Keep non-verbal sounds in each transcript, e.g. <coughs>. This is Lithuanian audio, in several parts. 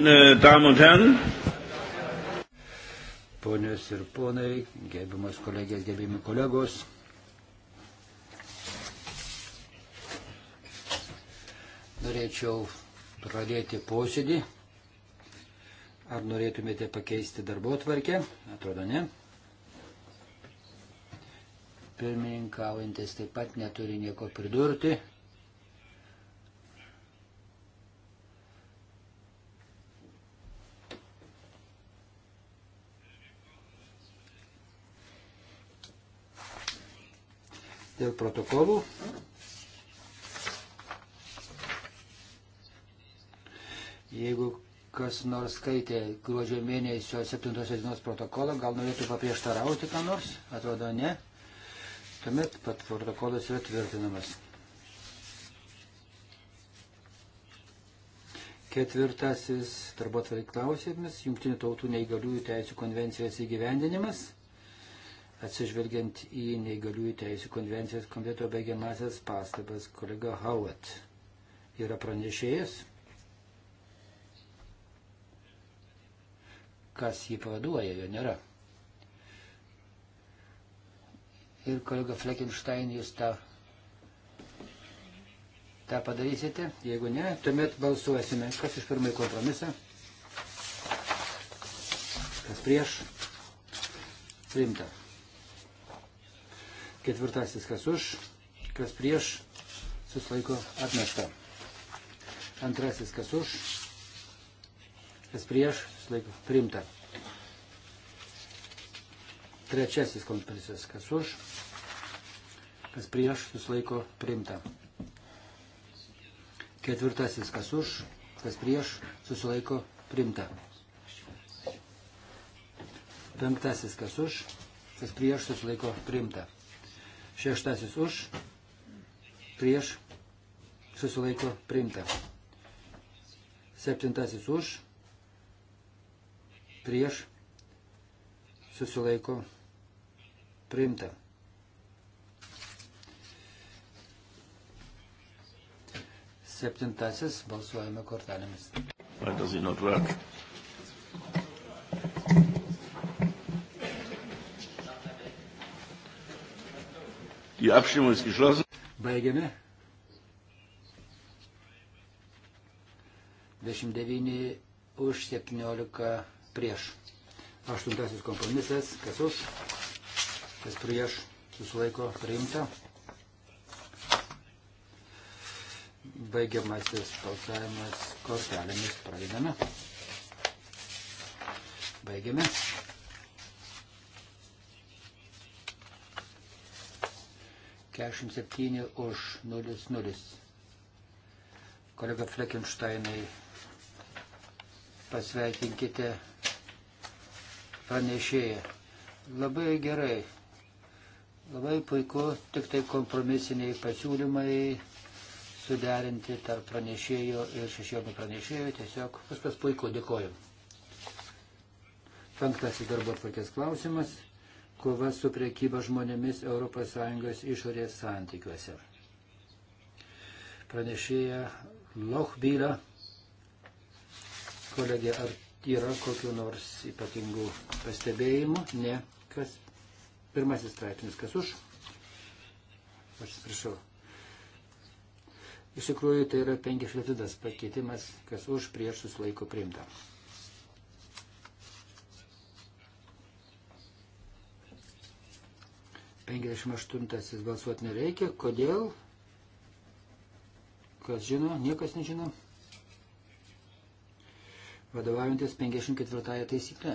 Meine Damen und Herren. Ponios ir ponai, gerbiamas kolegės, gerbiami kolegos. Norėčiau pradėti posėdį. Ar norėtumėte pakeisti darbo tvarkę? Atrodo, ne. Pirmininkaujantis taip pat neturi nieko pridurti. dėl protokolų. Jeigu kas nors skaitė gruodžio mėnesio 7 dienos protokolą, gal norėtų paprieštarauti ką nors? Atrodo, ne. Tuomet pat protokolas yra tvirtinamas. Ketvirtasis darbo klausimas - Junktinių tautų neįgaliųjų teisų konvencijos įgyvendinimas atsižvelgiant į neįgaliųjų teisų konvencijos komiteto baigiamasias pastabas, kolega Howard yra pranešėjas. Kas jį pavaduoja, jo nėra. Ir kolega Fleckenstein, jūs tą, tą padarysite? Jeigu ne, tuomet balsuosime. Kas iš pirmąjį kompromisą? Kas prieš? Rimta. Ketvirtasis, kas už, kas prieš, susilaiko atmesta. Antrasis, kas už, kas prieš, susilaiko primta. Trečiasis kompromisas, kas už, kas prieš, susilaiko primta. Ketvirtasis, kas už, kas prieš, susilaiko primta. Penktasis, kas už, kas prieš, susilaiko primta. Šeštasis už, prieš, susilaiko priimta. Septintasis už, prieš, susilaiko priimta. Septintasis balsuojame kortelėmis. Why does it not work? Die Abstimmung ist geschlossen. Baigiame. 29 už 17 prieš. Aštuntasis kompromisas. Kas už? Kas prieš? Susilaiko priimta. Baigiamasis balsavimas kortelėmis pradedame. Baigiame. 47 už 00. Kolega Fleckensteinai, pasveikinkite pranešėją. Labai gerai, labai puiku, tik tai kompromisiniai pasiūlymai suderinti tarp pranešėjo ir šešėlio pranešėjo. Tiesiog viskas puiku, dėkoju. Penktasis darbo atvarkės klausimas kova su priekyba žmonėmis ES išorės santykiuose. Pranešėja Lochbyla, kolegė, ar yra kokiu nors ypatingų pastebėjimų? Ne. Kas? Pirmasis straipsnis, kas už? Aš atsiprašau. Iš tikrųjų, tai yra penkišletidas pakeitimas, kas už prieš susilaiko priimta. 58 balsuoti nereikia. Kodėl? Kas žino, niekas nežino. Vadovaujantis 54 taisyklė.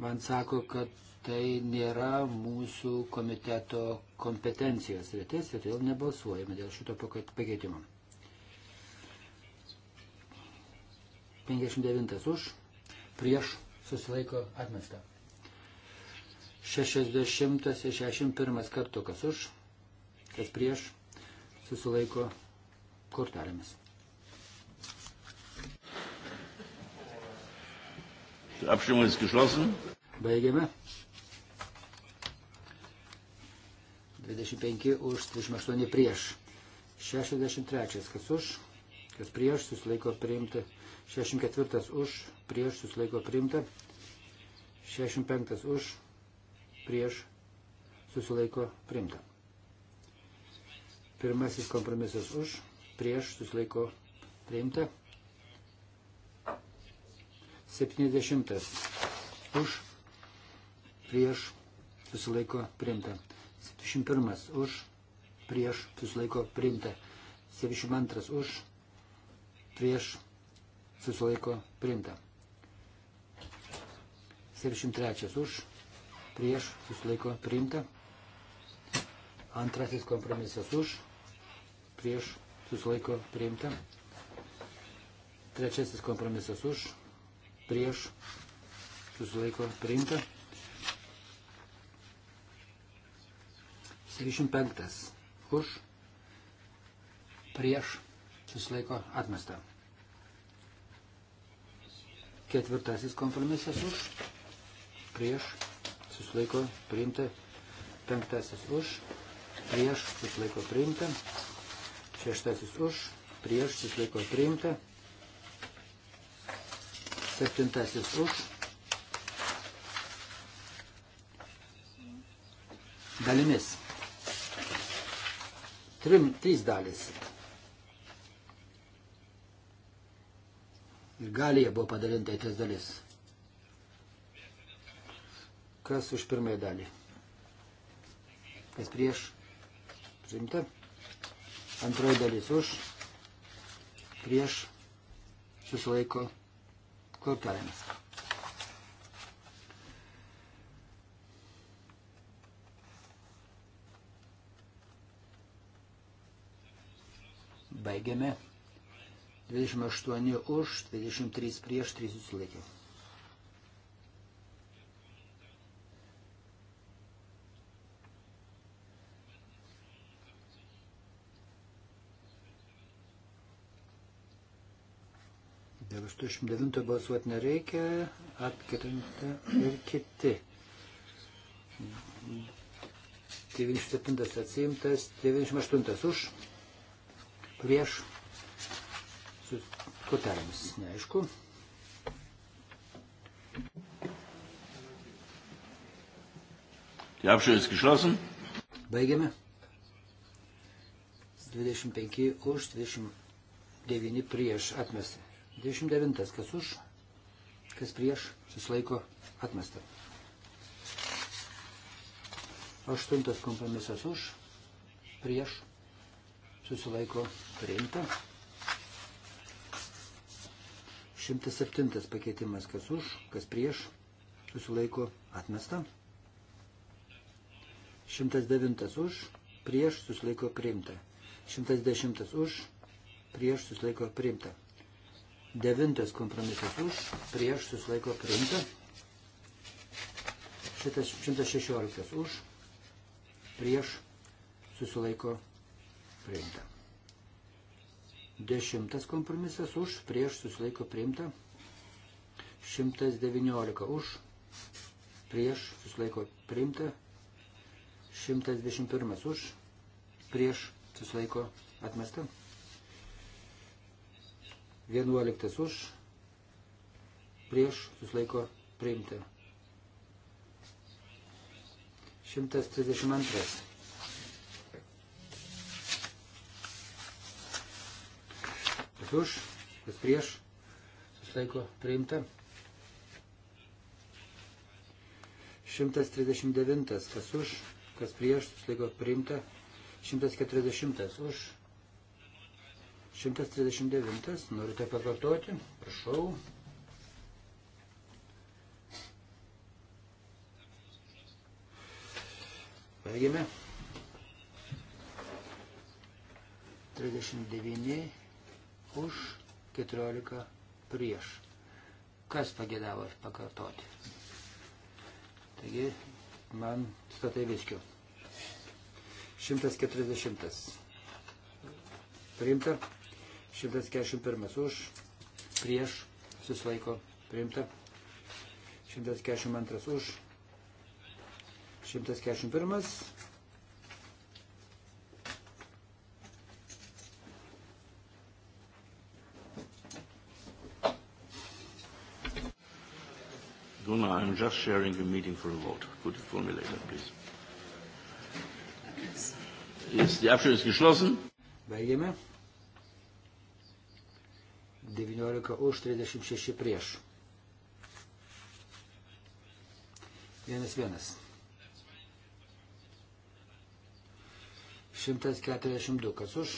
Man sako, kad tai nėra mūsų komiteto kompetencijos rytis ir todėl nebalsuojame dėl šito pakeitimo. 59 už, prieš susilaiko atmesta. 60 ir 61 kartu kas už, kas prieš susilaiko kortelėmis. Abstimmung ist geschlossen. Baigiame. 25 už, 38 prieš. 63 kas už, kas prieš, susilaiko priimti 64 už, prieš susilaiko priimta. 65 už, prieš susilaiko priimta. Pirmasis kompromisas už, prieš susilaiko priimta. 70 už, prieš susilaiko priimta. 71 už, prieš susilaiko priimta. 72 už, prieš susilaiko priimta. 73 už, prieš susilaiko priimta. Antrasis kompromisas už, prieš susilaiko priimta. Trečiasis kompromisas už, prieš susilaiko priimta. 75 už, prieš susilaiko atmestą. Ketvirtasis kompromisas už, prieš, susilaiko priimta. Penktasis už, prieš, susilaiko priimta. Šeštasis už, prieš, susilaiko priimta. Septintasis už. Dalimis. Trim, trys dalis. Ir galija buvo padalinta į tas dalis. Kas už pirmąją dalį? Kas prieš? Žinta. Antroji dalis už. Prieš. Susilaiko. Kortelėmis. baigiame 28 už, 23 prieš, 3 susilaikė. Dėl 89 balsuoti nereikia, atkrinta ir kiti. 97 atsiimtas, 98 už, prieš, kortelėmis, neaišku. Die Abstimmung ist geschlossen. Baigiame. 25 už, 29 prieš atmestą. 29 kas už, kas prieš, susilaiko atmestą. 8 kompromisas už, prieš, susilaiko priimta. 107 pakeitimas, kas už, kas prieš, susilaiko atmesta. 109 už, prieš, susilaiko priimta. 110 už, prieš, susilaiko priimta. 9 kompromisas už, prieš, susilaiko priimta. 116 už, prieš, susilaiko priimta. Dešimtas kompromisas už, prieš susilaiko priimta. 119 už, prieš susilaiko priimta. 121 už, prieš susilaiko atmesta. 11 už, prieš susilaiko priimta. 132 kas už, kas prieš, susilaiko priimta. 139, kas už, kas prieš, susilaiko priimta. 140 už. 139, norite pakartoti, prašau. Baigėme. 39 už, 14 prieš. Kas pagėdavo pakartoti? Taigi, man statai viškiu. 140. Priimta. 141 už, prieš, susilaiko, priimta. 142 už, 141 Luna, I'm just sharing the meeting for a vote. Could you phone me later, please? Yes, die Abstimmung ist geschlossen. Baigiame. 19 už, 36 prieš. Vienas vienas. 142, kas už,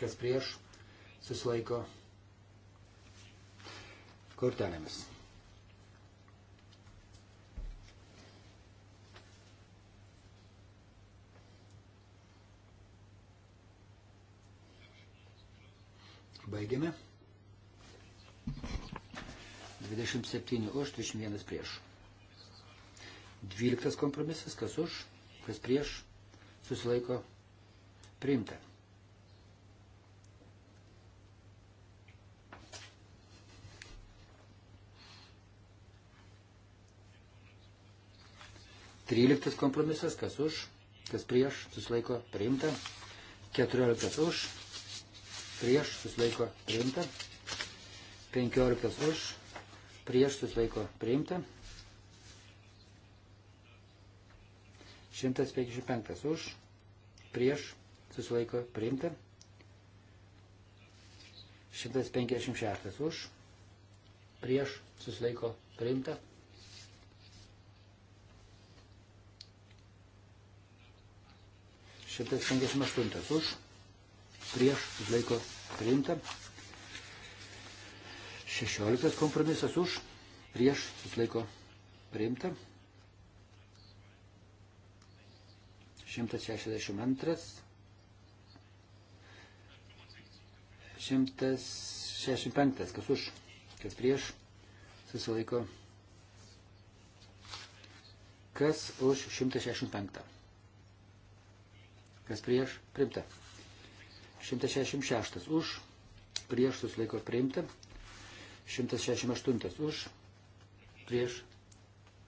kas prieš, susilaiko kortelėmis. Baigiame. 27 už, 31 prieš. 12 kompromisas, kas už, kas prieš, susilaiko priimta. Tryliktas kompromisas, kas už, kas prieš, susilaiko priimta. Keturioliktas už, prieš susilaiko priimta, 15 už, prieš susilaiko priimta, 155 už, prieš susilaiko priimta, 156 už, prieš susilaiko priimta. Šimtas penkiasdešimt aštuntas už prieš susilaiko priimta. 16 kompromisas už prieš susilaiko priimta. 162. 165. Kas už, kas prieš susilaiko priimta kas už 165. Kas prieš? Primta. 166 už, prieš susilaiko priimta, 168 už, prieš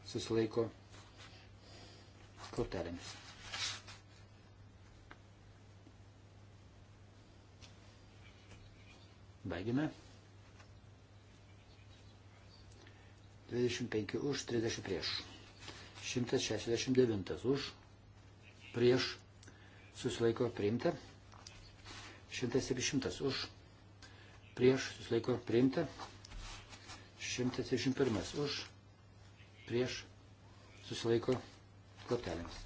susilaiko kortelėmis. Baigime. 25 už, 30 prieš. 169 už, prieš susilaiko priimta. 170 už, prieš susilaiko priimta, 171 už, prieš susilaiko klaptelėms.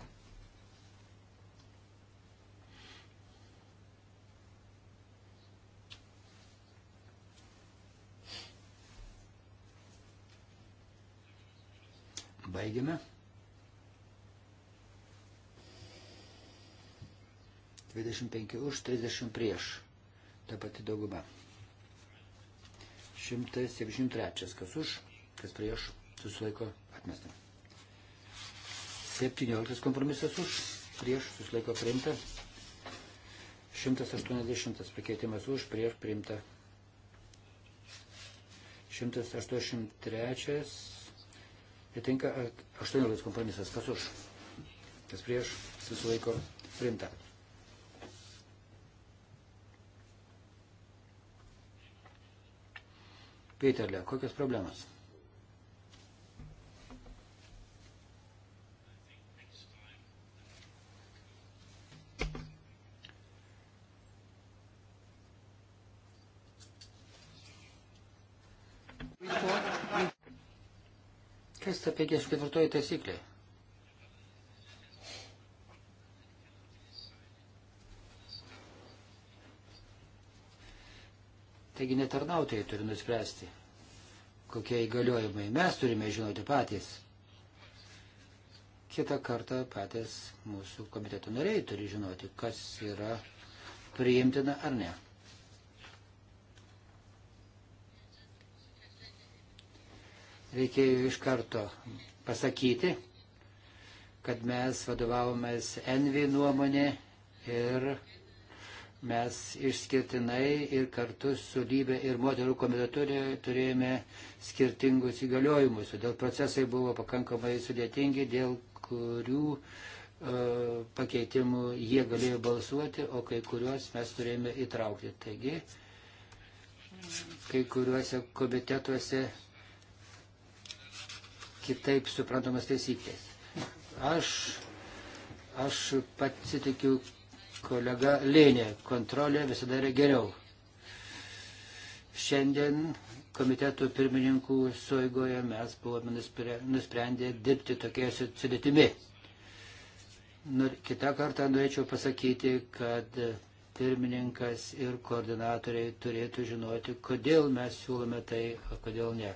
Baigiame. 25 už, 30 prieš. Ta pati dauguma. 173. Kas už, kas prieš, susilaiko atmesta. 17 kompromisas už, prieš, susilaiko priimta. 180 pakeitimas už, prieš priimta. 183. Įtinka 18 kompromisas. Kas už, kas prieš, susilaiko priimta. Peterle, kokios problemos? Kas ta 54 taisyklė? Taigi netarnautojai turi nuspręsti, kokie įgaliojimai. Mes turime žinoti patys. Kita kartą patys mūsų komiteto nariai turi žinoti, kas yra priimtina ar ne. Reikėjo iš karto pasakyti, kad mes vadovavomės Envi nuomonė ir Mes išskirtinai ir kartu su lybė ir moterų komitetu turėjome skirtingus įgaliojimus. Todėl procesai buvo pakankamai sudėtingi, dėl kurių e, pakeitimų jie galėjo balsuoti, o kai kuriuos mes turėjome įtraukti. Taigi, kai kuriuose komitetuose kitaip suprantamas taisyklės. Aš, aš pasitikiu kolega Lėnė, kontrolė visada yra geriau. Šiandien komitetų pirmininkų suigoje mes buvome nusprendę dirbti tokia sudėtimi. Kita kartą norėčiau pasakyti, kad pirmininkas ir koordinatoriai turėtų žinoti, kodėl mes siūlome tai, o kodėl ne.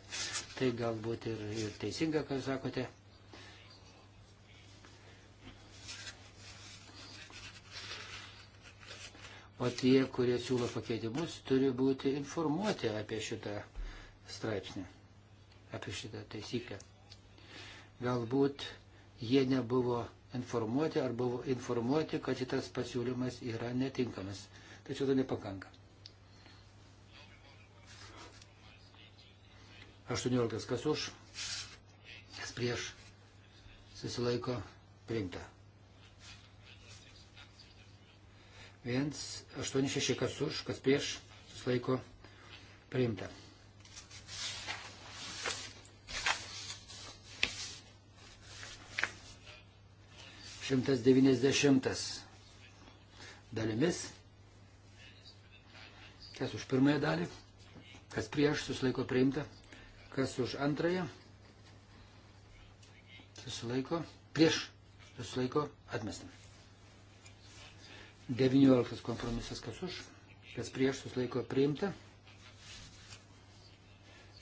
Tai galbūt ir, ir teisinga, ką sakote. O tie, kurie siūlo pakeitimus, turi būti informuoti apie šitą straipsnį, apie šitą taisyklę. Galbūt jie nebuvo informuoti ar buvo informuoti, kad šitas pasiūlymas yra netinkamas. Tačiau to nepakanka. 18. Kas už? Kas prieš? Susilaiko priimta. 186 kas už, kas prieš, susilaiko priimta. Šimtas devyniasdešimtas dalimis. Kas už pirmąją dalį, kas prieš, susilaiko priimta. Kas už antrąją, susilaiko prieš, susilaiko atmestam. 19 kompromisas kas už, kas prieš susilaiko priimta.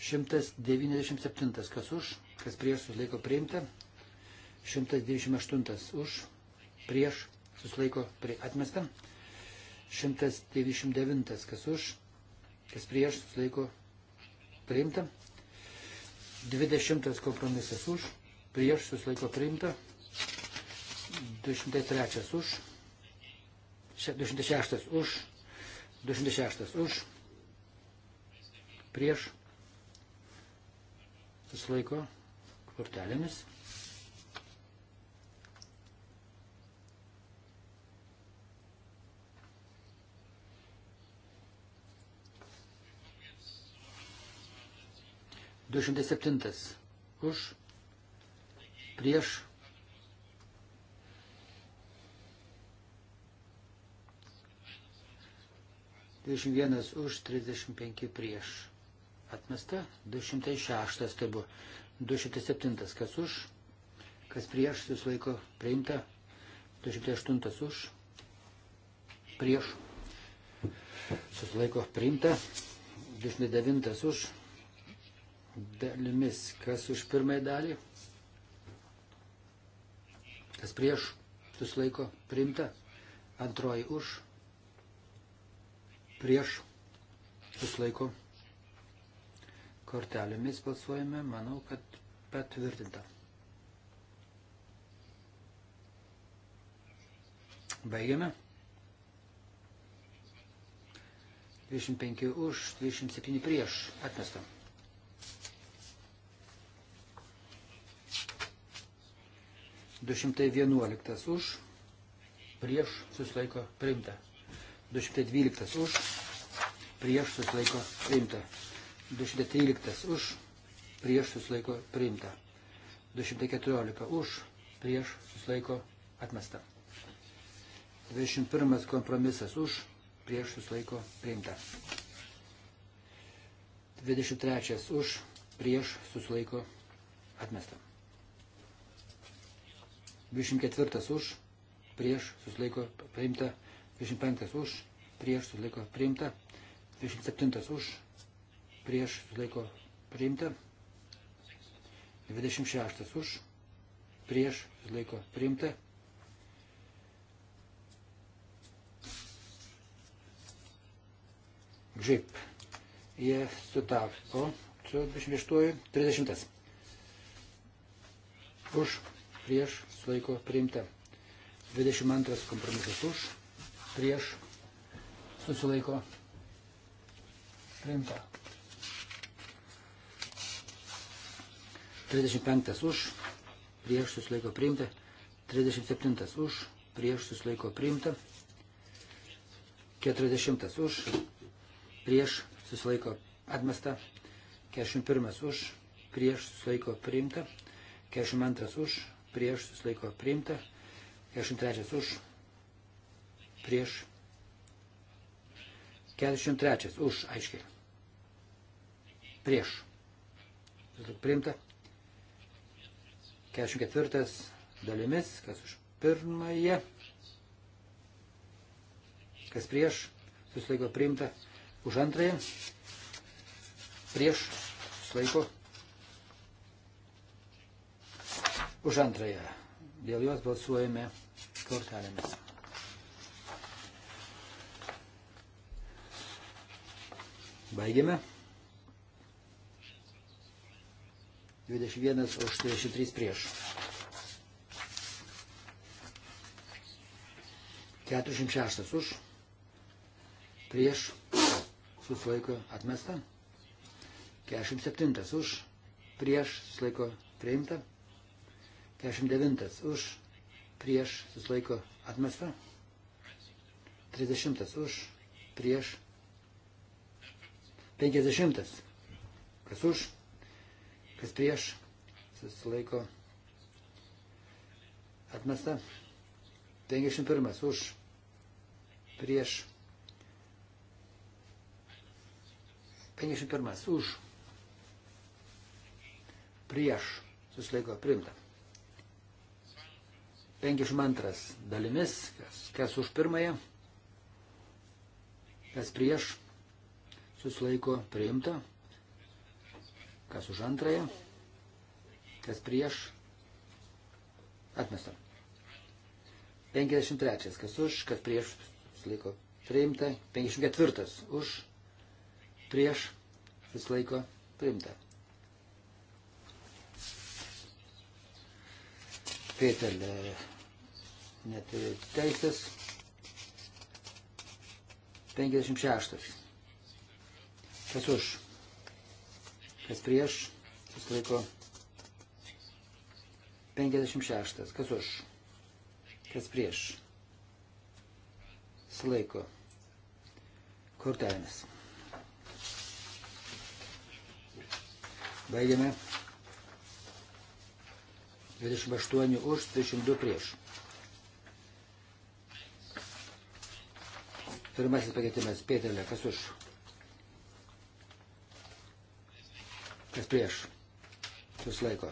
197 kas už, kas prieš susilaiko priimta. 128 už, prieš susilaiko prie atmesta. 199 kas už, kas prieš susilaiko priimta. 20 kompromisas už, prieš susilaiko priimta. 203 už 206 už, 206 už, prieš, susilaiko kortelėmis. Du šimtai septintas už, prieš, 21 už 35 prieš. Atmesta 206 tai buvo. 207 kas už, kas prieš, jūs laiko priimta. 208 už, prieš, susilaiko priimta. 29 už, dalimis, kas už pirmąją dalį, kas prieš, susilaiko priimta. Antroji už, prieš susilaiko kortelėmis balsuojame, manau, kad patvirtinta. Baigiame. 25 už, 27 prieš atmestą. Du šimtai vienuoliktas už, prieš susilaiko priimta. 212 už, prieš susilaiko priimta. 213 už, prieš susilaiko priimta. 214 už, prieš susilaiko atmesta. 21 kompromisas už, prieš susilaiko priimta. 23 už, prieš susilaiko atmesta. 24 už, prieš susilaiko priimta. 25 už, prieš sulaiko priimta, 27 už, prieš sulaiko priimta, 26 už, prieš sulaiko priimta, 20. Jie sutapo su 28. 30. Už, prieš, sulaiko, priimta. 22 kompromisas už, prieš susilaiko priimta. 35 už, prieš susilaiko priimta. 37 už, prieš susilaiko priimta. 40 už, prieš susilaiko atmesta. 41 už, prieš susilaiko priimta. 42 už, prieš susilaiko priimta. 43 už, prieš 43 už, aiškiai. Prieš. Priimta. 44 dalimis, kas už pirmąją, kas prieš, susilaiko priimta, už antrąją, prieš, susilaiko, už antrąją. Dėl jos balsuojame kortelėmis. Baigiame. 21 už 23 prieš. 406 už. Prieš. Suslaiko atmesta. 47 už. Prieš. Suslaiko priimta. 49 už. Prieš. Suslaiko atmesta. 30 už. Prieš 50. Kas už, kas prieš, susilaiko atmesta. 51. Už, prieš. 51. Už, prieš, susilaiko primta. 52 dalimis, kas, kas už pirmąją, kas prieš, susilaiko priimta. Kas už antrąją, kas prieš, atmesta. 53. Kas už, kas prieš, susilaiko priimta. 54. Už, prieš, susilaiko priimta. Pėtelė e, neturi teisės. 56. Kas už? Kas prieš? Susilaiko. 56. Kas už? Kas prieš? Susilaiko. Kortelėmis. Baigiame. 28 už, 32 prieš. Pirmasis pakeitimas. Pėtelė, kas už? Kas prieš? Jūs laiko.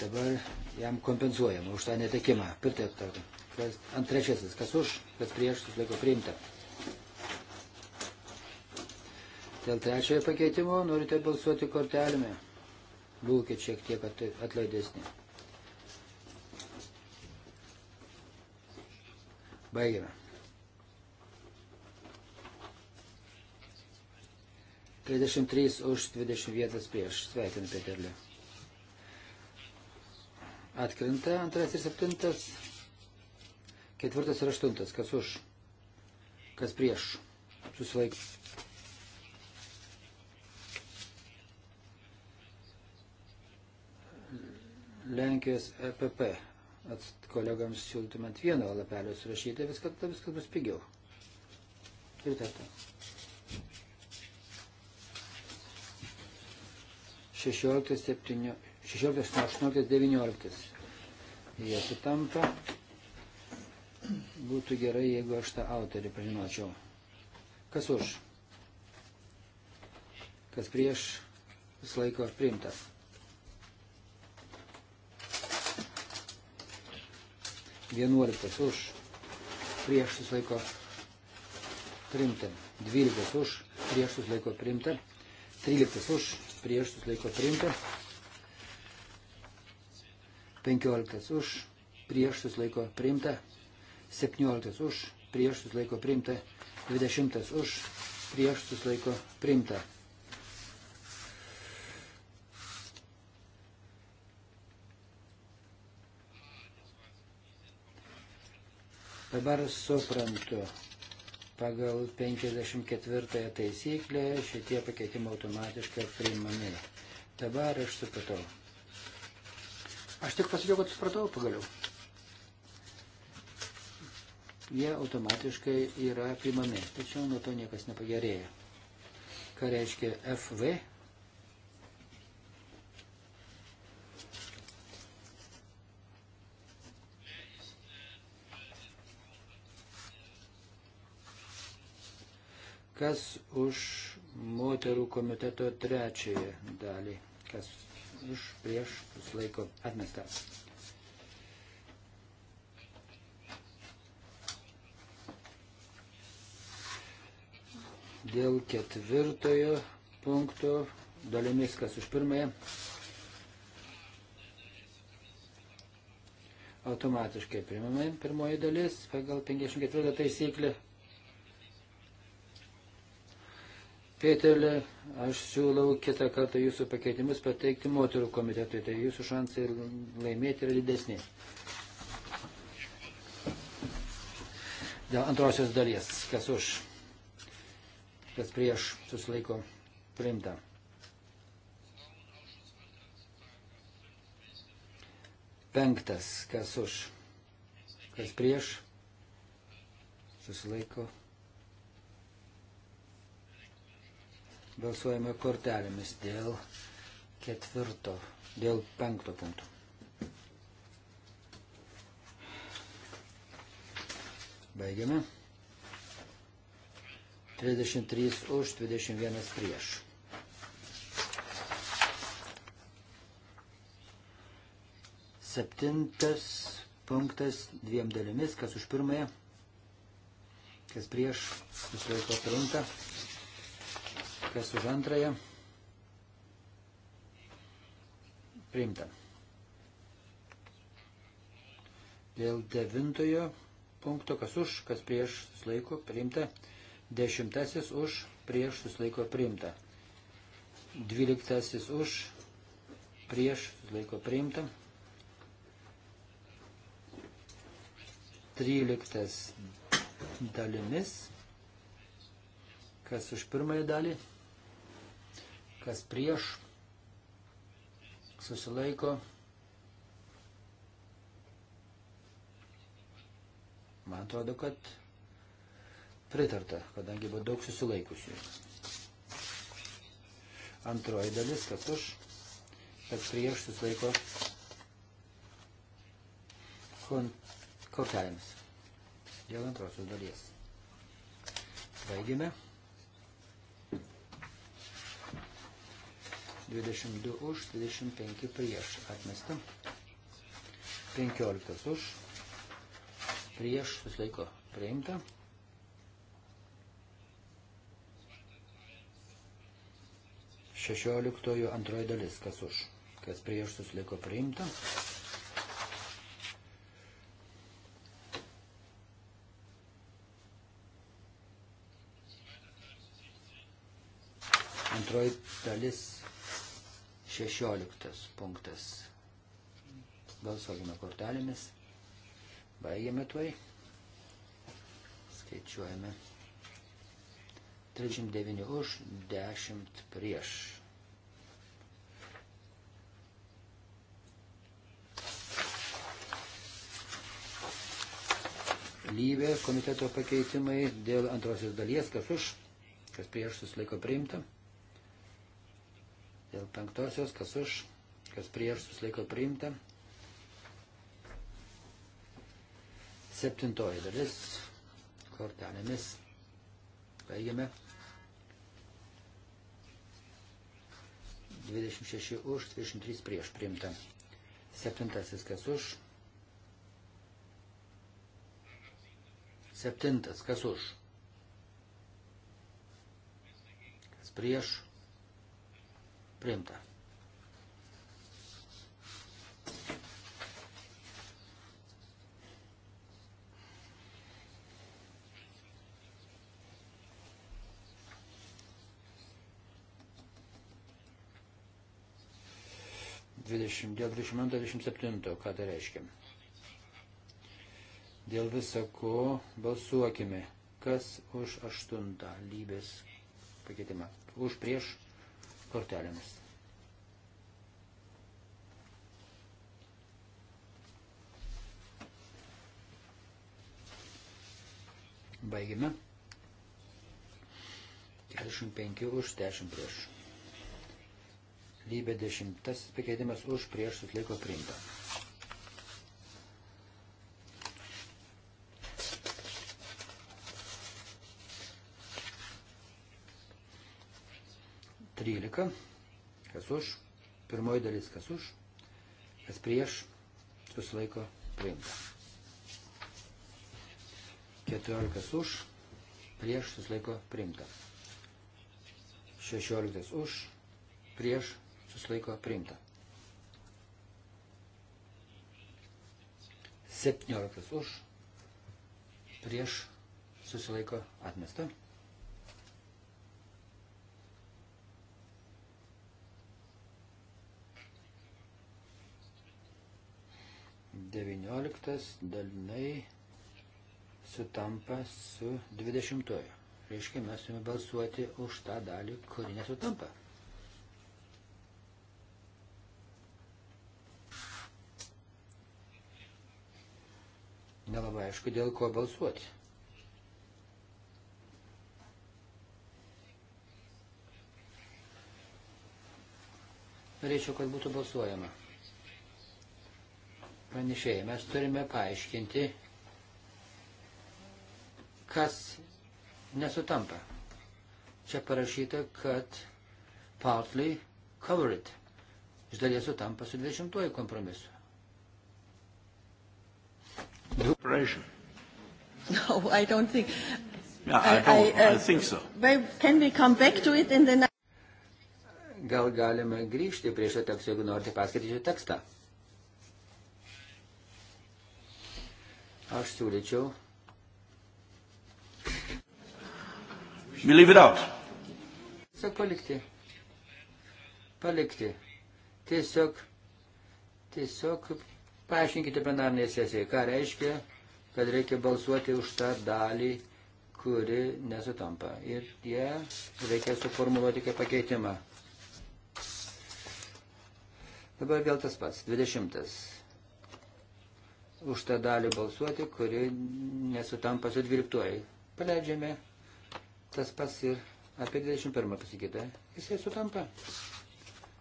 Dabar jam kompensuojama už tą netekimą. Pritarta. Ant trečiasis. Kas už, kas prieš, jūs laiko priimta. Dėl trečiojo pakeitimo norite balsuoti kortelėme. Būkit šiek tiek atlaidesni. Baigiame. 33 už 21 prieš. Sveikinu, Peterliu. Atkrinta antras ir septintas. Ketvirtas ir aštuntas. Kas už? Kas prieš? Susilaik. Lenkijos EPP. At kolegams siūlytumėt vieno lapelio surašyti, viskas, viskas bus pigiau. Ir taip. 16, 7, 16, 18, 19. Jie sutampa. Būtų gerai, jeigu aš tą autorį pažinočiau. Kas už? Kas prieš? Vis laiko priimtas. Vienuoliktas už. Prieš vis laiko priimta. Dvyliktas už. Prieš vis laiko priimta. Tryliktas už prieš susilaiko priimta. 15 už, prieš susilaiko priimta. 17 už, prieš susilaiko priimta. 20 už, prieš susilaiko priimta. Dabar suprantu, Pagal 54 taisyklę šitie pakeitimai automatiškai priimami. Dabar aš supratau. Aš tik pasakiau, kad supratau pagaliau. Jie automatiškai yra priimami, tačiau nuo to niekas nepagerėja. Ką reiškia FV Kas už moterų komiteto trečiąją dalį? Kas už prieš laiko atmestas? Dėl ketvirtojo punkto dalimis, kas už pirmąją, automatiškai primamai pirmoji dalis pagal 54 taisyklę Pėtelė, aš siūlau kitą kartą jūsų pakeitimus pateikti moterų komitetui, tai jūsų šansai laimėti yra didesni. Dėl antrosios dalies, kas už, kas prieš susilaiko priimta. Penktas, kas už, kas prieš susilaiko priimta Balsuojame kortelėmis dėl ketvirto, dėl penkto punkto. Baigiame. 33 už, 21 prieš. Septintas punktas dviem dalimis, kas už pirmąją, kas prieš, susilaiko priimta. Kas už antrąją? Priimta. Dėl devintojo punkto, kas už, kas prieš susilaiko, priimta. Dešimtasis už, prieš susilaiko, priimta. Dvyliktasis už, prieš susilaiko, priimta. Tryliktas dalimis, kas už pirmąją dalį, kas prieš, susilaiko. Man atrodo, kad pritarta, kadangi buvo daug susilaikusių. Antroji dalis, kas už, kas prieš susilaiko kortelėmis. Dėl antrosios dalies. Baigime. 22 už, 25 prieš atmesta. 15 už, prieš susilaiko priimta. Šešioliktojų antroji dalis, kas už, kas prieš susilaiko priimta. Antroji dalis Šešioliktas punktas. Balsuokime kortelėmis. Baigiame tuoj. Skaičiuojame. 39 už, 10 prieš. Lybė komiteto pakeitimai dėl antrosios dalies, kas už, kas prieš susilaiko priimta. Dėl penktosios, kas už, kas prieš, susilaiko priimta. Septintoji dalis kortelėmis. Baigiame. 26 už, 23 prieš priimta. Septintasis kas už. Septintas kas už. Kas prieš. Priimta. dėl 22-27, ką tai reiškia. Dėl visako balsuokime, kas už 8 lybės pakeitimą, už prieš kortelėmis. Baigime. 45 už 10 prieš. Lybė 10 pakeitimas už prieš sutliko priimta. 11. Kas už? Pirmoji dalis kas už? Kas prieš? Susilaiko priimta. 14 už, prieš susilaiko priimta. 16 už, prieš susilaiko priimta. 17 už, prieš susilaiko atmesta. 19 dalinai sutampa su 20. Reiškia, mes turime balsuoti už tą dalį, kuri nesutampa. Nelabai aišku, dėl ko balsuoti. Norėčiau, kad būtų balsuojama pranešėjai. Mes turime paaiškinti, kas nesutampa. Čia parašyta, kad partly covered iš dalies sutampa su 20 kompromisu. Operation. No, I don't think. Yeah, I, I, I, uh, I think so. Uh, can we come back to it in the Gal galime grįžti prie šio teksto, jeigu norite paskaityti tekstą. Aš siūlyčiau. We leave it out. Tiesiog palikti. Palikti. Tiesiog, tiesiog paaiškinkite plenarnėje sesijoje, ką reiškia, kad reikia balsuoti už tą dalį, kuri nesutampa. Ir jie reikia suformuluoti kaip pakeitimą. Dabar vėl tas pats. 20 už tą dalį balsuoti, kuri nesutampa su dvyliktuoju. Paleidžiame tas pas ir apie 21 pasakytą. Jisai sutampa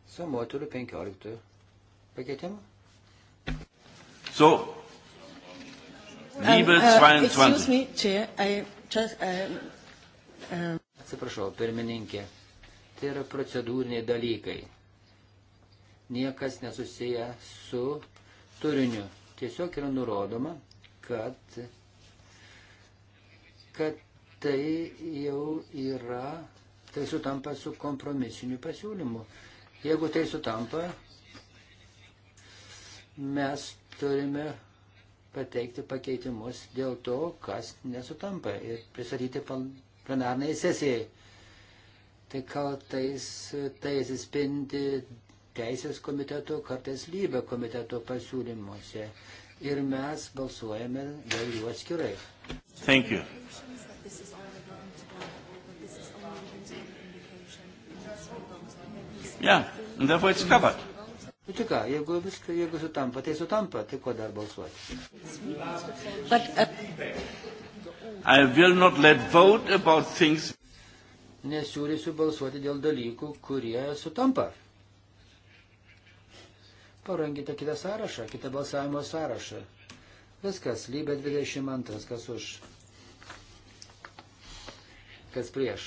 su moterų 15 pakeitimu. So, um, Liebe um, uh, 22. Me, chair, I just, um, um. Atsiprašau, pirmininkė, tai yra procedūriniai dalykai. Niekas nesusiję su turiniu. Tiesiog yra nurodoma, kad, kad tai jau yra, tai sutampa su kompromisiniu pasiūlymu. Jeigu tai sutampa, mes turime pateikti pakeitimus dėl to, kas nesutampa ir pristatyti plenarnai sesijai. Tai kaltais tai atsispindi teisės komiteto, kartais lybė komiteto pasiūlymuose. Ir mes balsuojame dėl jų atskirai. Thank you. Yeah, and therefore it's covered. Nu tai ką, jeigu viską, jeigu sutampa, tai sutampa, tai ko dar balsuoti? But, uh, Nesiūlysiu balsuoti dėl dalykų, kurie sutampa. Parankite kitą sąrašą, kitą balsavimo sąrašą. Viskas, lybė 22, kas už, kas prieš.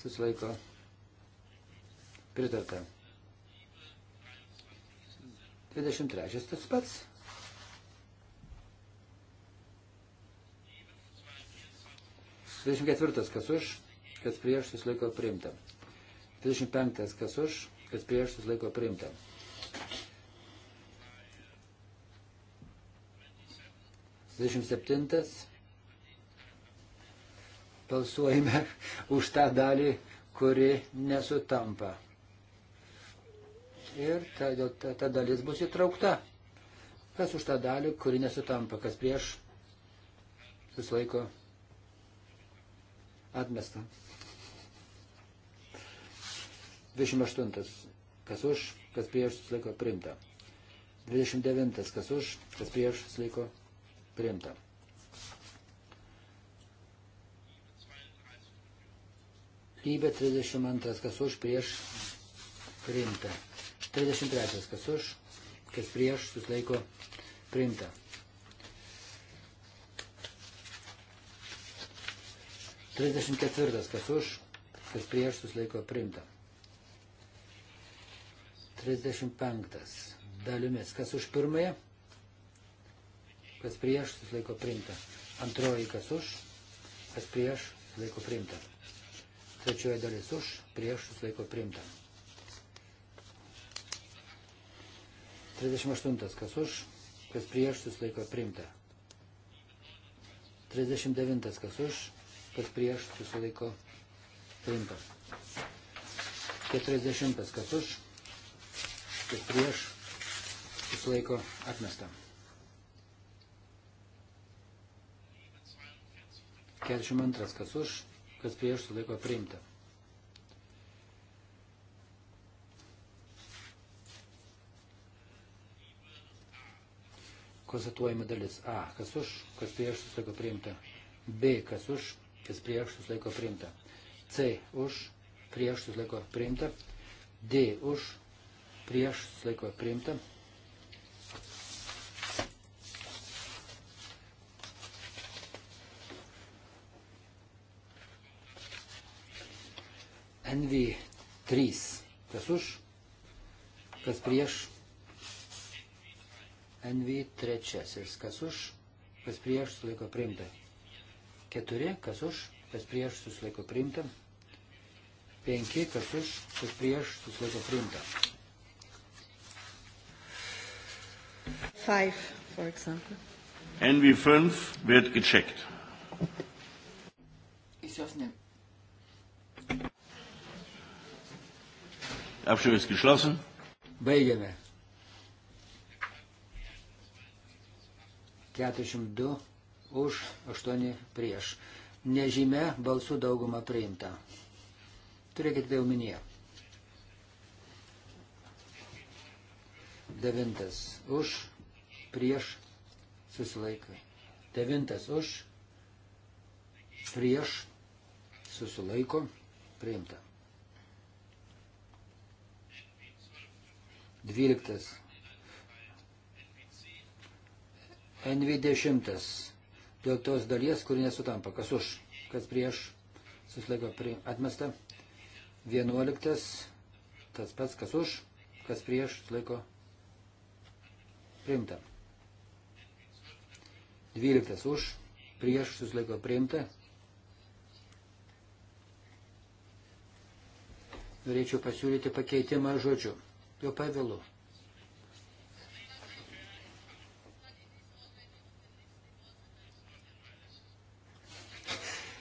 Susilaiko. Pritarta. 23 tas pats. Dvidešimt ketvirtas, kas už, kas prieš, susilaiko priimta. Dvidešimt penktas, kas už, kas prieš, susilaiko priimta. 27. Balsuojame <laughs> už tą dalį, kuri nesutampa. Ir ta, ta, ta dalis bus įtraukta. Kas už tą dalį, kuri nesutampa, kas prieš susilaiko atmesta. 28. Kas už, kas prieš susilaiko primta. 29. Kas už, kas prieš susilaiko Priimta. Lybė 32, kas už, prieš, priimta. 33, kas už, kas prieš, susilaiko, priimta. Trisdešimt ketvirtas, kas už, kas prieš, susilaiko, priimta. 35. Dalimis. Kas už pirmąją, kas prieš susilaiko priimta. Antroji kas už, kas prieš susilaiko priimta. Trečioji dalis už, prieš susilaiko priimta. 38 kas už, kas prieš susilaiko priimta. 39 kas už, kas prieš susilaiko priimta. 40 kas už, kas prieš susilaiko atmestą. 42, kas už, kas prieš sulaiko priimta. Konstatuojama dalis A, kas už, kas prieš sulaiko priimta. B, kas už, kas prieš sulaiko priimta. C, už, prieš sulaiko priimta. D, už, prieš sulaiko priimta. NV3. Kas už, kas prieš. NV3. Kas už, kas prieš, sulaiko priimta. 4. Kas už, kas prieš, susilaiko priimta. 5. Kas už, kas prieš, susilaiko priimta. 5, for example. NV5 wird gecheckt. Ist ja nicht. Apšėvis Kišlausin. Baigiame. 42 už 8 prieš. Nežymė balsų daugumą priimta. Turėkit vėl tai minėję. Devintas už prieš susilaikai. Devintas už prieš susilaiko priimta. 12. NV10. Dėl tos dalies, kuri nesutampa. Kas už, kas prieš, susilaiko prie atmesta. 11. Tas pats, kas už, kas prieš, susilaiko priimta. 12. Už, prieš, susilaiko priimta. Norėčiau pasiūlyti pakeitimą žodžiu jau per vėlu.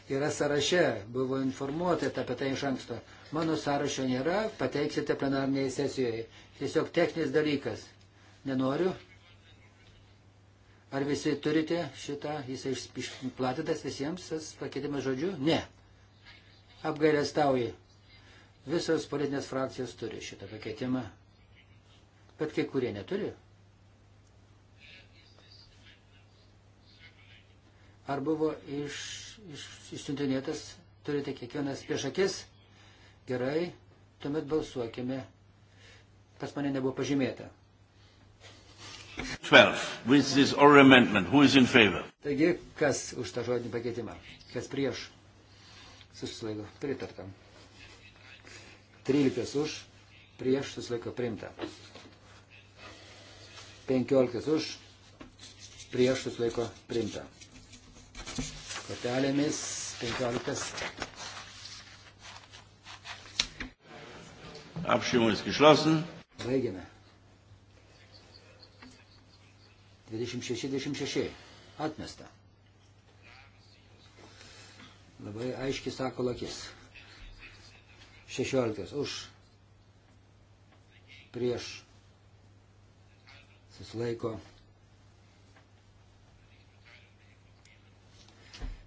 Yra sąraše, buvo informuota apie tai iš anksto. Mano sąrašo nėra, pateiksite plenarnėje sesijoje. Tiesiog techninis dalykas. Nenoriu. Ar visi turite šitą, jisai išplatytas visiems, tas pakeitimas žodžiu? Ne. Apgailestauji. Visos politinės frakcijos turi šitą pakeitimą bet kai kurie neturi. Ar buvo iš, iš, išsiuntinėtas, turite kiekvienas priešakis? Gerai, tuomet balsuokime. Pas mane nebuvo pažymėta. 12. With this oral amendment, who is in favor? Taigi, kas už tą žodinį pakeitimą? Kas prieš? Susilaiko. Pritarta. 13 už, prieš susilaiko primta. 15 už, prieš susilaiko priimta. Kortelėmis 15. Abstimmung ist geschlossen. Baigiame. 26-26. Atmesta. Labai aiškiai sako lakis. 16 už prieš susilaiko.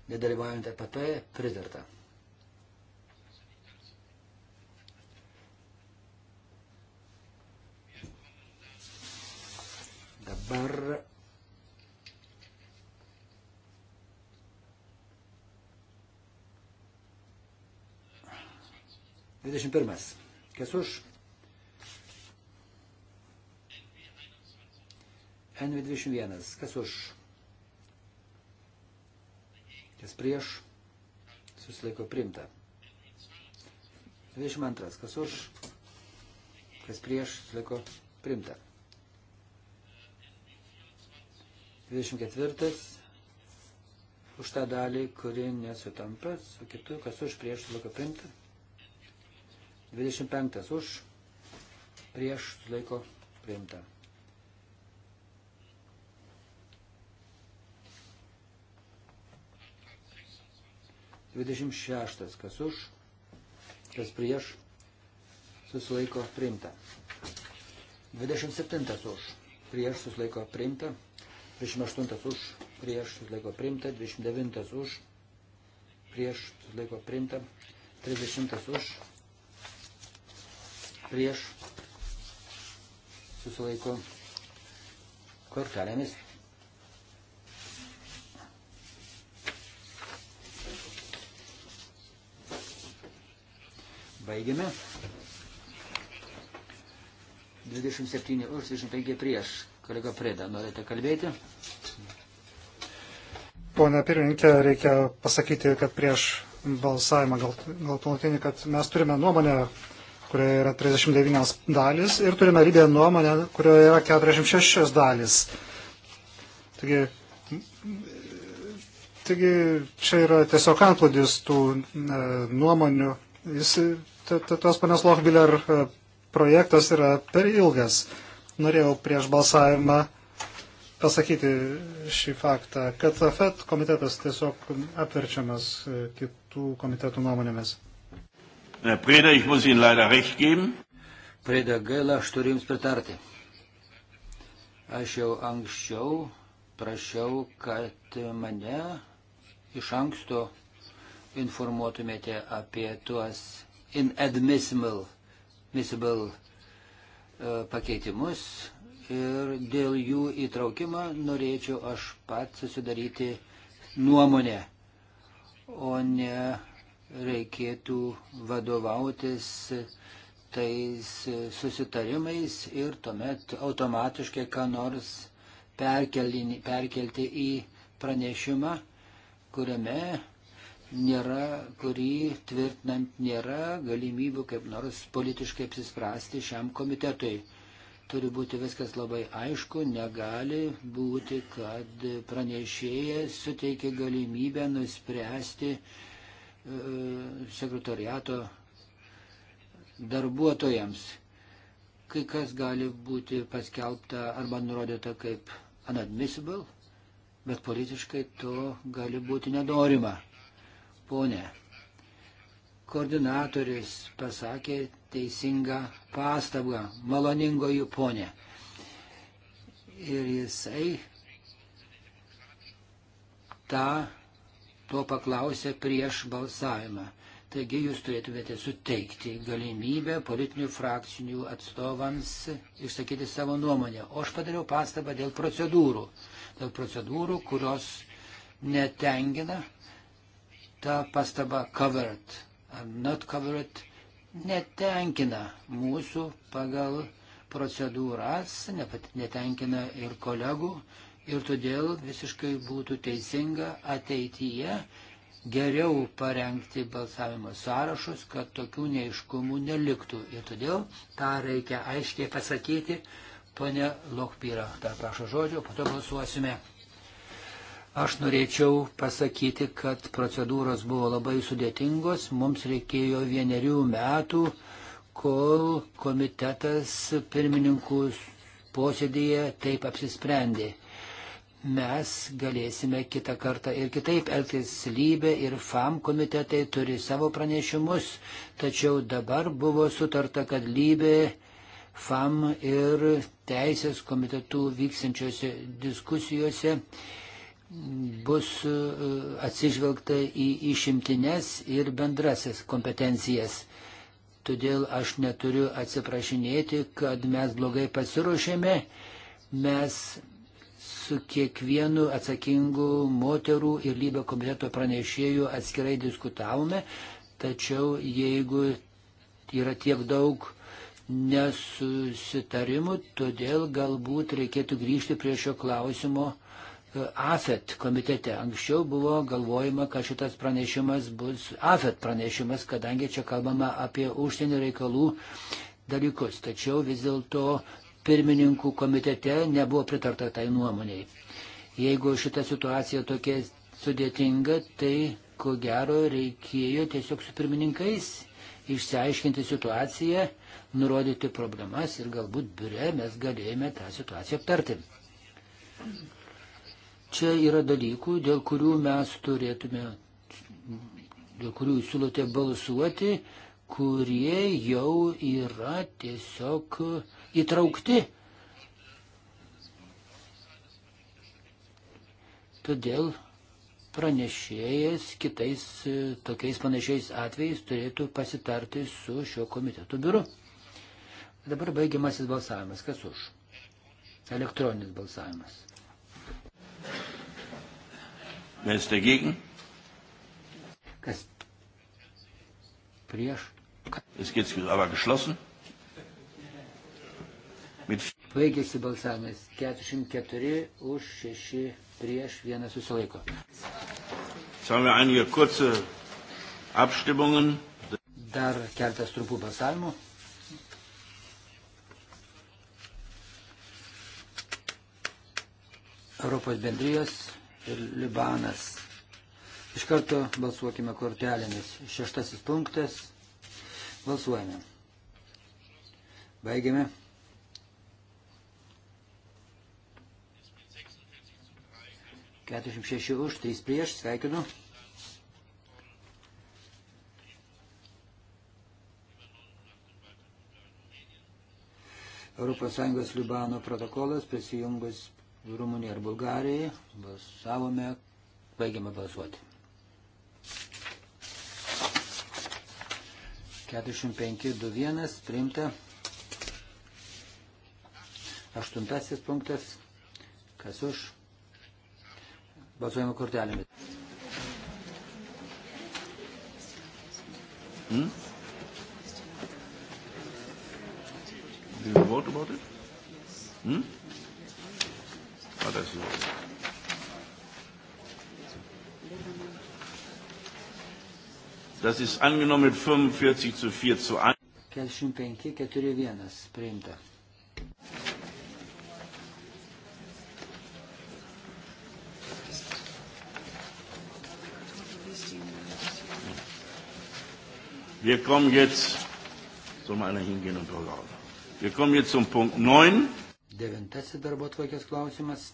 Nedalyvaujant EPP pritarta. Dabar Dvidešimt pirmas. Kas už? N21. Kas už? Kas prieš? Susilaiko primta. 22. Kas už? Kas prieš? Susilaiko primta. 24. Už tą dalį, kuri nesutampa su kitu, kas už prieš susilaiko primta. 25. Už prieš susilaiko primta. 26. Kas už, kas prieš, susilaiko priimta. 27. Už, prieš, susilaiko priimta. 28. Už, prieš, susilaiko priimta. 29. Už, prieš, susilaiko priimta. 30. Už, prieš, susilaiko kortelėmis Baigiame. 27 už, 25 prieš. Kolega Preda, norite kalbėti? Pone pirmininkė, reikia pasakyti, kad prieš balsavimą gal, gal pamatinį, kad mes turime nuomonę, kurioje yra 39 dalis ir turime lybę nuomonę, kurioje yra 46 dalis. Taigi, taigi čia yra tiesiog antplūdis tų e, nuomonių. Jis tos panios Lochbiller e, projektas yra per ilgas. Norėjau prieš balsavimą pasakyti šį faktą, kad FED komitetas tiesiog apverčiamas e, kitų komitetų nuomonėmis. Preda, ich muss Ihnen leider recht geben. Preda, gaila, aš turiu Jums pritarti. Aš jau anksčiau prašiau, kad mane iš anksto informuotumėte apie tuos inadmissible admissible, uh, e, pakeitimus ir dėl jų įtraukimą norėčiau aš pat susidaryti nuomonę, o ne reikėtų vadovautis tais susitarimais ir tuomet automatiškai ką nors perkelti į pranešimą, kuriame nėra, kurį tvirtinant nėra galimybių kaip nors politiškai apsispręsti šiam komitetui. Turi būti viskas labai aišku, negali būti, kad pranešėjas suteikia galimybę nuspręsti e, sekretariato darbuotojams, kai kas gali būti paskelbta arba nurodyta kaip unadmissible, bet politiškai to gali būti nedorima ponė. Koordinatorius pasakė teisingą pastabą, maloningoji ponė. Ir jisai tą to paklausė prieš balsavimą. Taigi jūs turėtumėte suteikti galimybę politinių frakcijų atstovams išsakyti savo nuomonę. O aš padariau pastabą dėl procedūrų. Dėl procedūrų, kurios netengina ta pastaba covered ar not covered netenkina mūsų pagal procedūras, netenkina ir kolegų ir todėl visiškai būtų teisinga ateityje geriau parengti balsavimo sąrašus, kad tokių neiškumų neliktų. Ir todėl tą reikia aiškiai pasakyti. Pone Lokpyra, dar prašo žodžio, po to balsuosime. Aš norėčiau pasakyti, kad procedūros buvo labai sudėtingos, mums reikėjo vienerių metų, kol komitetas pirmininkų posėdėje taip apsisprendė. Mes galėsime kitą kartą ir kitaip elgtis lybė ir FAM komitetai turi savo pranešimus, tačiau dabar buvo sutarta, kad lybė FAM ir teisės komitetų vyksančiose diskusijose bus e, atsižvelgta į išimtines ir bendrasis kompetencijas. Todėl aš neturiu atsiprašinėti, kad mes blogai pasiruošėme. Mes su kiekvienu atsakingu moterų ir lybio komiteto pranešėju atskirai diskutavome, tačiau jeigu yra tiek daug nesusitarimų, todėl galbūt reikėtų grįžti prie šio klausimo AFET komitete. Anksčiau buvo galvojama, kad šitas pranešimas bus AFET pranešimas, kadangi čia kalbama apie užsienio reikalų dalykus. Tačiau vis dėlto pirmininkų komitete nebuvo pritarta tai nuomoniai. Jeigu šita situacija tokia sudėtinga, tai ko gero reikėjo tiesiog su pirmininkais išsiaiškinti situaciją, nurodyti problemas ir galbūt biure mes galėjome tą situaciją aptarti. Thank you. Čia yra dalykų, dėl kurių mes turėtume, dėl kurių jūs siūlote balsuoti, kurie jau yra tiesiog įtraukti. Todėl pranešėjas kitais tokiais panašiais atvejais turėtų pasitarti su šio komiteto biuru. Dabar baigiamasis balsavimas. Kas už? Elektroninis balsavimas. Wer ist dagegen? Kas prieš? Es geht aber geschlossen. Mit Baigėsi balsavimas 404 už 6 prieš 1 susilaiko. Dar keltas trumpų balsavimų. Europos bendrijos ir Libanas. Iš karto balsuokime kortelėmis. Šeštasis punktas. Balsuojame. Baigiame. Keturiasdešimt šeši už, trys prieš, sveikinu. Europos Sąjungos Libano protokolas prisijungus Rumunija ir Bulgarija. Balsavome, baigiame balsuoti. 45.21 priimta. Aštuntasis punktas. Kas už? Balsuojame kortelėmis. Hmm? Do you vote about it? Hmm? as you want. Das ist angenommen mit 45 zu 4 zu 1. 45, 4, 1 priimta. Wir kommen jetzt, soll mal einer hingehen und drauf. Wir kommen jetzt zum Punkt 9. Devintasis darbo tvarkės klausimas.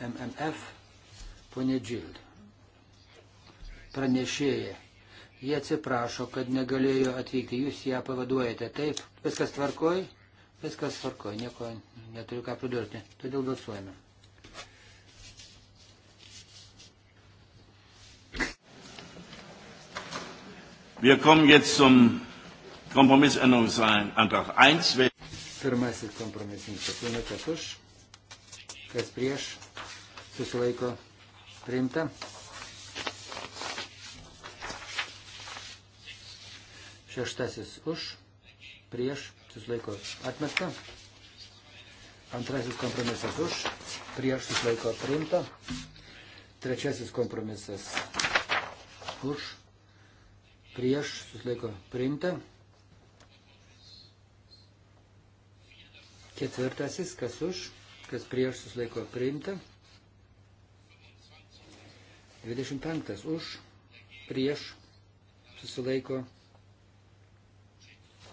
MMF, ponė Džil, pranešėja. Jie atsiprašo, kad negalėjo atvykti, jūs ją pavaduojate. Taip, viskas tvarkoj, viskas tvarkoj, nieko neturiu ką pridurti. Todėl balsuojame. Wir kommen jetzt zum Kompromissänderungsantrag 1. Pirmasis kompromisinis pasiūlymas už, kas prieš, susilaiko priimta. Šeštasis už, prieš, susilaiko atmesta. Antrasis kompromisas už, prieš, susilaiko priimta. Trečiasis kompromisas už, prieš, susilaiko priimta. Ketvirtasis, kas už, kas prieš susilaiko priimta. 25 už, prieš, susilaiko,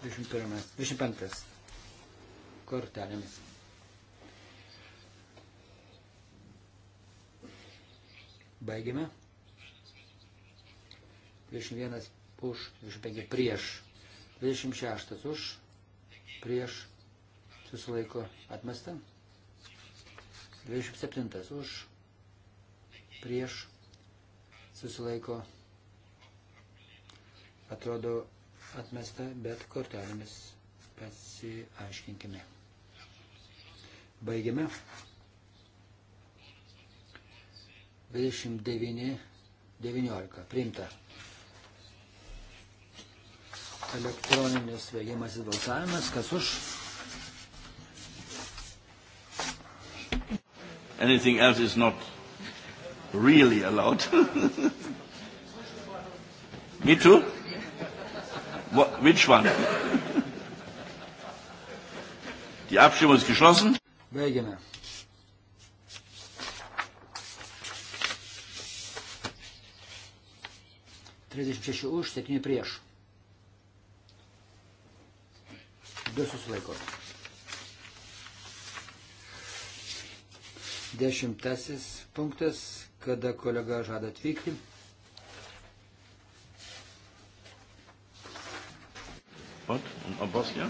21, 25 kortelėmis. Baigime. 21 už, 25 prieš, 26 už, prieš, susilaiko atmesta, 27 už, prieš, susilaiko atrodo atmesta, bet kortelėmis pasiaiškinkime. Baigiame. 29.19. Priimta. Elektroninis vėjimas į balsavimas. Kas už? Anything else is not really allowed. <laughs> Me too? What, which one? Die Abstimmung ist geschlossen. Baigiame. Trisdešimt šeši už, septyni prieš. Du susilaiko. Dešimtasis punktas kada kolega žada atvykti. What? On, on Bosnia?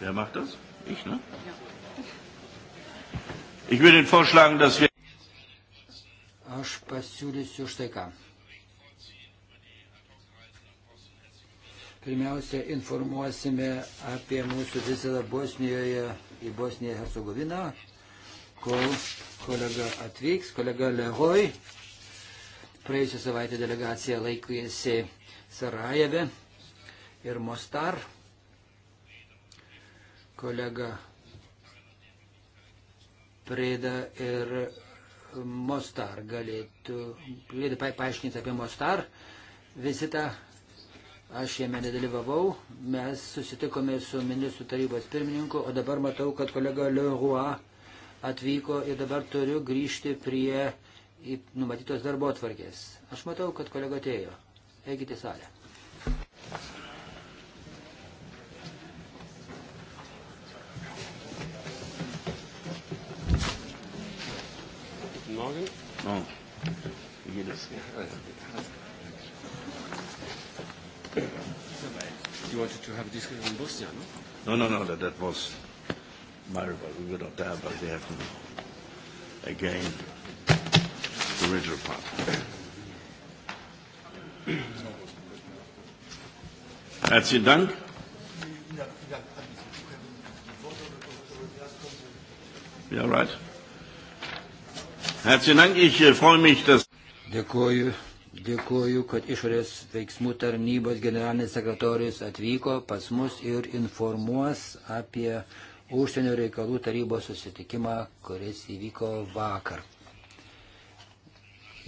Wer macht das? Ich, ne? Ich würde Ihnen vorschlagen, dass wir. Aš pasiūlysiu štai ką. Pirmiausia, informuosime apie mūsų viziją Bosnijoje į Bosniją Hercegoviną, kol kolega atvyks, kolega Lehoj. Praėjusią savaitę delegacija laikėsi Sarajeve ir Mostar. Kolega Preda ir Mostar galėtų, galėtų paaiškinti apie Mostar vizitą Aš jame nedalyvavau, mes susitikome su ministrų tarybos pirmininku, o dabar matau, kad kolega Leroy atvyko ir dabar turiu grįžti prie numatytos darbo atvarkės. Aš matau, kad kolega atėjo. Eikite į salę. Morgen. Oh. Jedes. Ja, also, you wanted to have a discussion on Bosnia, no? No, no, no, that, that was Maribor. We were not there, but we have to, um, again, the original part. Herzlichen Dank. Ja, right. Herzlichen Dank. Ich äh, freue mich, dass. Dėkuoju Dėkuoju, kad išorės veiksmų tarnybos generalinis sekretorius atvyko pas mus ir informuos apie užsienio reikalų tarybos susitikimą, kuris įvyko vakar.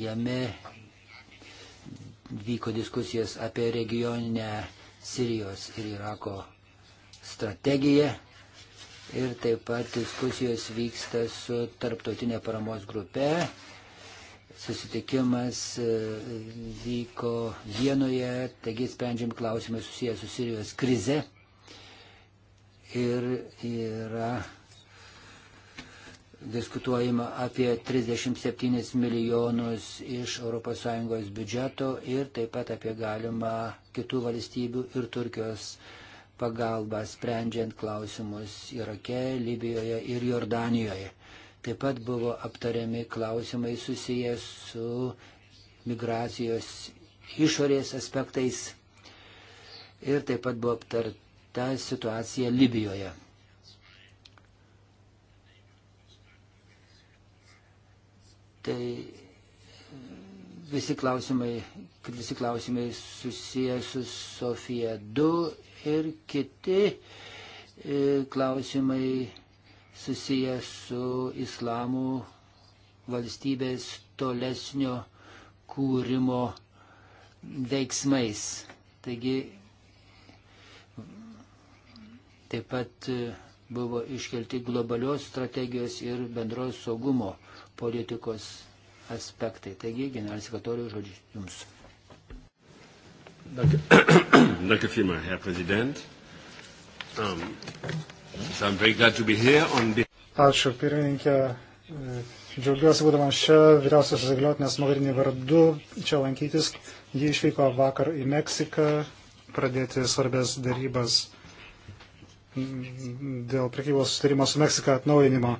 Jame vyko diskusijas apie regioninę Sirijos ir Irako strategiją. Ir taip pat diskusijos vyksta su tarptautinė paramos grupe Susitikimas e, vyko Vienoje, taigi sprendžiam klausimai susijęs su Sirijos krize. Ir yra diskutuojama apie 37 milijonus iš ES biudžeto ir taip pat apie galimą kitų valstybių ir Turkijos pagalbą sprendžiant klausimus Irake, Libijoje ir Jordanijoje. Taip pat buvo aptariami klausimai susijęs su migracijos išorės aspektais ir taip pat buvo aptarta situacija Libijoje. Tai visi klausimai, kad visi klausimai susiję su Sofija 2 ir kiti e, klausimai susiję su islamu valstybės tolesnio kūrimo veiksmais. Taigi taip pat buvo iškelti globalios strategijos ir bendros saugumo politikos aspektai. Taigi, generalinis sekretorius, žodžiu Jums. <coughs> Danke vielmals, Herr Präsident. Um, Ačiū, pirmininkė. Džiaugiuosi, būdamas čia vyriausiosios įgaliotinės Mogherini vardu čia lankytis. Ji išvyko vakar į Meksiką pradėti svarbės darybas dėl prekybos sustarimo su Meksika atnaujinimo.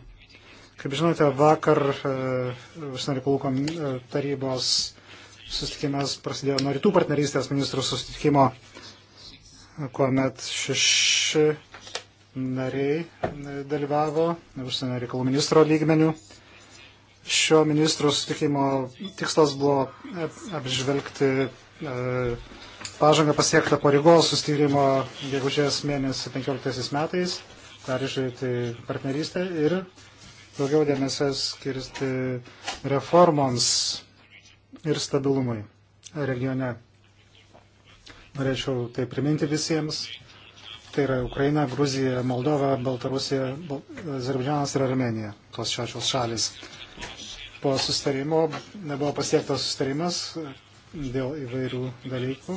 Kaip žinote, vakar e, užsienio reikalų e, tarybos susitikimas prasidėjo nuo rytų partnerystės ministrų susitikimo, kuomet šeši nariai e, dalyvavo užsienio reikalų ministro lygmenių. Šio ministro sutikimo tikslas buvo e, apžvelgti e, pažangą pasiektą po Rygos sustyrimo gegužės mėnesį 15 metais, peržiūrėti partnerystę ir daugiau dėmesio skirsti reformoms ir stabilumui regione. Norėčiau tai priminti visiems Tai yra Ukraina, Gruzija, Moldova, Baltarusija, Azerbaidžianas ir Armenija, tos šešios šalis. Po sustarimo buvo pasiektas sustarimas dėl įvairių dalykų,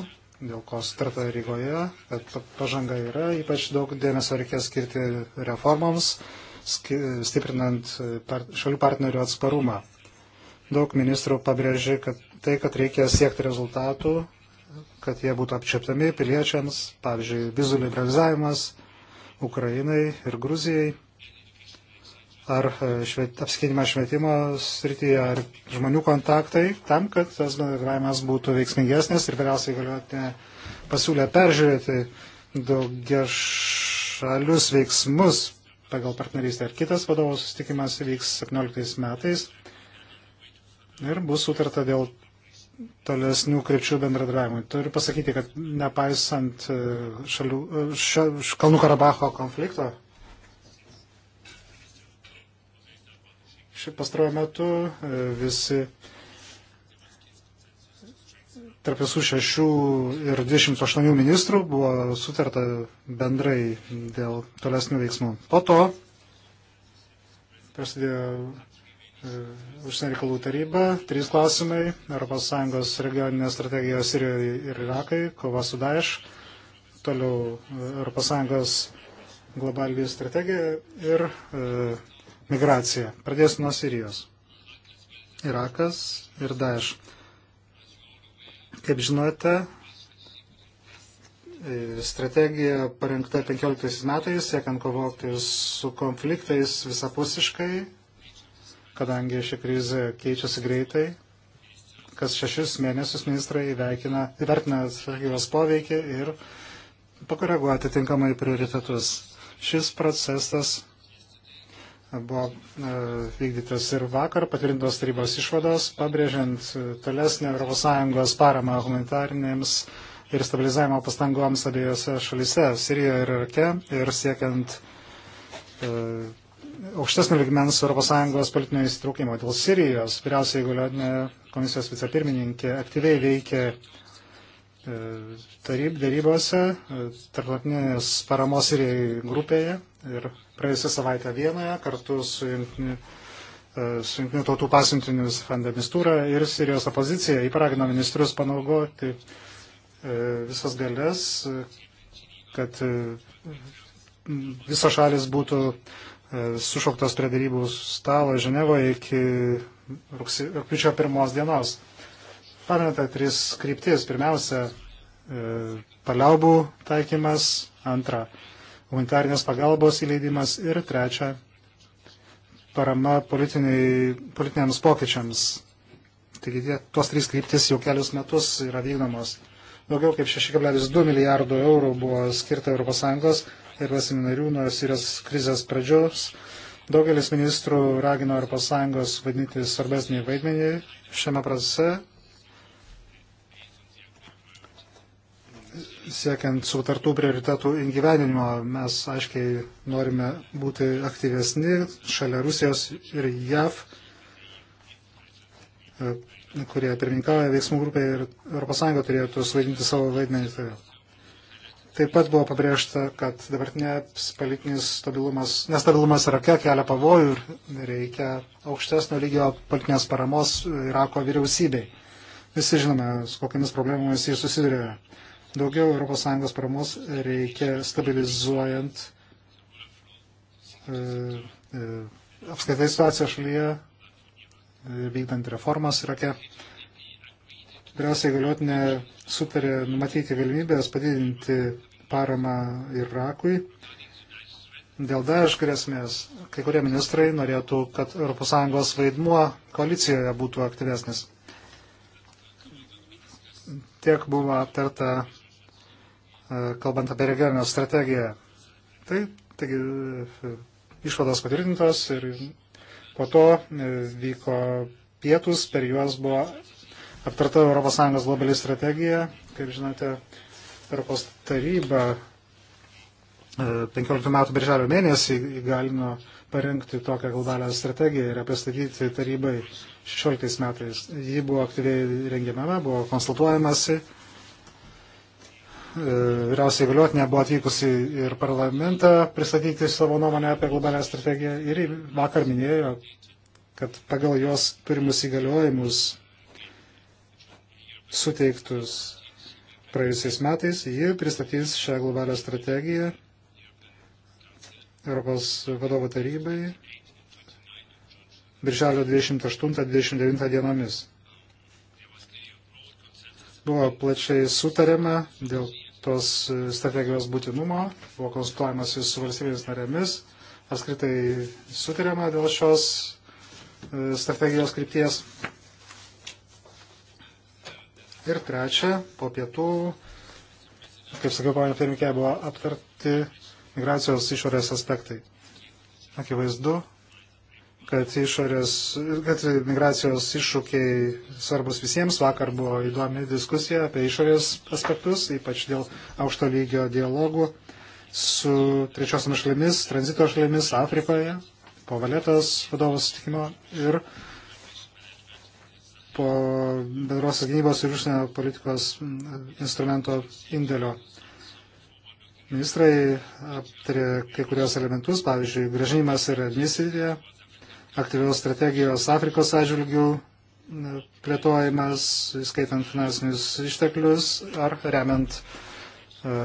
dėl ko sutarta Rygoje, kad pažanga yra, ypač daug dėmesio reikės skirti reformoms, stiprinant e, šalių partnerių atsparumą. Daug ministrų pabrėžė, kad tai, kad reikia siekti rezultatų, kad jie būtų apčiaptami piliečiams, pavyzdžiui, vizų liberalizavimas Ukrainai ir Gruzijai, ar e, švet, apskaitimas švietimo srityje, ar žmonių kontaktai, tam, kad tas bendradarbiavimas būtų veiksmingesnis ir vėliausiai galėtume pasiūlę peržiūrėti daugia šalius veiksmus pagal partnerystę. Ir kitas vadovų susitikimas vyks 17 metais ir bus sutarta dėl tolesnių krypčių bendradarbiavimui. Turiu pasakyti, kad nepaisant e, šalių, e, šia, Kalnų Karabacho konflikto, šį pastaruoju metu e, visi tarp visų šešių ir 28 ministrų buvo sutarta bendrai dėl tolesnių veiksmų. Po to prasidėjo užsienio reikalų taryba, trys klausimai, ES regioninės strategijos Sirijoje ir Irakai, kova su Daesh, toliau ES globalinė strategija ir e, migracija. Pradėsiu nuo Sirijos. Irakas ir Daesh. Kaip žinote, e, strategija parengta 15 metais, siekiant kovoti su konfliktais visapusiškai kadangi ši krizė keičiasi greitai. Kas šešis mėnesius ministrai įveikina, įvertina strategijos poveikį ir pakoreguoja atitinkamai prioritetus. Šis procesas buvo e, vykdytas ir vakar patvirtintos tarybos išvados, pabrėžiant tolesnę ES paramą humanitarnėms ir stabilizavimo pastangoms abiejose šalise, Sirijoje ir Irake, ir siekiant e, aukštesnio ligmens ES politinio įsitraukimo. Dėl Sirijos vyriausiai įgaliotinė komisijos vicepirmininkė aktyviai veikė e, taryb dėrybose, e, tarptautinės paramos Sirijai grupėje ir praėjusią savaitę vienoje kartu su e, jungtinių tautų pasiuntinius Fandemistūra ir Sirijos opozicija įparagino ministrus panaudoti visas galės, kad visos šalis būtų uh, E, sušauktas prie darybų stalo Ženevoje iki rūpiučio pirmos dienos. Paminate tris kryptis. Pirmiausia, e, paliaubų taikymas, antra, humanitarnės pagalbos įleidimas ir trečia, parama politiniams pokyčiams. Taigi tie, tos trys kryptis jau kelius metus yra vykdomos. Daugiau kaip 6,2 milijardo eurų buvo skirta ES ir seminarių nuo Sirijos krizės pradžios. Daugelis ministrų ragino ES vadinti svarbesnį vaidmenį šiame procese, siekiant sutartų prioritetų įgyveninimo, mes aiškiai norime būti aktyvesni šalia Rusijos ir JAV, kurie pirmininkauja veiksmų grupė ir ES turėtų suvaidinti savo vaidmenį. Taip pat buvo pabrėžta, kad dabartinės politinis stabilumas, nestabilumas Irake kelia pavojų ir reikia aukštesnio lygio politinės paramos Irako vyriausybei. Visi žinome, su kokiamis problemomis jis susiduria. Daugiau ES paramos reikia stabilizuojant e, e, apskaitai situaciją šalyje vykdant reformas Irake. Vyriausiai galiotinė sutarė numatyti galimybės padidinti paramą Irakui. Dėl Daesh grėsmės kai kurie ministrai norėtų, kad ES vaidmuo koalicijoje būtų aktyvesnis. Tiek buvo aptarta, e, kalbant apie regioninę strategiją. Tai, taigi, e, e, išvados patvirtintos ir Po to e, vyko pietus, per juos buvo aptarta ES globali strategija. Kaip žinote, Europos taryba 15 e, metų birželio mėnesį įgalino parengti tokią globalią strategiją ir pristatyti tarybai 16 metais. Ji buvo aktyviai rengiamame, buvo konsultuojamasi E, vyriausiai galiotinė buvo atvykusi ir parlamentą pristatyti savo nuomonę apie globalę strategiją ir vakar minėjo, kad pagal jos turimus įgaliojimus suteiktus praėjusiais metais, ji pristatys šią globalią strategiją Europos vadovo tarybai birželio 28-29 dienomis. Buvo plačiai sutarima dėl tos strategijos būtinumo, buvo konsultuojamas su valstybės narėmis, apskritai sutarima dėl šios e, strategijos krypties. Ir trečia, po pietų, kaip sakiau, ponia pirmininkė, buvo aptarti migracijos išorės aspektai. Akivaizdu, kad, išorės, kad migracijos iššūkiai svarbus visiems. Vakar buvo įdomi diskusija apie išorės aspektus, ypač dėl aukšto lygio dialogų su trečiosiamis šalimis, tranzito šalimis Afrikoje, po Valetos vadovos sutikimo ir po bendrosios gynybos ir užsienio politikos instrumento indėlio. Ministrai aptarė kai kurios elementus, pavyzdžiui, gražinimas ir admisija, aktyvios strategijos Afrikos atžvilgių plėtojimas, skaitant finansinius išteklius ar remiant uh, e,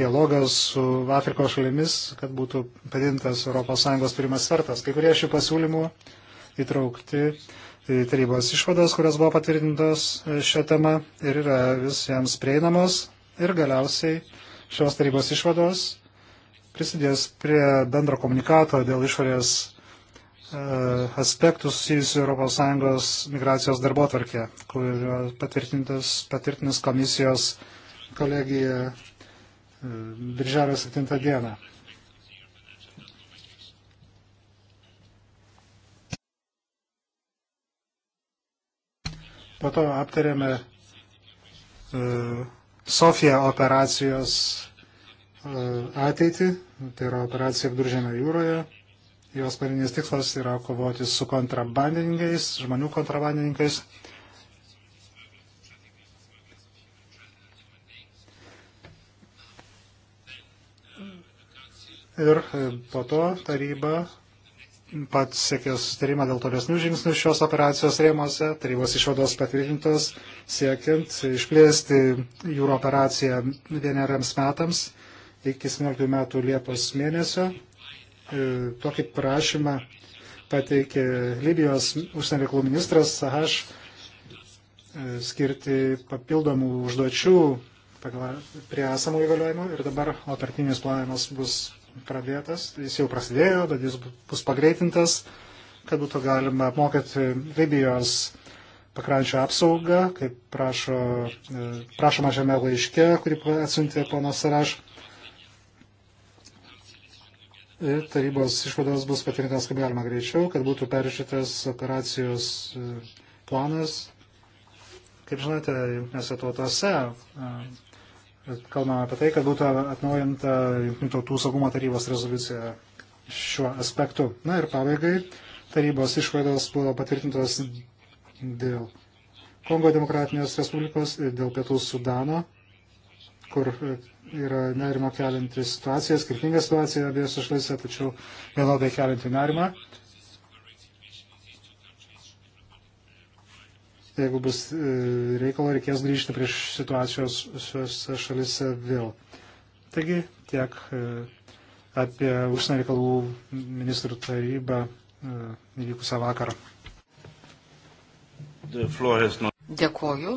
dialogas su Afrikos šalimis, kad būtų padintas ES turimas svertas. Kai kurie šių pasiūlymų įtraukti į tarybos išvadas, kurios buvo patvirtintos e, šią temą ir yra visiems prieinamos. Ir galiausiai šios tarybos išvados prisidės prie bendro komunikato dėl išorės E, aspektų susijusių ES migracijos darbo tvarkė, kurio patvirtinis komisijos kolegija e, birželio 7 dieną. Po to aptarėme e, Sofija operacijos ateitį, tai yra operacija Viduržėme jūroje. Jos pagrindinis tikslas yra kovoti su kontrabandininkais, žmonių kontrabandininkais. Ir e, po to taryba pats siekė sustarimą dėl tolesnių žingsnių šios operacijos rėmose. Tarybos išvados patvirtintos siekiant išplėsti jūro operaciją vieneriams metams iki 17 metų Liepos mėnesio. E, tokį prašymą pateikė Libijos užsienio reikalų ministras Sahaš e, skirti papildomų užduočių pagal, prie esamų įgaliojimų ir dabar operatinis planavimas bus pradėtas, jis jau prasidėjo, bet jis bus pagreitintas, kad būtų galima apmokyti Libijos pakrančio apsaugą, kaip prašo, e, prašoma šiame laiške, kurį atsiuntė ponas Saraš Ir tarybos išvados bus patvirtintas kaip galima greičiau, kad būtų peržiūrėtas operacijos e, planas. Kaip žinote, jungtinėse tautose e, kalbame apie tai, kad būtų atnaujinta jungtinių tautų saugumo tarybos rezoliucija šiuo aspektu. Na ir pabaigai, tarybos išvados buvo patvirtintos dėl Kongo demokratinės respublikos ir dėl pietų Sudano kur yra nerimo kelinti situacija, skirtinga situacija abiejose šalyse, tačiau vienodai kelinti nerimą. Jeigu bus e, reikalo, reikės grįžti prieš situacijos šiose šalise vėl. Taigi tiek e, apie užsienio reikalų ministrų tarybą e, įvykusią vakarą. Dėkuoju.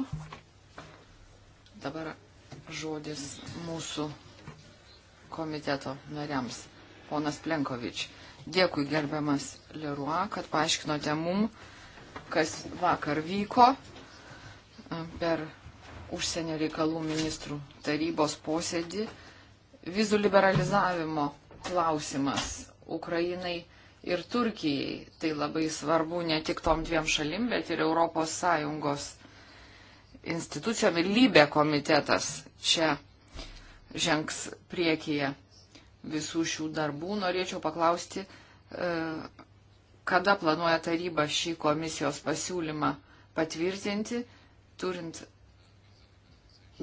Dabar žodis mūsų komiteto nariams. Ponas Plenkovič, dėkui gerbiamas Leruo, kad paaiškinote mum, kas vakar vyko per užsienio reikalų ministrų tarybos posėdį. Vizų liberalizavimo klausimas Ukrainai ir Turkijai. Tai labai svarbu ne tik tom dviem šalim, bet ir Europos Sąjungos institucijom ir lybė komitetas čia žengs priekyje visų šių darbų. Norėčiau paklausti, e, kada planuoja taryba šį komisijos pasiūlymą patvirtinti, turint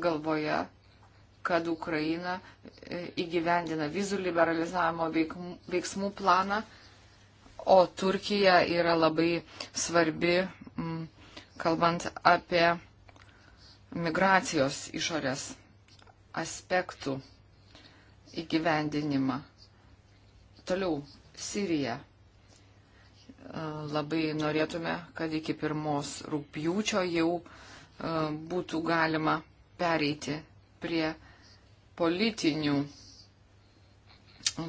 galvoje, kad Ukraina e, įgyvendina vizų liberalizavimo veiksmų planą, o Turkija yra labai svarbi, kalbant apie migracijos išorės aspektų įgyvendinimą. Toliau, Sirija. E, labai norėtume, kad iki pirmos rūpjūčio jau e, būtų galima pereiti prie politinių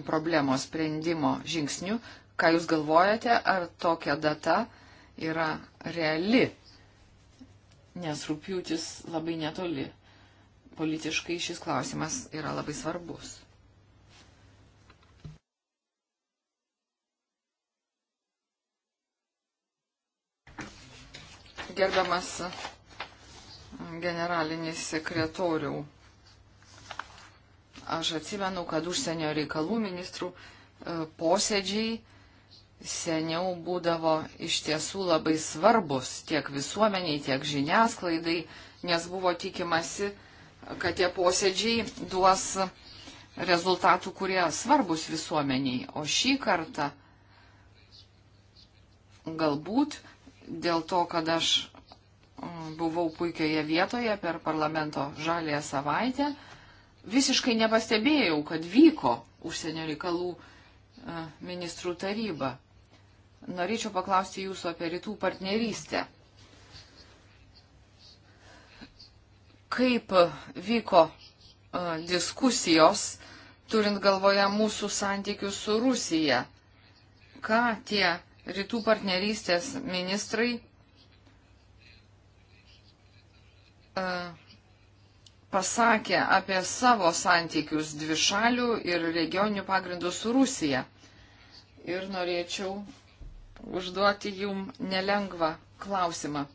problemos sprendimo žingsnių. Ką Jūs galvojate, ar tokia data yra reali? Nes rūpjūtis labai netoli politiškai šis klausimas yra labai svarbus. Gerbiamas generalinis sekretoriau, aš atsimenu, kad užsienio reikalų ministrų e, posėdžiai seniau būdavo iš tiesų labai svarbus tiek visuomeniai, tiek žiniasklaidai, nes buvo tikimasi, kad tie posėdžiai duos rezultatų, kurie svarbus visuomeniai. O šį kartą galbūt dėl to, kad aš mm, buvau puikioje vietoje per parlamento žalėje savaitę, visiškai nepastebėjau, kad vyko užsienio reikalų e, ministrų taryba. Norėčiau paklausti jūsų apie rytų partnerystę. kaip vyko diskusijos, turint galvoje mūsų santykius su Rusija. Ką tie rytų partnerystės ministrai pasakė apie savo santykius dvišalių ir regioninių pagrindų su Rusija. Ir norėčiau užduoti jum nelengvą klausimą.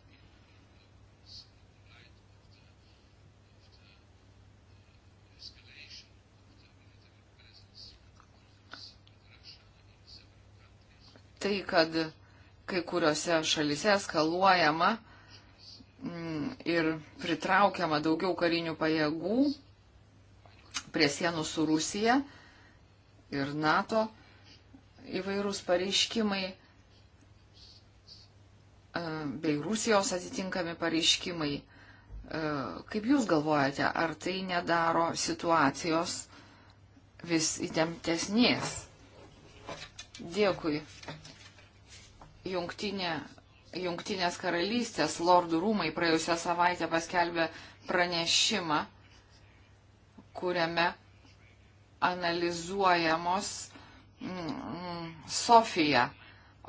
tai, kad kai kuriuose šalise eskaluojama mm, ir pritraukiama daugiau karinių pajėgų prie sienų su Rusija ir NATO įvairūs pareiškimai e, bei Rusijos atitinkami pareiškimai. E, kaip Jūs galvojate, ar tai nedaro situacijos vis įtemptesnės? Dėkui jungtinė, jungtinės karalystės lordų rūmai praėjusią savaitę paskelbė pranešimą, kuriame analizuojamos mm, mm Sofija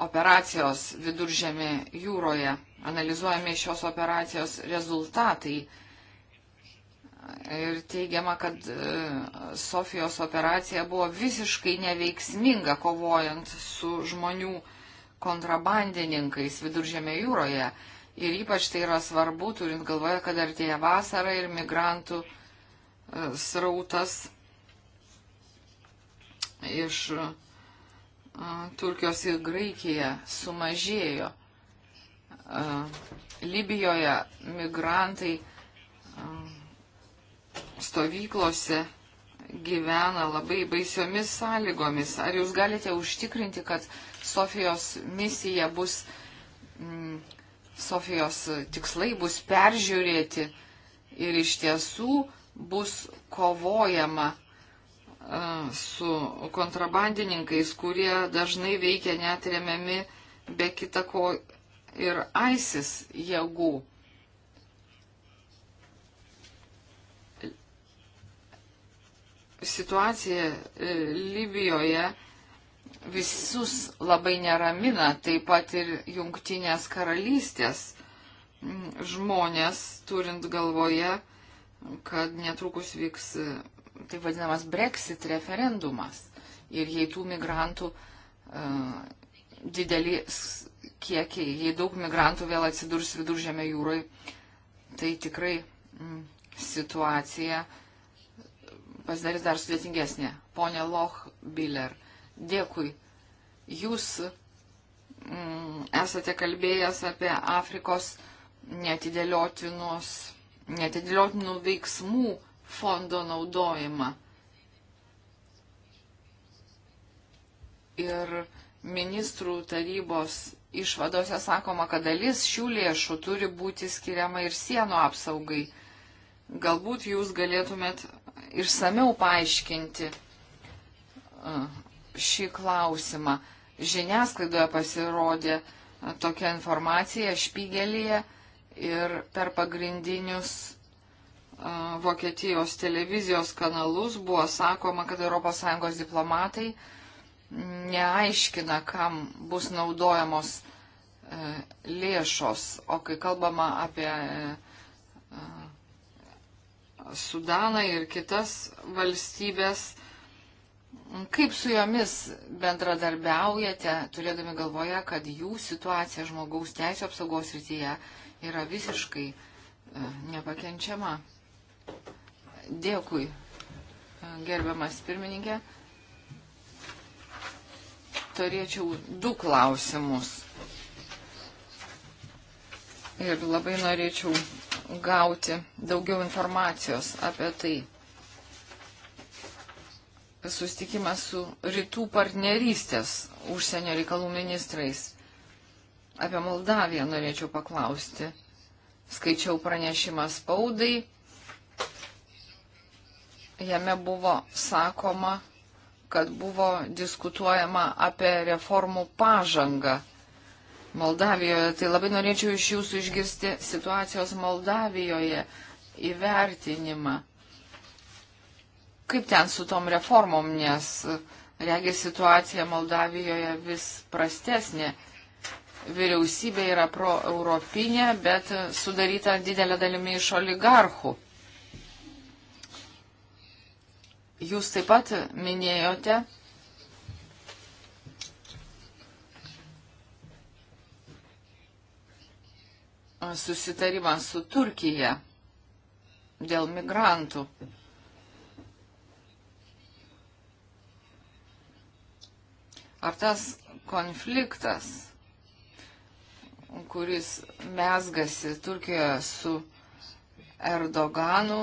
operacijos viduržėmi jūroje, analizuojami šios operacijos rezultatai. Ir teigiama, kad e, Sofijos operacija buvo visiškai neveiksminga kovojant su žmonių kontrabandininkais viduržėmė jūroje. Ir ypač tai yra svarbu, turint galvoje, kad artėja vasara ir migrantų e, srautas iš e, Turkijos į Graikiją sumažėjo. E, Libijoje migrantai stovyklose gyvena labai baisiomis sąlygomis. Ar jūs galite užtikrinti, kad Sofijos misija bus, mm, Sofijos tikslai bus peržiūrėti ir iš tiesų bus kovojama e, su kontrabandininkais, kurie dažnai veikia net remiami be kitako ir ISIS jėgų. Situacija e, Libijoje visus labai neramina, taip pat ir jungtinės karalystės žmonės, turint galvoje, kad netrukus vyks taip vadinamas Brexit referendumas. Ir jei tų migrantų uh, e, didelį kiekį, jei daug migrantų vėl atsidurs viduržėme jūroje, tai tikrai mm, situacija pasidarys dar sudėtingesnė. Pone Loch Biller. Uh, Dėkui. Jūs mm, esate kalbėjęs apie Afrikos netidėliotinų veiksmų fondo naudojimą. Ir ministrų tarybos išvadose sakoma, kad dalis šių lėšų turi būti skiriama ir sienų apsaugai. Galbūt jūs galėtumėt išsameu paaiškinti šį klausimą. Žiniasklaidoje pasirodė tokia informacija špygelėje ir per pagrindinius Vokietijos televizijos kanalus buvo sakoma, kad ES diplomatai neaiškina, kam bus naudojamos e, lėšos, o kai kalbama apie e, Sudaną ir kitas valstybės, Kaip su jomis bendradarbiaujate, turėdami galvoje, kad jų situacija žmogaus teisų apsaugos rytyje yra visiškai e, nepakenčiama? Dėkui, e, gerbiamas pirmininkė. Turėčiau du klausimus. Ir labai norėčiau gauti daugiau informacijos apie tai sustikimas su rytų partnerystės užsienio reikalų ministrais. Apie Moldaviją norėčiau paklausti. Skaičiau pranešimą spaudai. Jame buvo sakoma, kad buvo diskutuojama apie reformų pažangą Moldavijoje. Tai labai norėčiau iš jūsų išgirsti situacijos Moldavijoje įvertinimą kaip ten su tom reformom, nes e, regia situacija Moldavijoje vis prastesnė. Vyriausybė yra proeuropinė, bet e, sudaryta didelė dalimi iš oligarchų. Jūs taip pat minėjote, e, susitarimą su Turkija dėl migrantų. Ar tas konfliktas, kuris mesgasi Turkijoje su Erdoganu,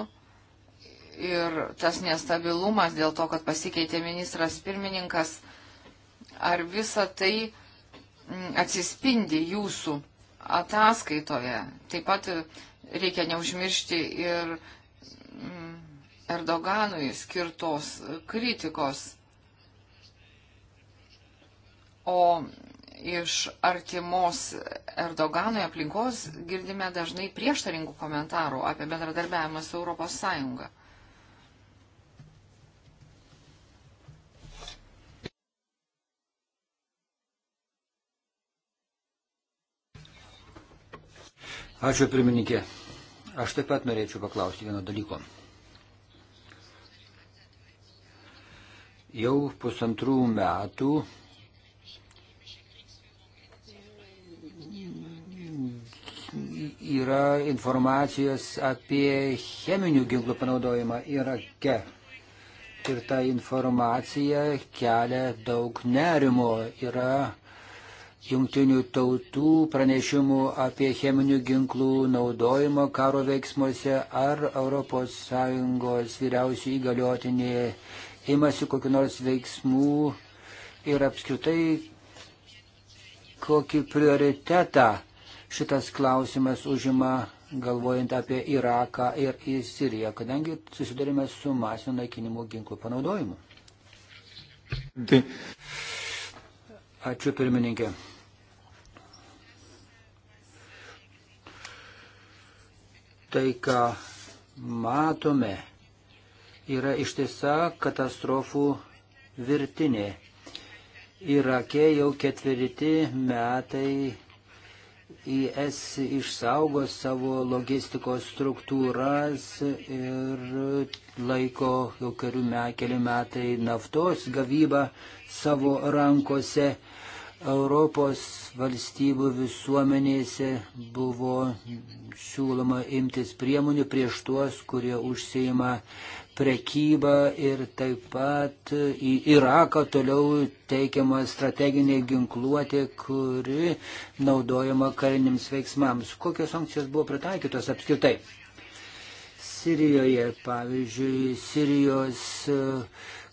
ir tas nestabilumas dėl to, kad pasikeitė ministras pirmininkas, ar visa tai mm, atsispindi jūsų ataskaitoje. Taip pat reikia neužmiršti ir mm, Erdoganui skirtos kritikos. O iš artimos Erdoganui aplinkos girdime dažnai prieštaringų komentarų apie bendradarbiavimą su Europos Sąjunga. Ačiū pirmininkė. Aš taip pat norėčiau paklausti vieno dalyko. Jau pusantrų metų yra informacijos apie cheminių ginklų panaudojimą Irake. Ir ta informacija kelia daug nerimo. Yra jungtinių tautų pranešimų apie cheminių ginklų naudojimą karo veiksmuose, ar ES vyriausiai įgaliotinė imasi kokiu nors veiksmų ir apskritai kokį prioritetą šitas klausimas užima galvojant apie Iraką ir į Siriją, kadangi susidurime su masinio naikinimo ginklų panaudojimu. Tai- Ačiū pirmininkė. Tai, ką matome, yra ištisa katastrofų virtinė. Irake jau ketvirti metai IS išsaugos savo logistikos struktūras ir laiko jau kelių metai naftos gavybą savo rankose. Europos valstybių visuomenėse buvo siūloma imtis priemonių prieš tuos, kurie užsieima prekybą ir taip pat į Iraką toliau teikiama strateginė ginkluotė, kuri naudojama kariniams veiksmams. Kokios sankcijos buvo pritaikytos apskritai? Sirijoje, pavyzdžiui, Sirijos e,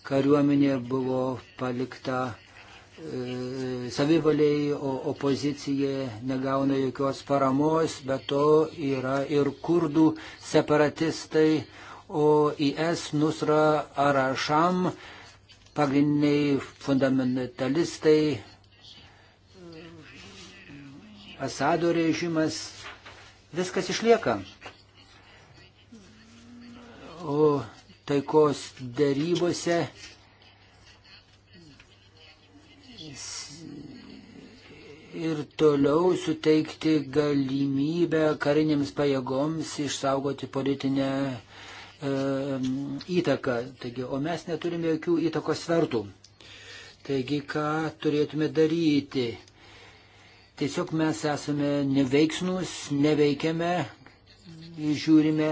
kariuomenė buvo palikta e, savivaliai, o opozicija negauna jokios paramos, bet to yra ir kurdų separatistai, OIS Nusra Arašam, pagrindiniai fundamentalistai, Asado režimas, viskas išlieka. O taikos darybose ir toliau suteikti galimybę karinėms pajėgoms išsaugoti politinę įtaką. Taigi, o mes neturime jokių įtakos svertų. Taigi, ką turėtume daryti? Tiesiog mes esame neveiksnus, neveikiame, žiūrime,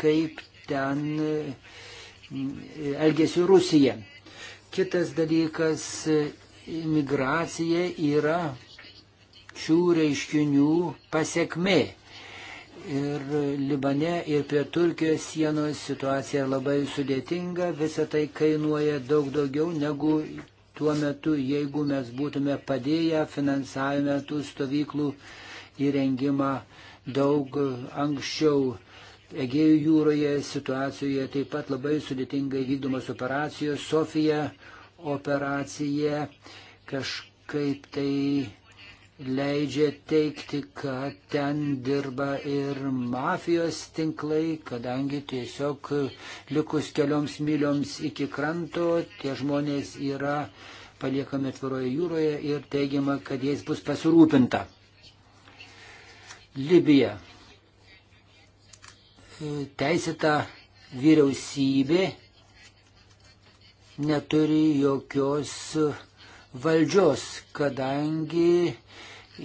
kaip ten elgesi Rusija. Kitas dalykas, imigracija yra šių reiškinių pasiekmė ir Libane, ir prie Turkijos sienos situacija labai sudėtinga, visa tai kainuoja daug daugiau negu tuo metu, jeigu mes būtume padėję finansavime tų stovyklų įrengimą daug anksčiau. Egėjų jūroje situacijoje taip pat labai sudėtingai vykdomas operacijos, Sofija operacija kažkaip tai leidžia teikti, kad ten dirba ir mafijos tinklai, kadangi tiesiog likus kelioms mylioms iki kranto tie žmonės yra paliekami atviroje jūroje ir teigiama, kad jais bus pasirūpinta. Libija. Teisėta vyriausybė neturi jokios valdžios, kadangi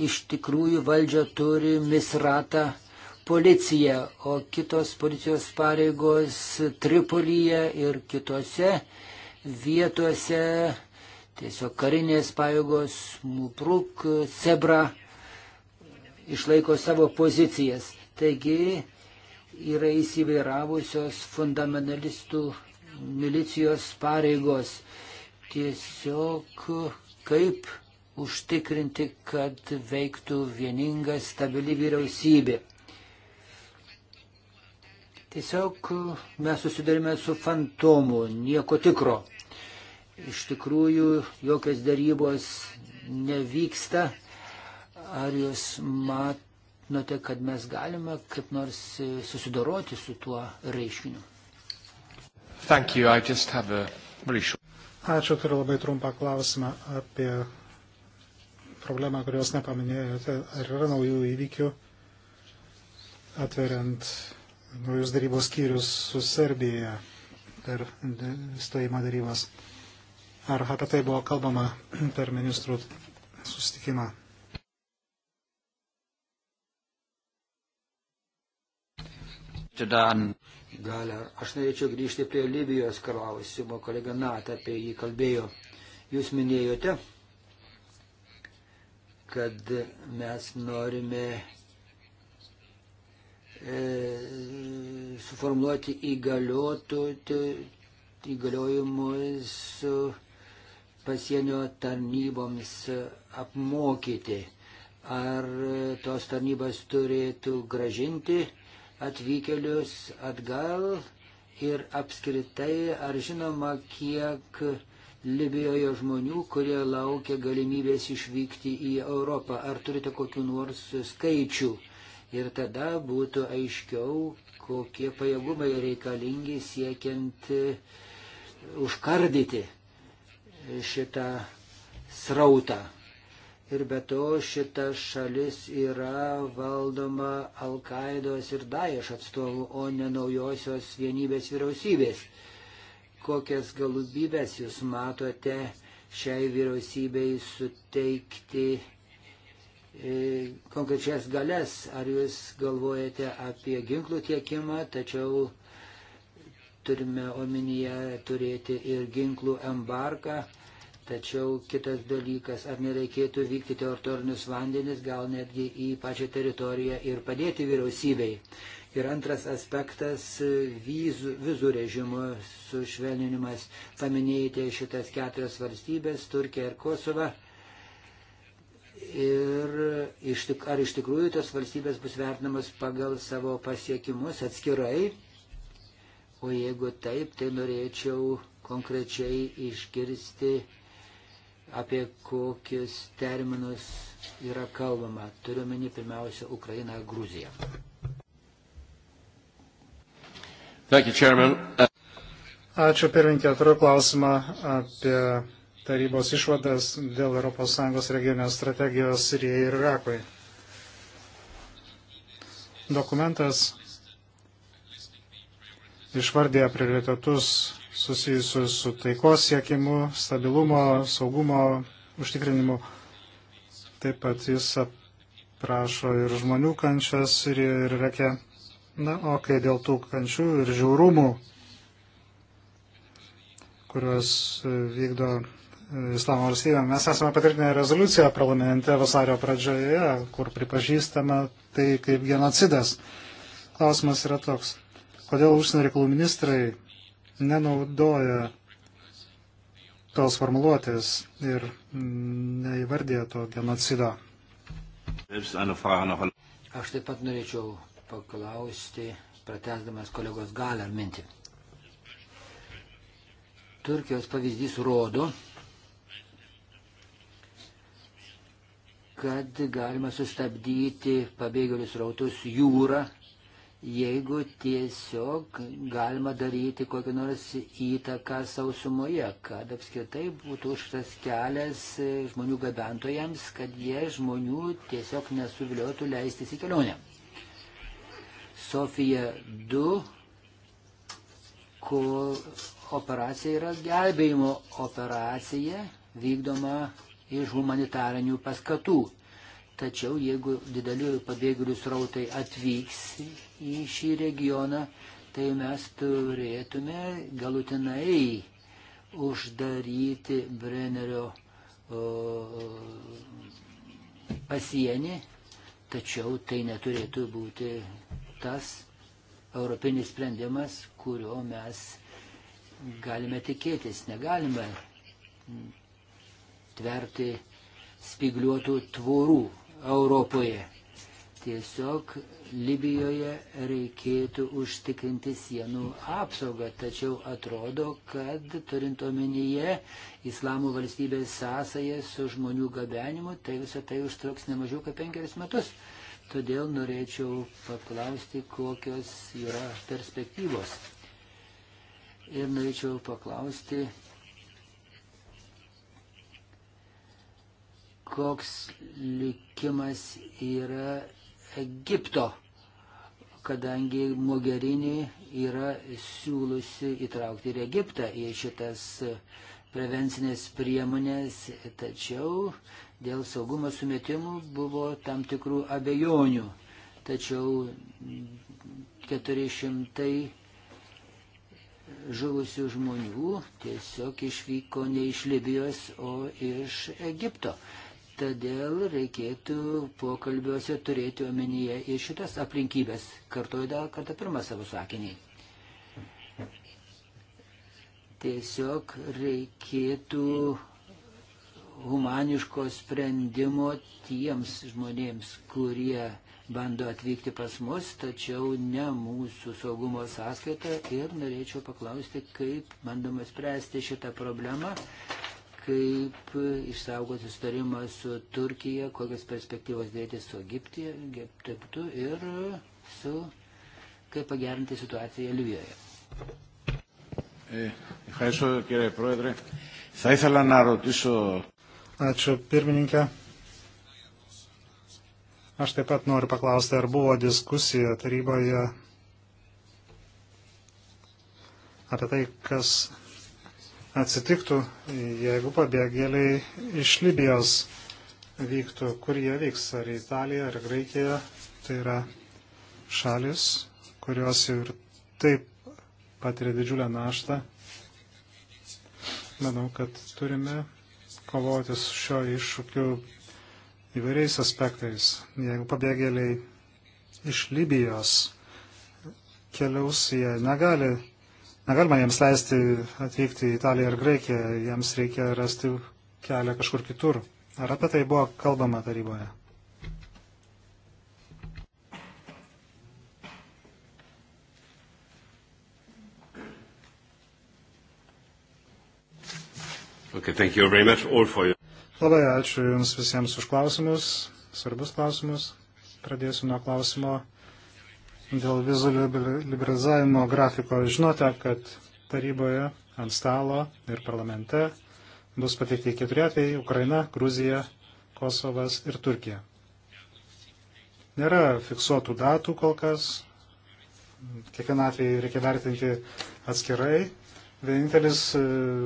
iš tikrųjų valdžią turi misrata policija, o kitos policijos pareigos Tripolyje ir kitose vietose tiesiog karinės pajėgos Mupruk, Sebra išlaiko savo pozicijas. Taigi yra įsivairavusios fundamentalistų milicijos pareigos. Tiesiog kaip užtikrinti, kad veiktų vieninga, stabili vyriausybė. Tiesiog mes susidarime su fantomu, nieko tikro. Iš tikrųjų, jokios darybos nevyksta. Ar jūs matote, kad mes galime kaip nors susidoroti su tuo reiškiniu? Really short... Ačiū, turiu labai trumpą klausimą apie problemą, kurios nepaminėjote, ar yra naujų įvykių atveriant naujus darybos skyrius su Serbija per stojimo darybas. Ar apie tai buvo kalbama per ministrų susitikimą? Gal aš norėčiau grįžti prie Libijos klausimo, kolega Nata apie jį kalbėjo. Jūs minėjote, kad mes norime e, suformuoti įgaliojimus pasienio tarnyboms apmokyti. Ar tos tarnybos turėtų gražinti atvykėlius atgal ir apskritai, ar žinoma, kiek Libijoje žmonių, kurie laukia galimybės išvykti į Europą. Ar turite kokiu nors skaičių? Ir tada būtų aiškiau, kokie pajėgumai reikalingi siekiant e, užkardyti šitą srautą. Ir be to šita šalis yra valdoma Al-Qaidos ir Daesh atstovų, o ne naujosios vienybės vyriausybės kokias galubybės jūs matote šiai vyriausybei suteikti e, konkrečias galės, ar jūs galvojate apie ginklų tiekimą, tačiau turime omenyje turėti ir ginklų embarką, tačiau kitas dalykas, ar nereikėtų vykti teritorinius vandenis, gal netgi į pačią teritoriją ir padėti vyriausybei. Ir antras aspektas - vizų, vizų režimo sušvelninimas. Paminėjate šitas keturias valstybės - Turkija ir Kosova. Ir iš tik, ar iš tikrųjų tos valstybės bus vertinamas pagal savo pasiekimus atskirai? O jeigu taip, tai norėčiau konkrečiai išgirsti, apie kokius terminus yra kalbama. Turiu meni pirmiausia Ukrainą, Gruziją. Thank you, Chairman. Ačiū pirminkė, turiu klausimą apie tarybos išvadas dėl ES regionės strategijos Sirijai ir Irakui. Dokumentas išvardė prioritetus susijusius su taikos siekimu, stabilumo, saugumo užtikrinimu. Taip pat jis aprašo ir žmonių kančias Sirijoje ir Irake. Ir Na, o kai dėl tų kančių ir žiaurumų, kuriuos vykdo Islamo valstybė, mes esame patvirtinę rezoliuciją parlamente vasario pradžioje, kur pripažįstame tai kaip genocidas. Klausimas yra toks. Kodėl užsienio reikalų ministrai nenaudoja tos formuluotės ir neįvardė to genocido? Aš taip pat norėčiau paklausti, pratesdamas kolegos galę ar mintį. Turkijos pavyzdys rodo, kad galima sustabdyti pabėgėlius rautus jūrą, jeigu tiesiog galima daryti kokią nors įtaką sausumoje, kad apskritai būtų užtas kelias žmonių gabentojams, kad jie žmonių tiesiog nesuviliotų leistis į kelionę. Sofija 2, kur operacija yra gelbėjimo operacija vykdoma iš humanitarinių paskatų. Tačiau jeigu didelių pabėgėlių srautai atvyks į šį regioną, tai mes turėtume galutinai uždaryti Brennerio pasienį, tačiau tai neturėtų būti tas europinis sprendimas, kurio mes galime tikėtis. Negalime tverti spigliuotų tvorų Europoje. Tiesiog Libijoje reikėtų užtikrinti sienų apsaugą, tačiau atrodo, kad turint omenyje islamo valstybės sąsąją su žmonių gabenimu, tai visą tai užtruks ne mažiau kaip penkerius metus. Todėl norėčiau paklausti, kokios yra perspektyvos. Ir norėčiau paklausti, koks likimas yra Egipto, kadangi Mogherini yra siūlusi įtraukti ir Egiptą į šitas prevencinės priemonės, tačiau Dėl saugumo sumetimų buvo tam tikrų abejonių, tačiau 400 žuvusių žmonių tiesiog išvyko ne iš Libijos, o iš Egipto. Todėl reikėtų pokalbiuose turėti omenyje ir šitas aplinkybės. Kartuoju dar kartą pirmą savo sakinį. Tiesiog reikėtų humaniško sprendimo tiems žmonėms, kurie bando atvykti pas mus, tačiau ne mūsų saugumo sąskaita. Ir norėčiau paklausti, kaip bandoma spręsti šitą problemą, kaip išsaugoti sustarimą su Turkija, kokias perspektyvas dėti su Egiptu ir su kaip pagerinti situaciją Libijoje. Ευχαριστώ κύριε Πρόεδρε. Θα ήθελα να ρωτήσω... Ačiū pirmininkė. Aš taip pat noriu paklausti, ar buvo diskusija taryboje apie tai, kas atsitiktų, jeigu pabėgėliai iš Libijos vyktų, kur jie vyks, ar Italija, ar Graikija, tai yra šalis, kurios ir taip patiria didžiulę naštą. Manau, kad turime kovoti su šio iššūkiu įvairiais aspektais. Jeigu pabėgėliai iš Libijos keliaus, jie negali, negalima jiems leisti atvykti į Italiją ar Graikiją, jiems reikia rasti kelią kažkur kitur. Ar apie tai buvo kalbama taryboje? Okay, thank you very much all for you. Labai ačiū Jums visiems už klausimus, svarbus klausimus. Pradėsiu nuo klausimo dėl vizų liberalizavimo grafiko. Žinote, kad taryboje ant stalo ir parlamente bus pateikti keturi atvejai - Ukraina, Gruzija, Kosovas ir Turkija. Nėra fiksuotų datų kol kas. Kiekvieną atvejį reikia vertinti atskirai Vienintelis e,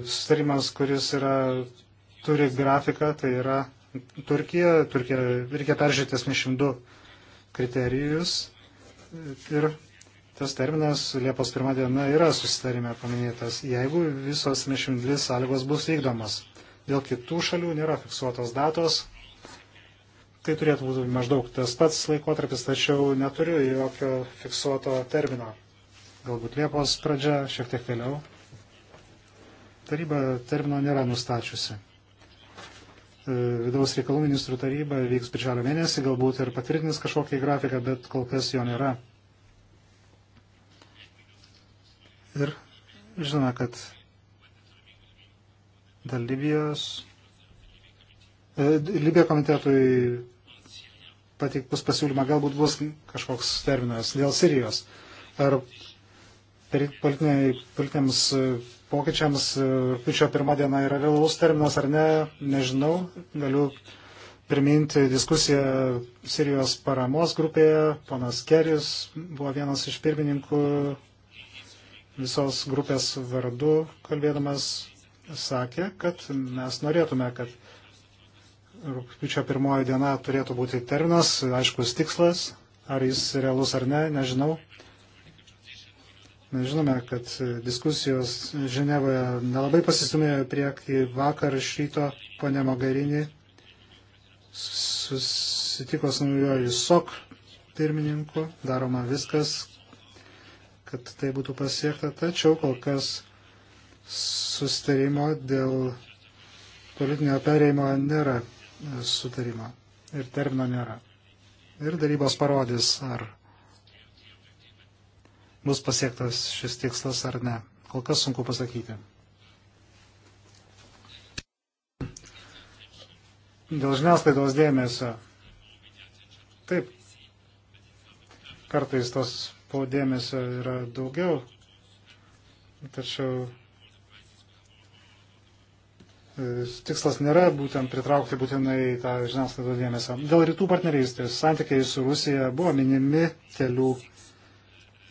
sustarimas, kuris yra, turi grafiką, tai yra Turkija. Turkija reikia peržiūrėti 72 kriterijus. Ir tas terminas Liepos 1 diena yra susitarime paminėtas, jeigu visos 72 sąlygos bus vykdomas. Dėl kitų šalių nėra fiksuotos datos. Tai turėtų būti maždaug tas pats laikotarpis, tačiau neturiu jokio fiksuoto termino. Galbūt Liepos pradžia, šiek tiek vėliau taryba termino nėra nustačiusi. E, vidaus reikalų ministrų taryba vyks birželio mėnesį, galbūt ir patvirtins kažkokį grafiką, bet kol kas jo nėra. Ir žinome, kad dėl Libijos. E, Libija komitetui pateiktus pasiūlymą galbūt bus kažkoks terminas dėl Sirijos. Ar politiniams e, pokyčiams e, rūpiučio pirmą dieną yra vėlaus terminas ar ne, nežinau. Galiu priminti diskusiją Sirijos paramos grupėje. Ponas Keris buvo vienas iš pirmininkų visos grupės vardu kalbėdamas sakė, kad mes norėtume, kad rūpiučio pirmoji diena turėtų būti terminas, aiškus tikslas, ar jis realus ar ne, nežinau. Mes žinome, kad diskusijos Ženevoje nelabai pasistumėjo prieki vakar iš ryto ponė Mogarinį susitiko su naujoju SOK pirmininku, daroma viskas, kad tai būtų pasiekta, tačiau kol kas sustarimo dėl politinio perėjimo nėra sutarimo ir termino nėra. Ir darybos parodys, ar bus pasiektas šis tikslas ar ne. Kol kas sunku pasakyti. Dėl žiniasklaidos dėmesio. Taip, kartais tos po dėmesio yra daugiau, tačiau e, tikslas nėra būtent pritraukti būtinai tą žiniasklaidos dėmesio. Dėl rytų partnerystės santykiai su Rusija buvo minimi kelių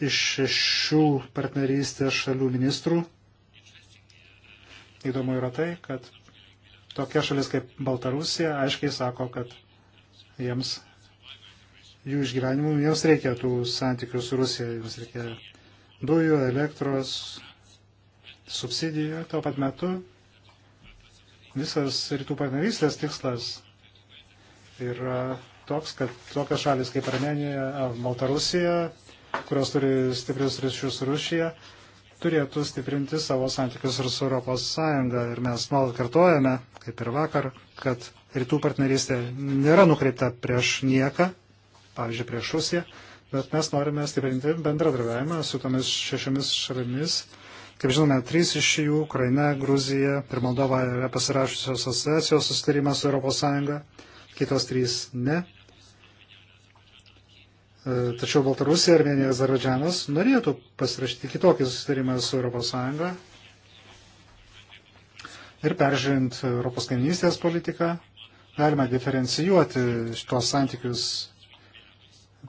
iš šešių partnerystės šalių ministrų. Įdomu yra tai, kad tokia šalis kaip Baltarusija aiškiai sako, kad jiems jų išgyvenimų, jiems reikia tų santykių su Rusija, jiems reikia dujų, elektros, subsidijų. Tuo pat metu visas rytų partnerystės tikslas yra toks, kad tokios šalis kaip Armenija, Baltarusija kurios turi stiprius ryšius su Rusija, turėtų stiprinti savo santykius ir su Europos Sąjunga. Ir mes nuolat kartojame, kaip ir vakar, kad rytų partnerystė nėra nukreipta prieš nieką, pavyzdžiui, prieš Rusiją, bet mes norime stiprinti bendradarbiavimą su tomis šešiomis šalimis. Kaip žinome, trys iš jų - Ukraina, Gruzija ir Moldova yra pasirašusios asociacijos susitarimą su ES, kitos trys ne. E, tačiau Baltarusija, Armenija, Azerbaidžianas norėtų pasirašyti kitokį susitarimą su ES ir peržiūrint Europos kaiminystės politiką, galima diferencijuoti šitos santykius.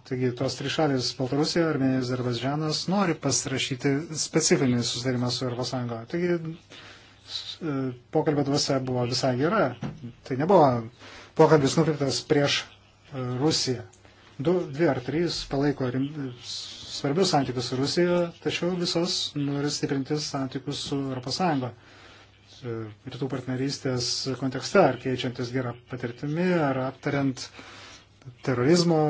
Taigi tos trys šalis - Baltarusija, Armenija, Azerbaidžianas - nori pasirašyti specifinį susitarimą su ES. Taigi e, pokalbė dvasia buvo visai gera. Tai nebuvo pokalbis nukreiptas prieš e, Rusiją du, dvi ar trys palaiko rim, svarbius santykius su Rusija, tačiau visos nori stiprinti santykius su ES e, rytų partnerystės kontekste, ar keičiantis gerą patirtimį, ar aptariant terorizmo,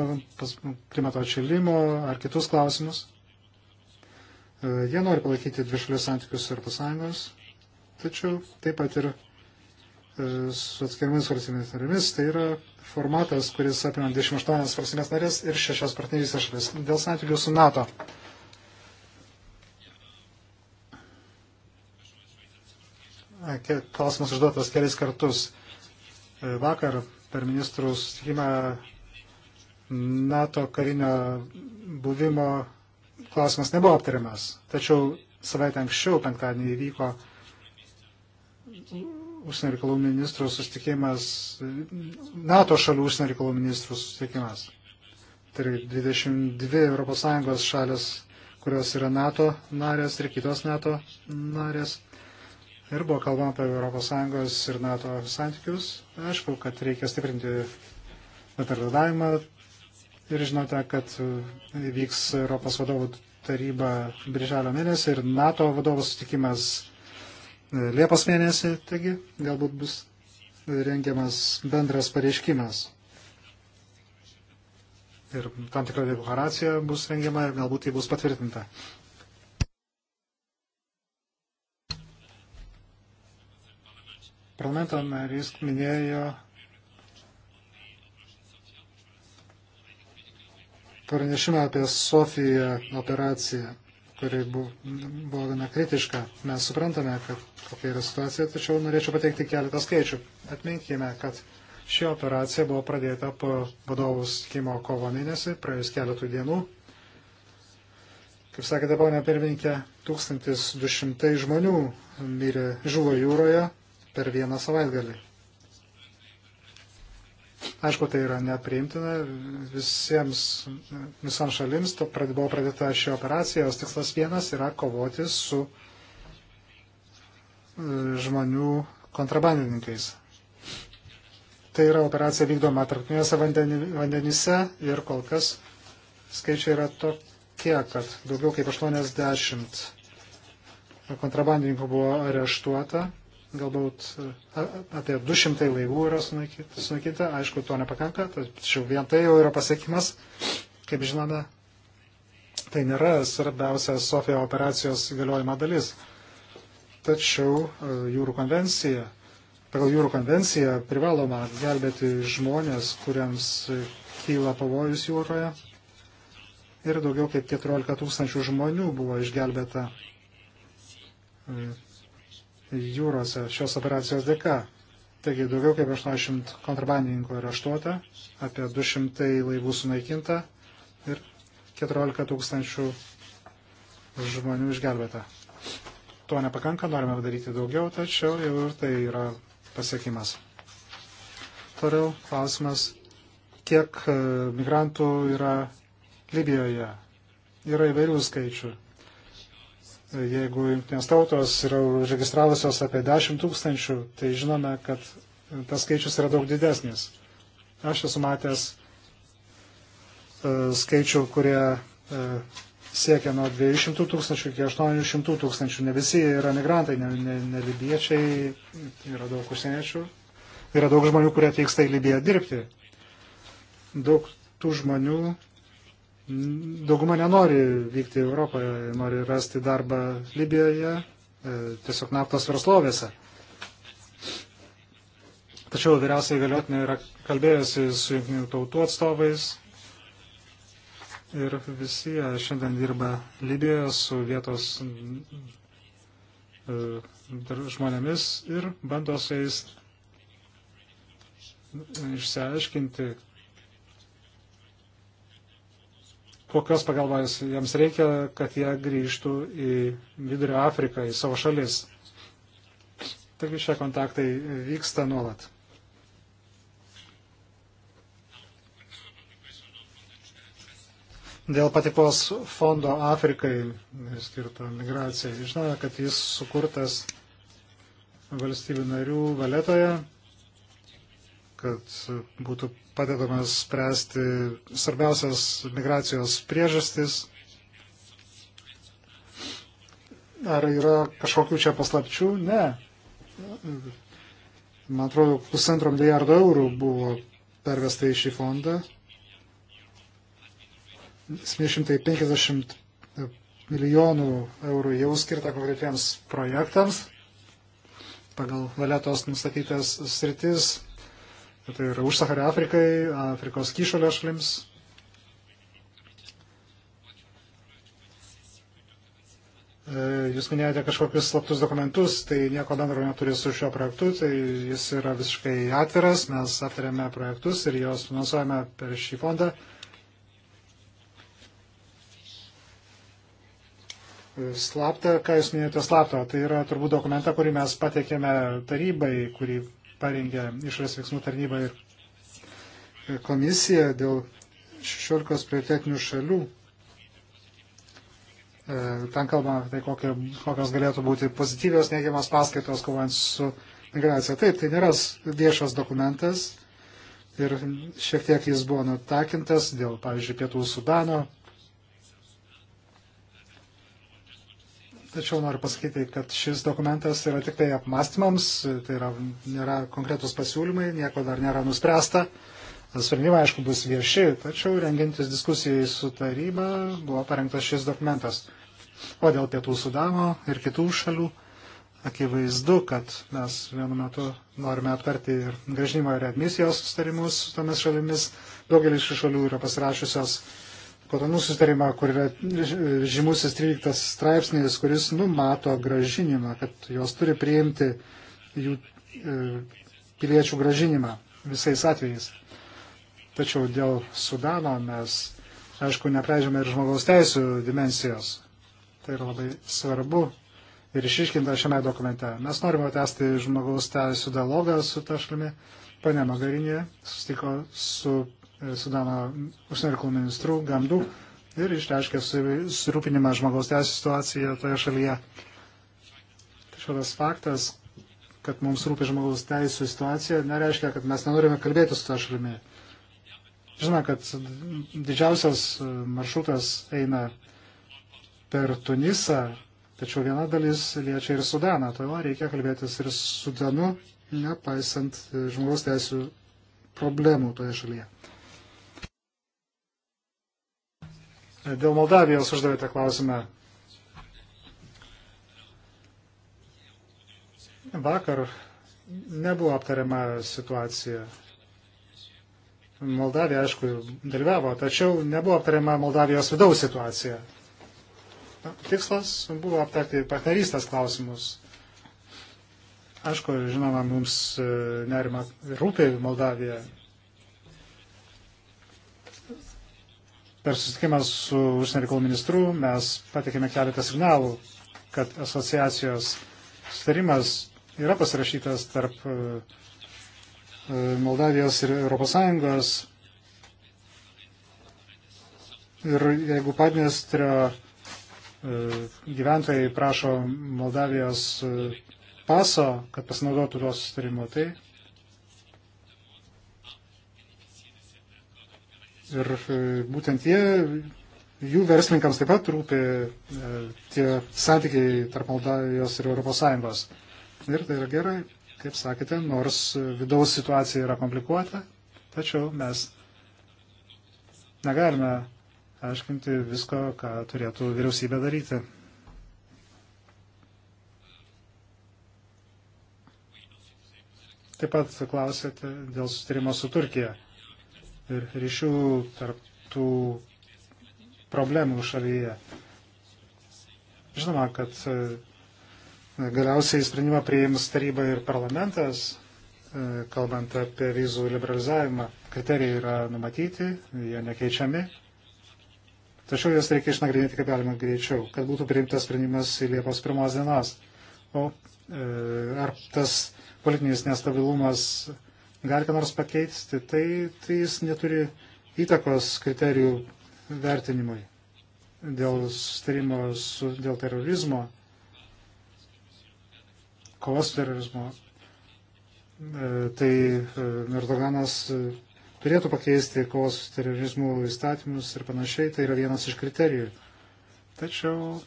klimato atšilimo ar kitus klausimus. E, jie nori palaikyti dvišalius santykius su ES, tačiau taip pat ir su atskirimis valstybės narėmis. Tai yra formatas, kuris apima 28 valstybės narės ir 6 partnerystės šalis dėl santykių su NATO. Klausimas užduotas kelis kartus. E, vakar per ministrų susitikimą NATO karinio buvimo klausimas nebuvo aptariamas. Tačiau savaitę anksčiau, penktadienį, įvyko užsienio reikalų ministrų susitikimas, NATO šalių užsienio reikalų ministrų susitikimas. Tai yra 22 ES šalis, kurios yra NATO narės ir kitos NATO narės. Ir buvo kalbama apie ES ir NATO santykius. Aišku, kad reikia stiprinti bendradarbiavimą. Ir žinote, kad vyks Europos vadovų taryba birželio mėnesį ir NATO vadovų sutikimas E, Liepos mėnesį, taigi galbūt bus rengiamas bendras pareiškimas. Ir tam tikra deklaracija bus rengiama ir galbūt tai bus patvirtinta. Parlamento narys minėjo pranešimą apie Sofiją operaciją kuri buvo gana kritiška. Mes suprantame, kad kokia yra situacija, tačiau norėčiau pateikti keletą skaičių. Atminkime, kad ši operacija buvo pradėta po vadovų skimo kovo mėnesį, praėjus keletų dienų. Kaip sakėte, ponė pirmininkė, 1200 žmonių mirė žuvo jūroje per vieną savaitgalį. Aišku, tai yra nepriimtina visiems, visoms šalims. Prad, buvo pradėta ši operacija, jos tikslas vienas yra kovoti su e, žmonių kontrabandininkais. Tai yra operacija vykdoma tarptautiniuose vandenyse ir kol kas skaičiai yra tokie, kad daugiau kaip 80 kontrabandininkų buvo areštuota galbūt e, apie 200 laivų yra sunaikyta, aišku, to nepakanka, tačiau vien tai jau yra pasiekimas, kaip žinome, tai nėra svarbiausia Sofija operacijos galiojama dalis. Tačiau e, jūrų konvencija, pagal jūrų konvenciją privaloma gelbėti žmonės, kuriems kyla pavojus jūroje. Ir daugiau kaip 14 tūkstančių žmonių buvo išgelbėta e, jūrose šios operacijos dėka. Taigi daugiau kaip 80 kontrabandininkų areštuota, apie 200 laivų sunaikinta ir 14 tūkstančių žmonių išgelbėta. To nepakanka, norime padaryti daugiau, tačiau jau ir tai yra pasiekimas. Toliau klausimas, kiek e, migrantų yra Libijoje. Yra įvairių skaičių jeigu jungtinės tautos yra registravusios apie 10 tūkstančių, tai žinome, kad tas skaičius yra daug didesnis. Aš esu matęs e, skaičių, kurie e, siekia nuo 200 tūkstančių iki 800 tūkstančių. Ne visi yra migrantai, ne, ne, ne libiečiai, yra daug užsieniečių, yra daug žmonių, kurie atvyksta į Libiją dirbti. Daug tų žmonių dauguma nenori vykti Europoje, nori rasti darbą Libijoje, e, tiesiog naftos verslovėse. Tačiau vyriausiai galiotinė yra kalbėjusi su jungtinių tautų atstovais ir visi jie šiandien dirba Libijoje su vietos e, žmonėmis ir bando su jais išsiaiškinti, kokios pagalbos jiems reikia, kad jie grįžtų į Vidurio Afriką, į savo šalis. Taigi šie kontaktai vyksta nuolat. Dėl patikos fondo Afrikai skirto migracijai. Žinome, kad jis sukurtas valstybių narių valetoje kad būtų padedamas spręsti svarbiausias migracijos priežastis. Ar yra kažkokių čia paslapčių? Ne. Man atrodo, pusantro milijardo eurų buvo pervesta į šį fondą. 750 milijonų eurų jau skirta konkretiems projektams pagal valetos nustatytas sritis Tai yra už Saharą Afrikai, Afrikos kyšalio šalims. E, jūs minėjote kažkokius slaptus dokumentus, tai nieko bendro neturi su šiuo projektu, tai jis yra visiškai atviras, mes aptarėme projektus ir juos finansuojame per šį fondą. E, slapta, ką jūs minėjote slapto, tai yra turbūt dokumenta, kurį mes pateikėme tarybai, kurį parengė išras veiksmų tarnyba ir komisija dėl 16 prioritetinių šalių. E, ten kalbama apie tai, kokio, kokios galėtų būti pozityvios neigiamos paskaitos kovant su migracija. Taip, tai nėra viešas dokumentas ir šiek tiek jis buvo nutakintas dėl, pavyzdžiui, Pietų Sudano Tačiau noriu pasakyti, kad šis dokumentas yra tik tai apmastymams, tai yra, nėra konkretus pasiūlymai, nieko dar nėra nuspręsta. Sprendimai, aišku, bus vieši, tačiau rengintis diskusijai su taryba buvo parengtas šis dokumentas. O dėl pietų sudano ir kitų šalių, akivaizdu, kad mes vienu metu norime aptarti ir gražinimo ir admisijos sustarimus su tomis šalimis. Daugelis šių šalių yra pasirašiusios kotonų sustarimą, kur yra žymusis 13 straipsnis, kuris numato gražinimą, kad jos turi priimti jų e, piliečių gražinimą visais atvejais. Tačiau dėl Sudano mes, aišku, nepreidžiame ir žmogaus teisų dimensijos. Tai yra labai svarbu ir išiškinta šiame dokumente. Mes norime tęsti žmogaus teisų dialogą su ta šalimi. Pane Magarinė sustiko su Sudano užsienio reikalų ministrų Gamdu ir išreiškė susirūpinimą žmogaus teisų situaciją toje šalyje. Tačiau tas faktas, kad mums rūpi žmogaus teisų situacija, nereiškia, kad mes nenorime kalbėti su ta šalimi. Žinoma, kad didžiausias e, maršrutas eina per Tunisą, tačiau viena dalis liečia ir Sudaną. Todėl reikia kalbėtis ir su Sudanu, nepaisant e, žmogaus teisų problemų toje šalyje. Dėl Moldavijos uždavėte klausimą. Vakar nebuvo aptariama situacija. Moldavija, aišku, dalyvavo, tačiau nebuvo aptariama Moldavijos vidaus situacija. Tikslas buvo aptarti partnerystės klausimus. Aišku, žinoma, mums e, nerima rūpė Moldavija, Per susitikimą su užsienio reikalų ministru mes patikėme keletą signalų, kad asociacijos sutarimas yra pasirašytas tarp e, e, Moldavijos ir ES. Ir jeigu Padnestrio e, gyventojai prašo Moldavijos paso, kad pasinaudotų tuos sutarimu, tai Ir e, būtent jie, jų verslininkams taip pat rūpi e, tie santykiai tarp Moldavijos ir ES. Ir tai yra gerai, kaip sakėte, nors vidaus situacija yra komplikuota, tačiau mes negalime aiškinti visko, ką turėtų vyriausybė daryti. Taip pat klausėte dėl sustarimo su Turkija ir ryšių tarp tų problemų šalyje. Žinoma, kad e, galiausiai sprendimą priims taryba ir parlamentas, e, kalbant apie vizų liberalizavimą. Kriterijai yra numatyti, jie nekeičiami. Tačiau juos reikia išnagrinėti kaip galima greičiau, kad būtų priimtas sprendimas į Liepos pirmos dienos. O e, ar tas politinis nestabilumas gali ką nors pakeisti, tai, tai jis neturi įtakos kriterijų vertinimui dėl sustarimo su, dėl terorizmo, kovos su terorizmo. E, tai e, Erdoganas e, turėtų pakeisti kovos su terorizmu įstatymus ir panašiai, tai yra vienas iš kriterijų. Tačiau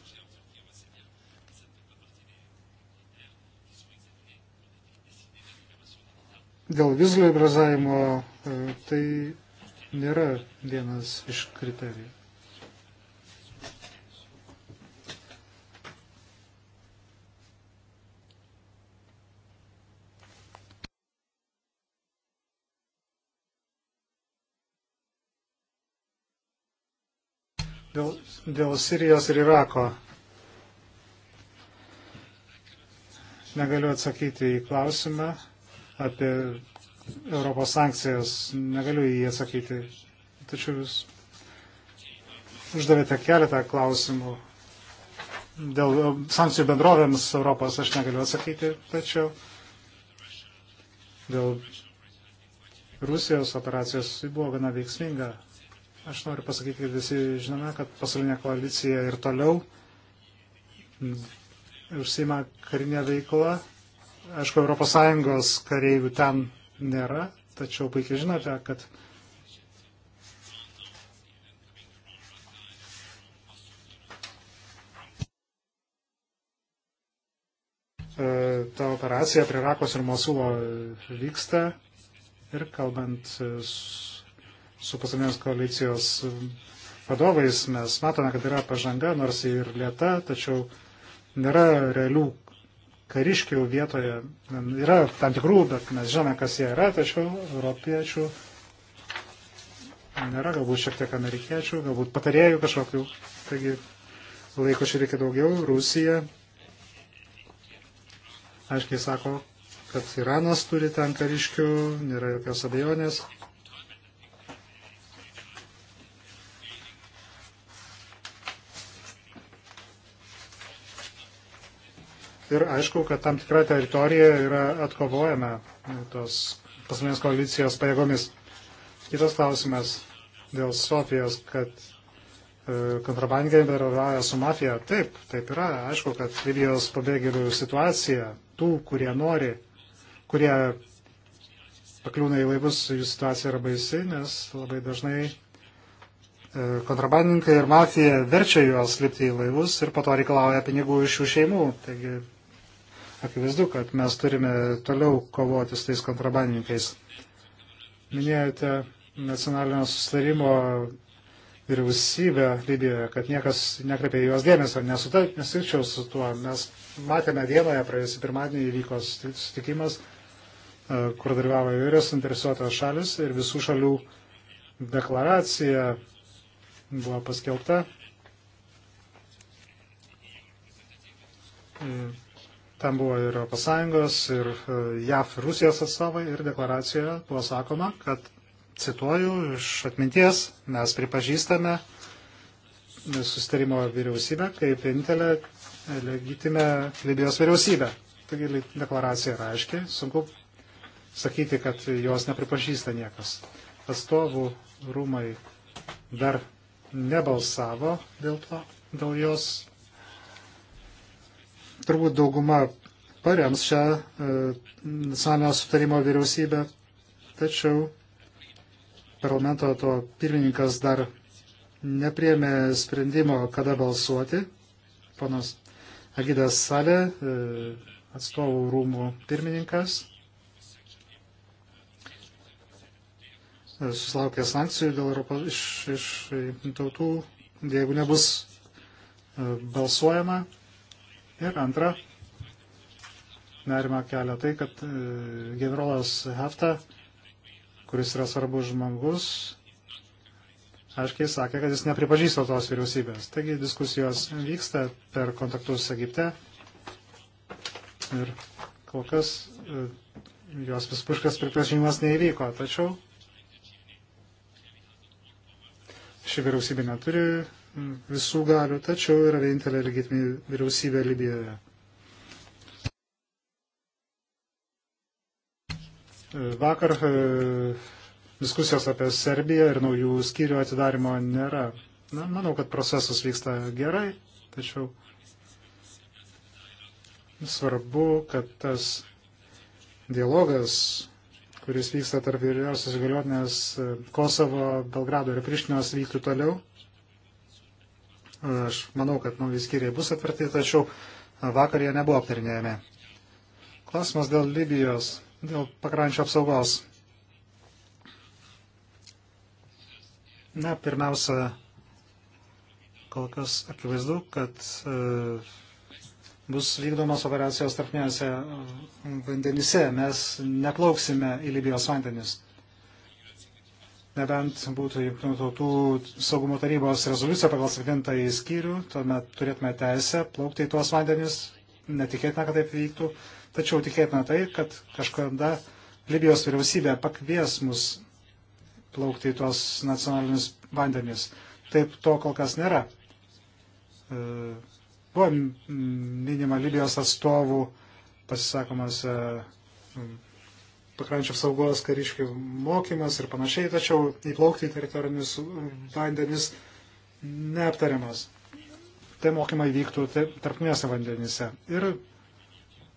dėl vizų liberalizavimo e, tai nėra vienas iš kriterijų. Dėl, dėl Sirijos ir Irako negaliu atsakyti į klausimą apie Europos sankcijas, negaliu į jį atsakyti. Tačiau jūs uždavėte keletą klausimų dėl e, sankcijų bendrovėms Europos, aš negaliu atsakyti, tačiau dėl Rusijos operacijos ji buvo gana veiksminga. Aš noriu pasakyti, kad visi žinome, kad pasaulinė koalicija ir toliau užsima karinę veiklą Aišku, ES kareivių ten nėra, tačiau puikiai žinote, kad e, ta operacija prie Rakos ir Mosulo vyksta ir kalbant e, su pasaulinės koalicijos vadovais mes matome, kad yra pažanga, nors ir lieta, tačiau nėra realių kariškių vietoje. Yra tam tikrų, bet mes žinome, kas jie yra, tačiau europiečių nėra, galbūt šiek tiek amerikiečių, galbūt patarėjų kažkokių. Taigi laiko čia reikia daugiau. Rusija aiškiai sako, kad Iranas turi ten kariškių, nėra jokios abejonės. Ir aišku, kad tam tikra teritorija yra atkovojama tos pasaulinės koalicijos pajėgomis. Kitas klausimas dėl Sofijos, kad e, kontrabandininkai bendrauja su mafija. Taip, taip yra. Aišku, kad Libijos pabėgėlių situacija, tų, kurie nori, kurie pakliūna į laivus, jų situacija yra baisi, nes labai dažnai e, kontrabandininkai ir mafija verčia juos lipti į laivus ir po to reikalauja pinigų iš jų šeimų. Taigi Akivaizdu, kad mes turime toliau kovoti su tais kontrabandininkais. Minėjote nacionalinio sustarimo vyriausybę Libijoje, kad niekas nekreipė juos dėmesio, nesutikčiau su tuo. Mes matėme dienoje, praėjusį pirmadienį įvyko sutikimas, e, kur dalyvavo įvairios interesuotos šalis ir visų šalių deklaracija buvo paskelbta. E, Ten buvo ir ES, ir e, JAF, Rusijos atstovai, ir deklaracijoje buvo sakoma, kad, cituoju, iš atminties mes pripažįstame sustarimo vyriausybę kaip vienintelę legitimę Libijos vyriausybę. Taigi deklaracija yra aiškiai, sunku sakyti, kad jos nepripažįsta niekas. Atstovų rūmai dar nebalsavo dėl to, dėl jos turbūt dauguma parems šią e, nacionalinio sutarimo vyriausybę, tačiau parlamento to pirmininkas dar nepriemė sprendimo, kada balsuoti. Ponas Agidas Salė, e, atstovų rūmų pirmininkas, e, susilaukė sankcijų dėl Europos iš, iš tautų, jeigu nebus balsuojama, Ir antra, nerima kelia tai, kad e, generolas Hefta, kuris yra svarbus žmogus, aiškiai sakė, kad jis nepripažįsta tos vyriausybės. Taigi diskusijos vyksta per kontaktus Egipte ir kol kas e, jos vispuškas pripažinimas neįvyko. Tačiau ši vyriausybė neturi visų galių, tačiau yra vienintelė legitimi vyriausybė Libijoje. Vakar e, diskusijos apie Serbiją ir naujų skyrių atidarimo nėra. Na, manau, kad procesas vyksta gerai, tačiau svarbu, kad tas dialogas, kuris vyksta tarp vyriausios įgaliotinės e, Kosovo, Belgrado ir Prištinos vyktų toliau. Aš manau, kad nauji skyriai bus atverti, tačiau vakar jie nebuvo aptarinėjami. Klausimas dėl Libijos, dėl pakrančio apsaugos. Na, pirmiausia, kol kas akivaizdu, kad e, bus vykdomos operacijos tarpniuose e, vandenyse. Mes neplauksime į Libijos vandenis nebent būtų Junktinių tautų saugumo tarybos rezoliucija pagal 7 skyrių, tuomet turėtume teisę plaukti į tuos vandenis, netikėtina, kad taip vyktų, tačiau tikėtina tai, kad kažkada Libijos vyriausybė pakvies mus plaukti į tuos nacionalinius vandenis. Taip to kol kas nėra. E, buvo minima Libijos atstovų pasisakomas e, pakrančio apsaugos kariškių mokymas ir panašiai, tačiau įplaukti į teritorinius vandenis neaptariamas. Tai mokymai vyktų tarptautinėse vandenyse. Ir,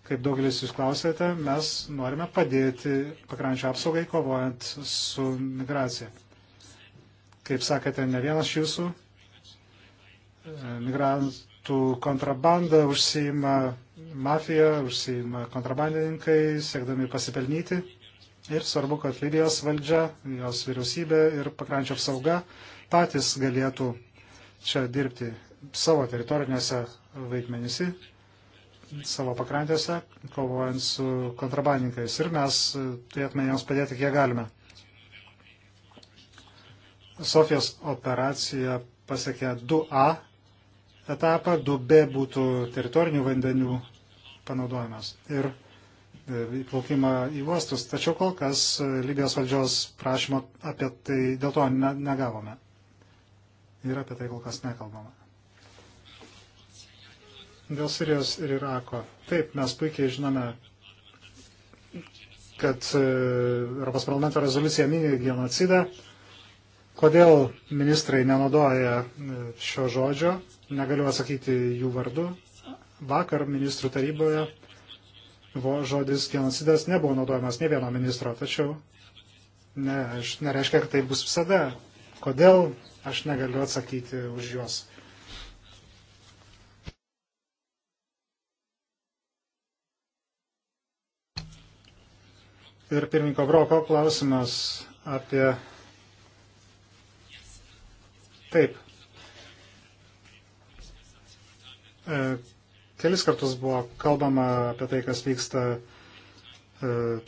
kaip daugelis jūs klausėte, mes norime padėti pakrančio apsaugai kovojant su migracija. Kaip sakėte, ne vienas jūsų e, migrantų kontrabanda užsima mafija, užsijima kontrabandininkai, siekdami pasipelnyti. Ir svarbu, kad Libijos valdžia, jos vyriausybė ir pakrančio apsauga patys galėtų čia dirbti savo teritorinėse vaidmenysi, savo pakrantėse, kovojant su kontrabandininkais. Ir mes turėtume jiems padėti, kiek galime. Sofijos operacija pasiekė 2A etapą, 2B būtų teritorinių vandenių panaudojimas ir e, įplaukimą į uostus. Tačiau kol kas e, Libijos valdžios prašymo apie tai dėl to ne, negavome. Ir apie tai kol kas nekalbama. Dėl Sirijos ir Irako. Taip, mes puikiai žinome, kad e, Europos parlamento rezoliucija mini genocidą. Kodėl ministrai nenaudoja šio žodžio, negaliu atsakyti jų vardu, vakar ministrų taryboje žodis genocidas nebuvo naudojamas ne vieno ministro, tačiau ne, aš nereiškia, kad tai bus visada. Kodėl aš negaliu atsakyti už juos. Ir pirmininko Broko klausimas apie. Taip. E, Kelis kartus buvo kalbama apie tai, kas vyksta e,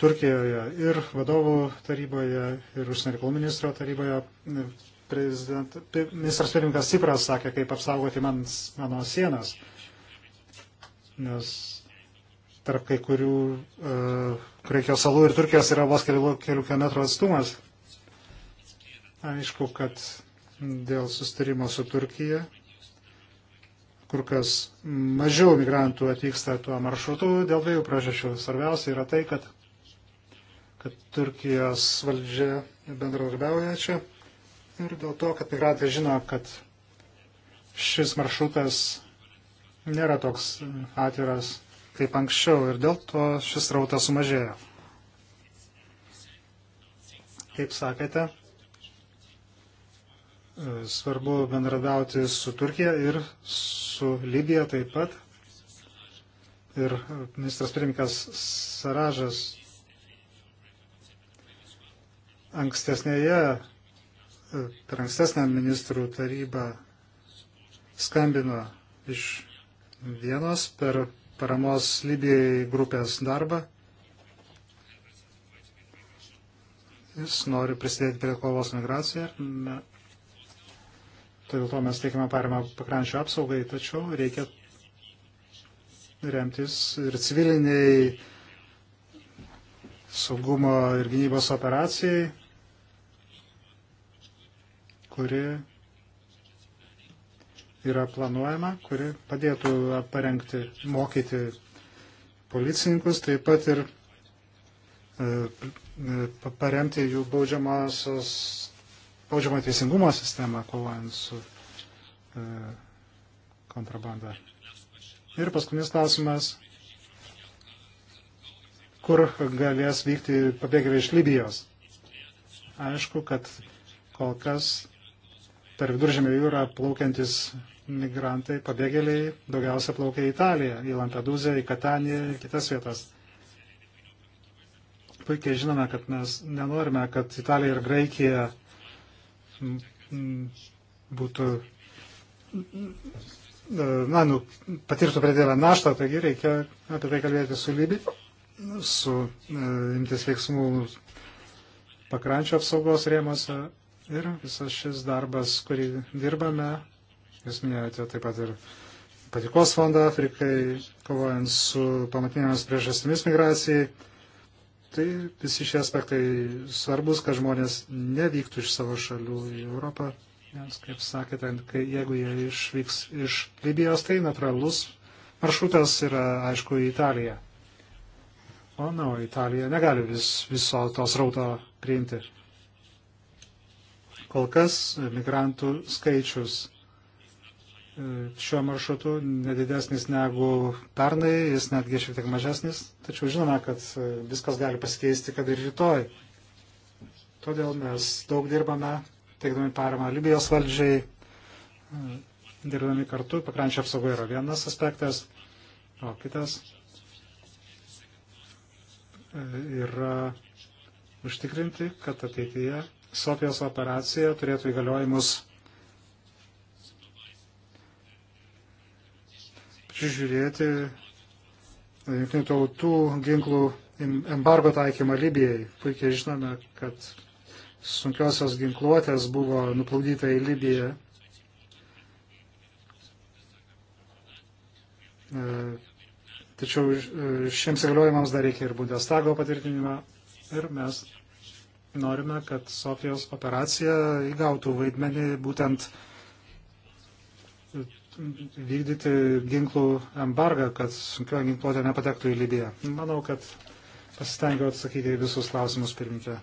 Turkijoje ir vadovų taryboje, ir užsienio reikalų ministro taryboje. Ministras pirmininkas Cipras sakė, kaip apsaugoti man, mano sienas, nes tarp kai kurių e, Graikijos salų ir Turkijos yra vos kelių, kelių kilometrų atstumas. Aišku, kad dėl sustarimo su Turkija kur kas mažiau migrantų atvyksta tuo maršrutu dėl dviejų priežasčių. Svarbiausia yra tai, kad, kad Turkijos valdžia bendradarbiauja čia ir dėl to, kad migrantai žino, kad šis maršrutas nėra toks atviras kaip anksčiau ir dėl to šis rautas sumažėjo. Kaip sakėte, Svarbu bendradauti su Turkija ir su Libija taip pat. Ir ministras pirmininkas Saražas ankstesnėje, per ankstesnę ministrų tarybą skambino iš vienos per paramos Libijai grupės darbą. Jis nori prisidėti prie kovos migraciją. Todėl tai to mes teikiame paramą pakrančio apsaugai, tačiau reikia remtis ir civiliniai saugumo ir gynybos operacijai, kuri yra planuojama, kuri padėtų parengti, mokyti policininkus, taip pat ir e, e, paremti jų baudžiamosios baudžiamo teisingumo sistemą, kovojant su e, kontrabanda. Ir paskutinis klausimas, kur galės vykti pabėgėliai iš Libijos. Aišku, kad kol kas per viduržėmio jūrą plaukiantis migrantai, pabėgėliai daugiausia plaukia į Italiją, į Lampedūzę, į Kataniją, į kitas vietas. Puikiai žinome, kad mes nenorime, kad Italija ir Graikija būtų, e, na, nu, patirtų per didelę naštą, taigi reikia apie tai kalbėti su Libi, su e, imtis veiksmų pakrančio apsaugos rėmose ir visas šis darbas, kurį dirbame, jūs minėjote taip pat ir patikos fondą Afrikai, kovojant su pamatinėmis priežastimis migracijai Tai visi šie aspektai svarbus, kad žmonės nevyktų iš savo šalių į Europą, nes, kaip sakėte, kai, jeigu jie išvyks iš Libijos, tai natūralus maršrutas yra, aišku, į Italiją. O, na, o Italija negali vis, viso tos rauto priimti. Kol kas migrantų skaičius šiuo maršrutu nedidesnis negu pernai, jis netgi šiek tiek mažesnis, tačiau žinome, kad e, viskas gali pasikeisti, kad ir rytoj. Todėl mes daug dirbame, teikdami paramą Libijos valdžiai, e, dirbdami kartu, pakrančio apsauga yra vienas aspektas, o kitas e, yra užtikrinti, kad ateityje Sofijos operacija turėtų įgaliojimus prižiūrėti jungtinių tautų ginklų embargo taikymą Libijai. Puikiai žinome, kad sunkiosios ginkluotės buvo nuplaudyta į Libiją. E, tačiau e, šiems įgaliojimams dar reikia ir Bundestago patvirtinimą. Ir mes norime, kad Sofijos operacija įgautų vaidmenį būtent vykdyti ginklų embargą, kad sunkioji ginkluotė nepatektų į Libiją. Manau, kad pasistengiau atsakyti į visus klausimus pirmininkė.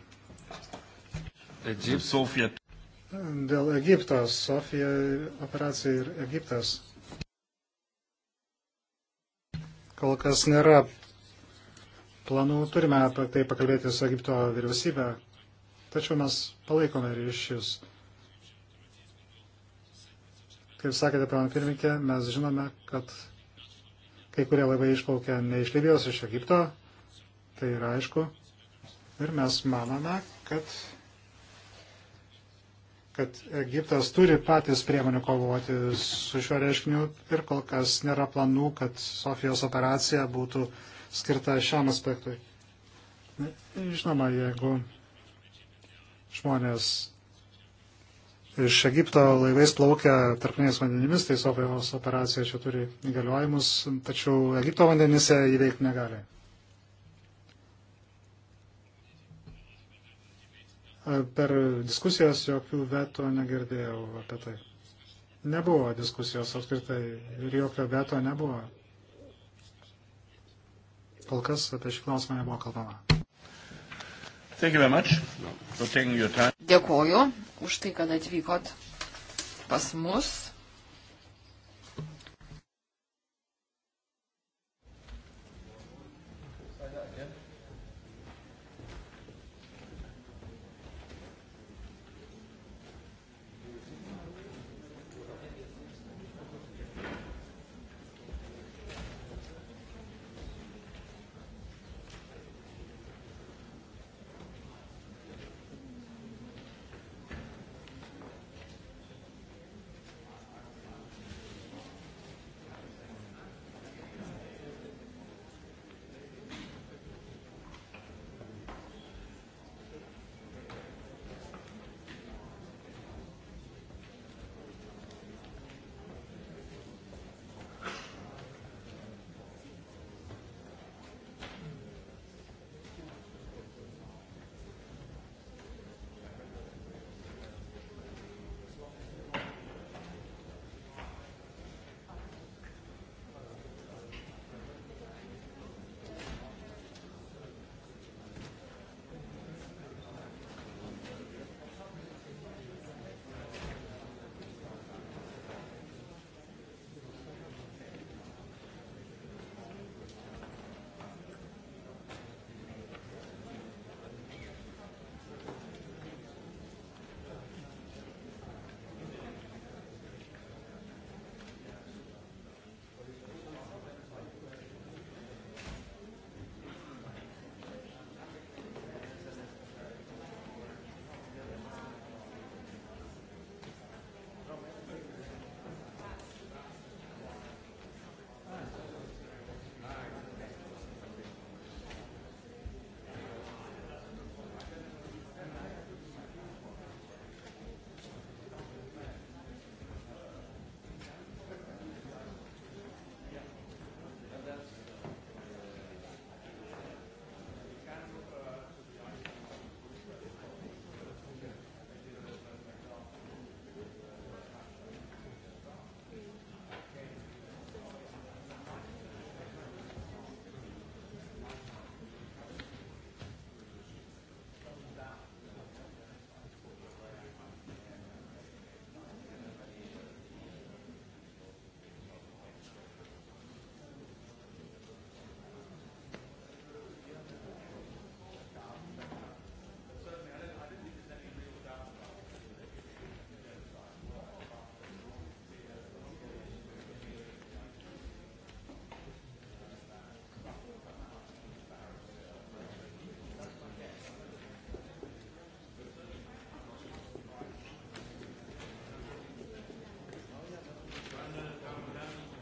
Dėl Egipto, Sofija operacija ir Egiptas. Kol kas nėra planų, turime apie tai pakalbėti su Egipto vyriausybė, tačiau mes palaikome ryšius. Kaip sakėte, pana pirmininkė, mes žinome, kad kai kurie laivai išplaukia ne iš Libijos, iš Egipto, tai yra aišku. Ir mes manome, kad, kad Egiptas turi patys priemonių kovoti su šiuo reiškiniu ir kol kas nėra planų, kad Sofijos operacija būtų skirta šiam aspektui. Žinoma, jeigu žmonės iš Egipto laivais plaukia tarpiniais vandenimis, tai Sofijos operacija čia turi įgaliojimus, tačiau Egipto vandenise įveikti negali. Per diskusijas jokių veto negirdėjau apie tai. Nebuvo diskusijos apskritai ir jokio veto nebuvo. Kol kas apie šį klausimą nebuvo kalbama. Dėkuoju už tai, kad atvykot pas mus.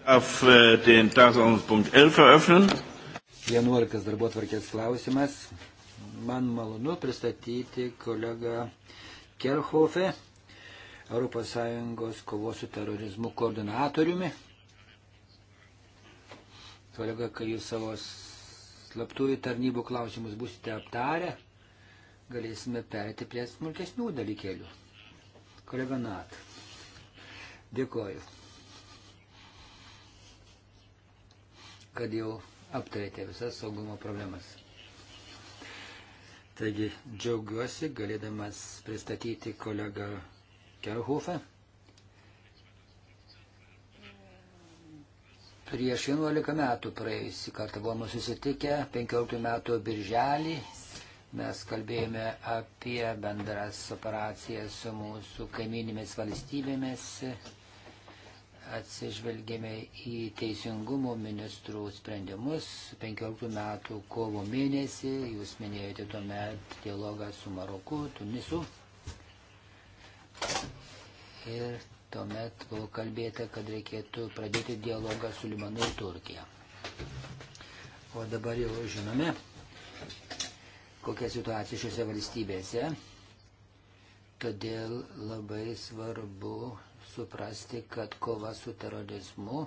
Auf äh, den Tagesordnungspunkt 11 eröffnen. 11 darbo tvarkės klausimas. Man malonu pristatyti kolegą Kerhofe, ES kovos su terorizmu koordinatoriumi. Kolega, kai jūs savo slaptųjų tarnybų klausimus būsite aptarę, galėsime perėti prie smulkesnių dalykėlių. Kolega Nat. Dėkoju. kad jau aptarėte visas saugumo problemas. Taigi džiaugiuosi galėdamas pristatyti kolegą Kerhofą. Prieš 11 metų praėjusį kartą buvome susitikę, 15 metų birželį mes kalbėjome apie bendras operacijas su mūsų kaiminimis valstybėmis atsižvelgėme į teisingumo ministrų sprendimus 15 metų kovo mėnesį. Jūs minėjote tuomet dialogą su Maroku, Tunisu. Ir tuomet buvo kalbėta, kad reikėtų pradėti dialogą su Limanu ir Turkija. O dabar jau žinome, kokia situacija šiuose valstybėse. Todėl labai svarbu suprasti, kad kova su terorizmu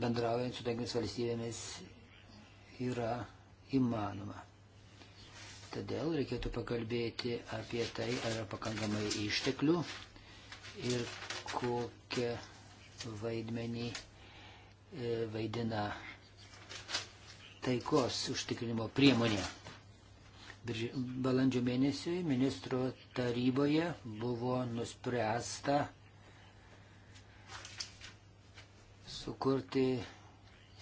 bendraujant su tokiamis valstybėmis yra įmanoma. Todėl reikėtų pakalbėti apie tai, ar yra pakankamai išteklių ir kokią vaidmenį e, vaidina taikos užtikrinimo priemonė. Balandžio mėnesį ministro taryboje buvo nuspręsta sukurti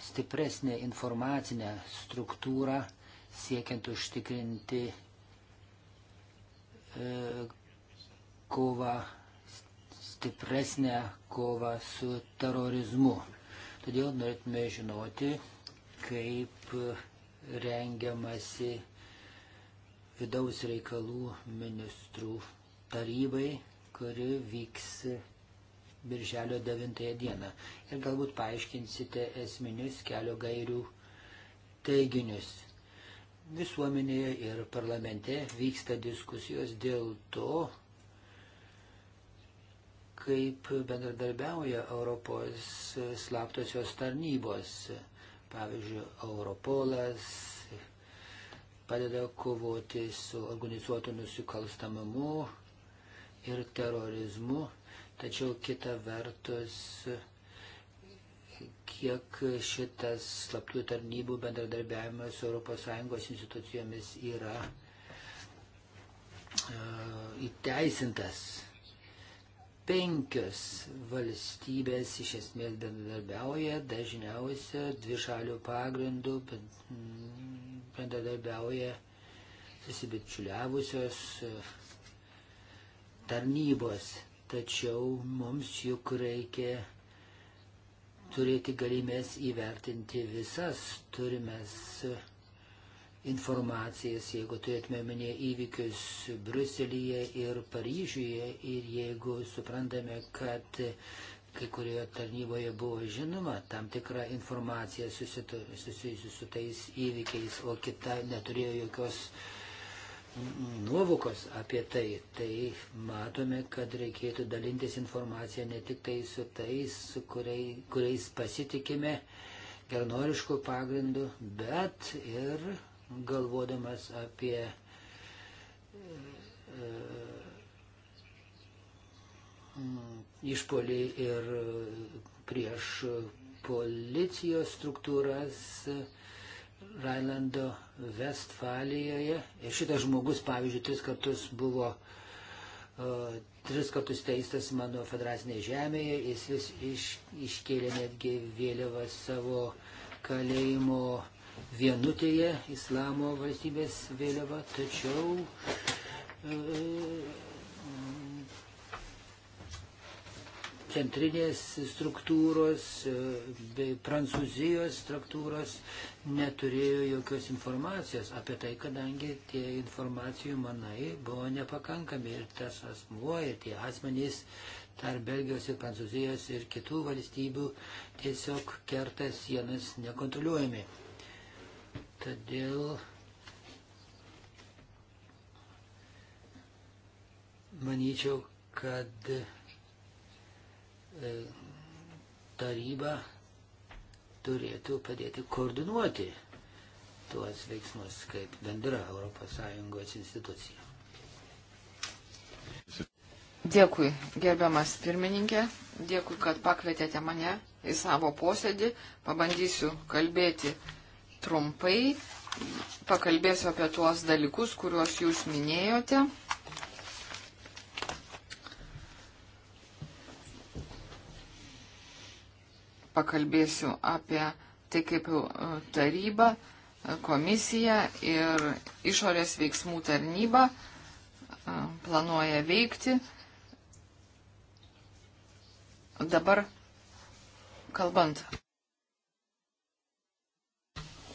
stipresnę informacinę struktūrą siekiant užtikrinti e, kovą, stipresnę kovą su terorizmu. Todėl norėtume žinoti, kaip e, rengiamasi vidaus reikalų ministrų tarybai, kuri vyks birželio 9 dieną. Ir galbūt paaiškinsite esminius kelio gairių teiginius. Visuomenėje ir parlamente vyksta diskusijos dėl to, kaip bendradarbiauja Europos slaptosios tarnybos, pavyzdžiui, Europolas, padeda kovoti su organizuotu nusikalstamumu ir terorizmu, tačiau kita vertus, kiek šitas slaptų tarnybų bendradarbiavimas su ES institucijomis yra uh, įteisintas penkios valstybės iš esmės bendradarbiauja, dažniausia dvi šalių pagrindų bendradarbiauja susibičiuliavusios e, tarnybos. Tačiau mums juk reikia turėti galimės įvertinti visas turimas e, informacijas, jeigu turėtume minėję įvykius Bruselėje ir Paryžiuje ir jeigu suprantame, kad kai kurioje tarnyboje buvo žinoma tam tikra informacija susijusi su tais įvykiais, o kita neturėjo jokios nuovokos apie tai, tai matome, kad reikėtų dalintis informaciją ne tik tai su tais, su kuriai, kuriais pasitikime, gernoriškų pagrindų, bet ir galvodamas apie e, mm, išpolį ir prieš policijos struktūras Railando Vestfalijoje. Ir šitas žmogus, pavyzdžiui, tris kartus buvo uh, tris kartus teistas mano federacinėje žemėje. Jis vis iš, iškėlė netgi vėliavą savo kalėjimo uh, vienutėje islamo valstybės vėliava, tačiau e, centrinės struktūros e, bei prancūzijos struktūros neturėjo jokios informacijos apie tai, kadangi tie informacijų manai buvo nepakankami ir tas asmuo ir tie asmenys tarp Belgijos ir Prancūzijos ir kitų valstybių tiesiog kerta sienas nekontroliuojami. Todėl manyčiau, kad e, taryba turėtų padėti koordinuoti tuos veiksmus kaip bendra ES institucija. Dėkui, gerbiamas pirmininkė, dėkui, kad pakvietėte mane į savo posėdį. Pabandysiu kalbėti trumpai pakalbėsiu apie tuos dalykus, kuriuos jūs minėjote. Pakalbėsiu apie tai, kaip e, taryba, e, komisija ir išorės veiksmų tarnyba e, planuoja veikti. Dabar kalbant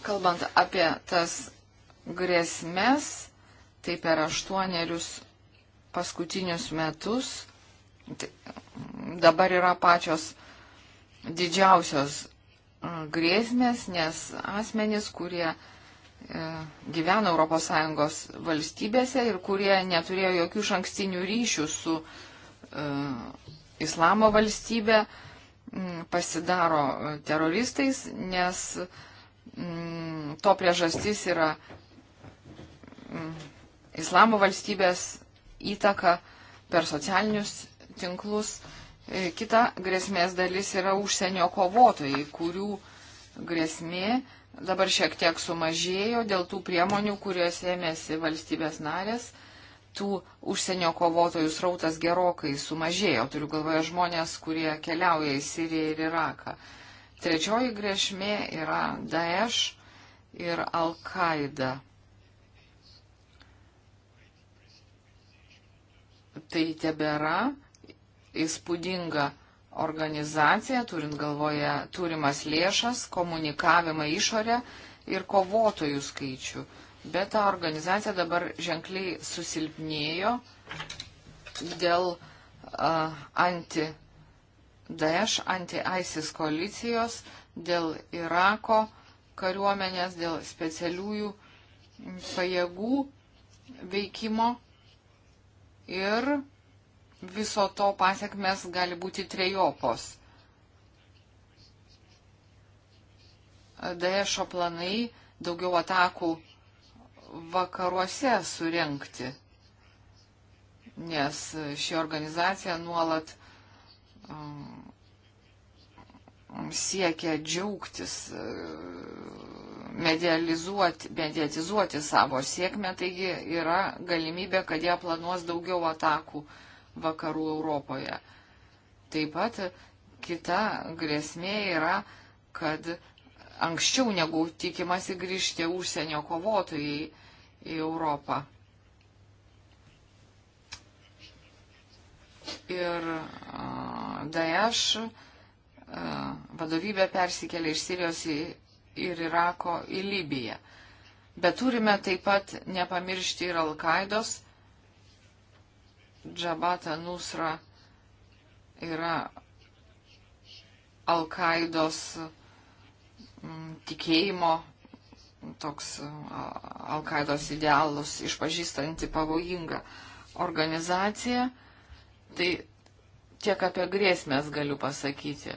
Kalbant apie tas grėsmės, tai per aštuonerius paskutinius metus tai dabar yra pačios didžiausios grėsmės, nes asmenys, kurie e, gyvena ES valstybėse ir kurie neturėjo jokių šankstinių ryšių su uh, islamo valstybė, pasidaro e, teroristais, nes uh, Mm, to priežastis yra mm, islamo valstybės įtaka per socialinius tinklus. E, kita grėsmės dalis yra užsienio kovotojai, kurių grėsmė dabar šiek tiek sumažėjo dėl tų priemonių, kurios ėmėsi valstybės narės. Tų užsienio kovotojų srautas gerokai sumažėjo, turiu galvoje žmonės, kurie keliauja į Siriją ir Iraką. Ir Trečioji grėsmė yra Daesh ir Al-Qaida. Tai tebėra įspūdinga organizacija, turint galvoje turimas lėšas, komunikavimą išorę ir kovotojų skaičių. Bet ta organizacija dabar ženkliai susilpnėjo dėl uh, anti Daesh anti-ISIS koalicijos, dėl Irako kariuomenės, dėl specialiųjų pajėgų veikimo ir viso to pasiekmes gali būti trejopos. Daešo planai daugiau atakų vakaruose surenkti, nes ši organizacija nuolat um, siekia džiaugtis, medializuoti, mediatizuoti savo sėkmę, taigi yra galimybė, kad jie planuos daugiau atakų vakarų Europoje. Taip pat kita grėsmė yra, kad anksčiau negu tikimasi grįžti užsienio kovotojai į Europą. Ir Daesh vadovybė persikėlė iš Sirijos į, ir Irako į Libiją. Bet turime taip pat nepamiršti ir Al-Qaidos. Džabata Nusra yra Al-Qaidos mm, tikėjimo, toks Al-Qaidos idealus išpažįstanti pavojingą organizaciją. Tai tiek apie grėsmės galiu pasakyti.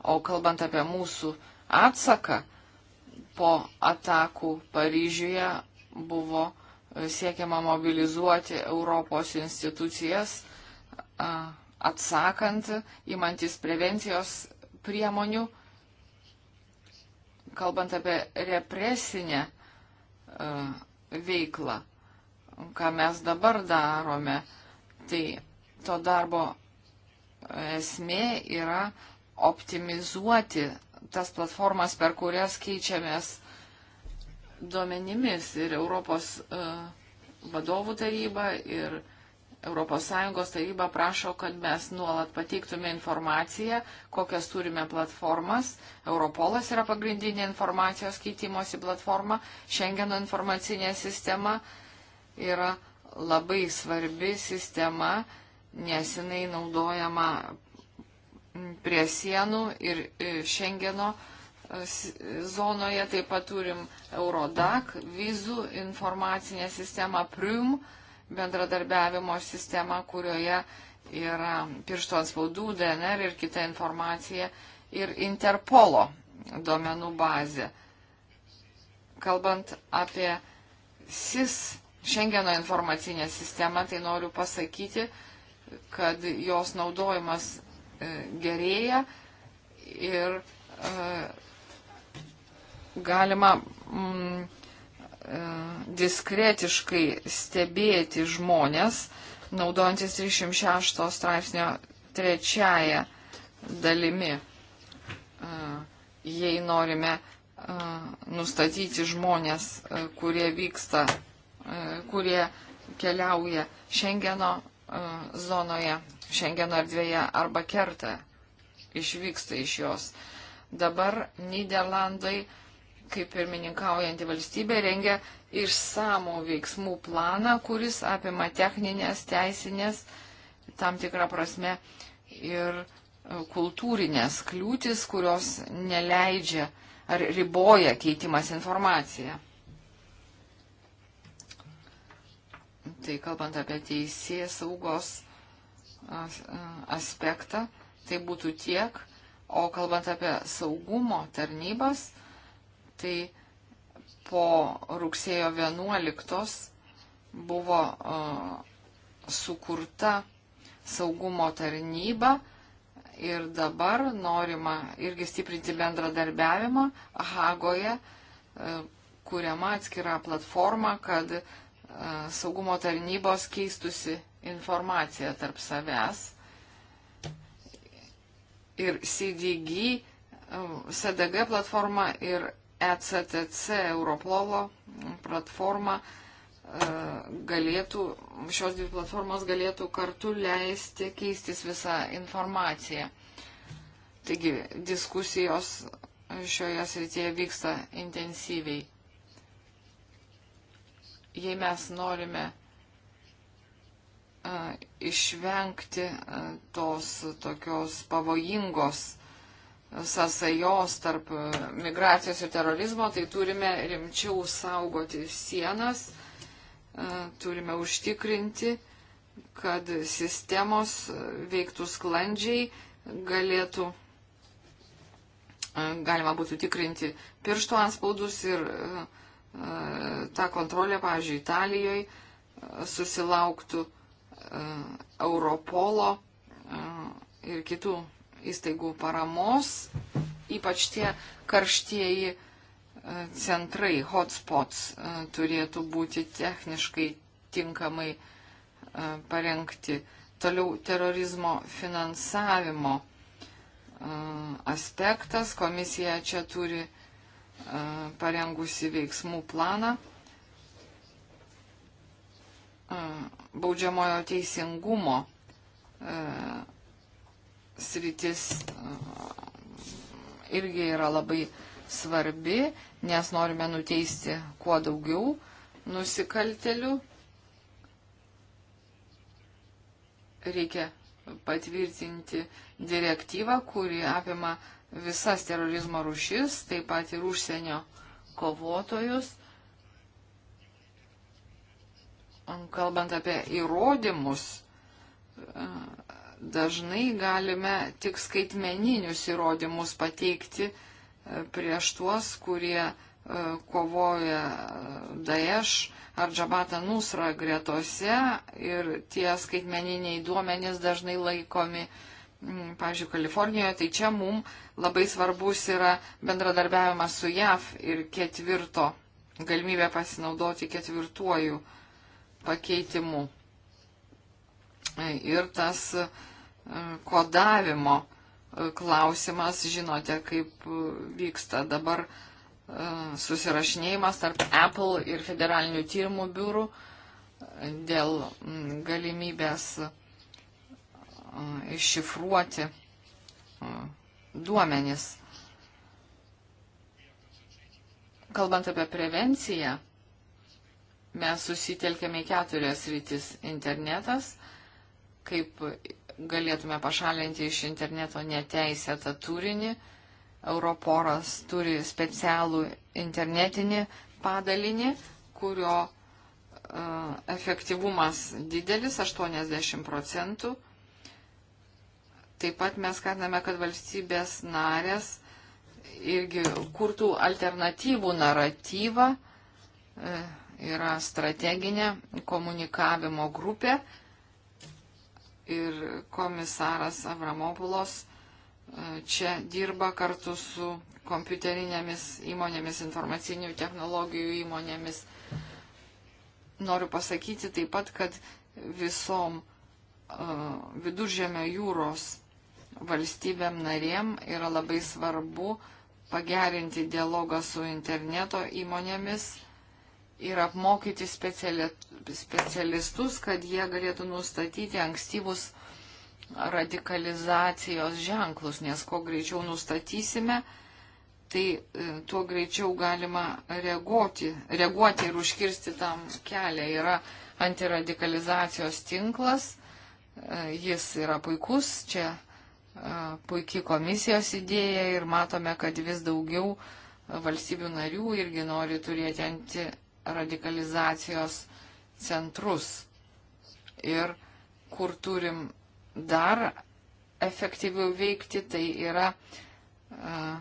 O kalbant apie mūsų atsaką, po atakų Paryžiuje buvo e, siekiama mobilizuoti Europos institucijas, atsakant, įmantis prevencijos priemonių, kalbant apie represinę e, veiklą, ką mes dabar darome, tai to darbo e, esmė yra optimizuoti tas platformas, per kurias keičiamės duomenimis ir Europos e, vadovų taryba ir ES taryba prašo, kad mes nuolat pateiktume informaciją, kokias turime platformas. Europolas yra pagrindinė informacijos keitimosi platforma. Šengeno informacinė sistema yra labai svarbi sistema, nes jinai naudojama prie sienų ir Šengeno e, e, zonoje. Taip pat turim Eurodac, vizų informacinę sistemą Prium, bendradarbiavimo sistemą, kurioje yra piršto atspaudų, DNR ir kita informacija ir Interpolo duomenų bazė. Kalbant apie SIS, Šengeno informacinę sistemą, tai noriu pasakyti, kad jos naudojimas E, gerėja ir e, galima mm, e, diskretiškai stebėti žmonės, naudojantis 306 straipsnio trečiaja dalimi. Jei norime nustatyti žmonės, kurie vyksta, kurie keliauja Šengeno zonoje Šengeno erdvėje arba kerta, išvyksta iš jos. Dabar Niderlandai, kaip pirmininkaujanti valstybė, rengia išsamų veiksmų planą, kuris apima techninės, teisinės, tam tikrą prasme ir e, kultūrinės kliūtis, kurios neleidžia ar riboja keitimas informaciją. Tai kalbant apie teisės saugos aspektą, tai būtų tiek, o kalbant apie saugumo tarnybas, tai po rugsėjo 11 buvo sukurta saugumo tarnyba ir dabar norima irgi stiprinti bendradarbiavimą Hagoje, kuriama atskira platforma, kad saugumo tarnybos keistusi informaciją tarp savęs. Ir CDG, CDG platforma ir ECTC Europolo platforma e, galėtų, šios dvi platformos galėtų kartu leisti keistis visą informaciją. Taigi diskusijos šioje srityje vyksta intensyviai. Jei mes norime išvengti tos tokios pavojingos sąsajos tarp migracijos ir terorizmo, tai turime rimčiau saugoti sienas, turime užtikrinti, kad sistemos veiktų sklandžiai, galėtų, galima būtų tikrinti pirštų anspaudus ir tą kontrolę, pavyzdžiui, Italijoje susilauktų uh, E, Europolo e, ir kitų įstaigų paramos, ypač tie karštieji e, centrai, hotspots turėtų būti techniškai tinkamai parengti. Toliau terorizmo finansavimo aspektas. Komisija čia turi parengusi veiksmų planą baudžiamojo teisingumo sritis irgi yra labai svarbi, nes norime nuteisti kuo daugiau nusikaltelių. Reikia patvirtinti direktyvą, kuri apima visas terorizmo rušis, taip pat ir užsienio kovotojus. kalbant apie įrodymus, e, dažnai galime tik skaitmeninius įrodymus pateikti e, prieš tuos, kurie e, kovoja Daesh ar Džabata Nusra gretose ir tie skaitmeniniai duomenys dažnai laikomi pavyzdžiui, Kalifornijoje, tai čia mums labai svarbus yra bendradarbiavimas su JAV ir ketvirto galimybė pasinaudoti ketvirtuoju uh, pakeitimų ir tas e, kodavimo e, klausimas, žinote, kaip vyksta dabar e, susirašinėjimas tarp Apple ir federalinių tyrimų biurų dėl galimybės iššifruoti duomenis. Kalbant apie prevenciją, mes susitelkėme į keturias rytis - internetas, kaip galėtume pašalinti iš interneto neteisėtą turinį. Europoras turi specialų internetinį padalinį, kurio uh, efektyvumas didelis - 80 procentų. Taip pat mes skatiname, kad valstybės narės irgi kurtų alternatyvų naratyvą. Uh, yra strateginė komunikavimo grupė ir komisaras Avramopulos e, čia dirba kartu su kompiuterinėmis įmonėmis, informacinių technologijų įmonėmis. Noriu pasakyti taip pat, kad visom uh, viduržėmio jūros valstybėm narėm yra labai svarbu pagerinti dialogą su interneto įmonėmis ir apmokyti specialistus, kad jie galėtų nustatyti ankstyvus radikalizacijos ženklus, nes kuo greičiau nustatysime, tai e, tuo greičiau galima reaguoti, reaguoti ir užkirsti tam kelią. Yra antiradikalizacijos tinklas, e, jis yra puikus, čia e, puikiai komisijos idėja ir matome, kad vis daugiau valstybių narių irgi nori turėti antiradikalizacijos radikalizacijos centrus. Ir kur turim dar efektyviau veikti, tai yra uh,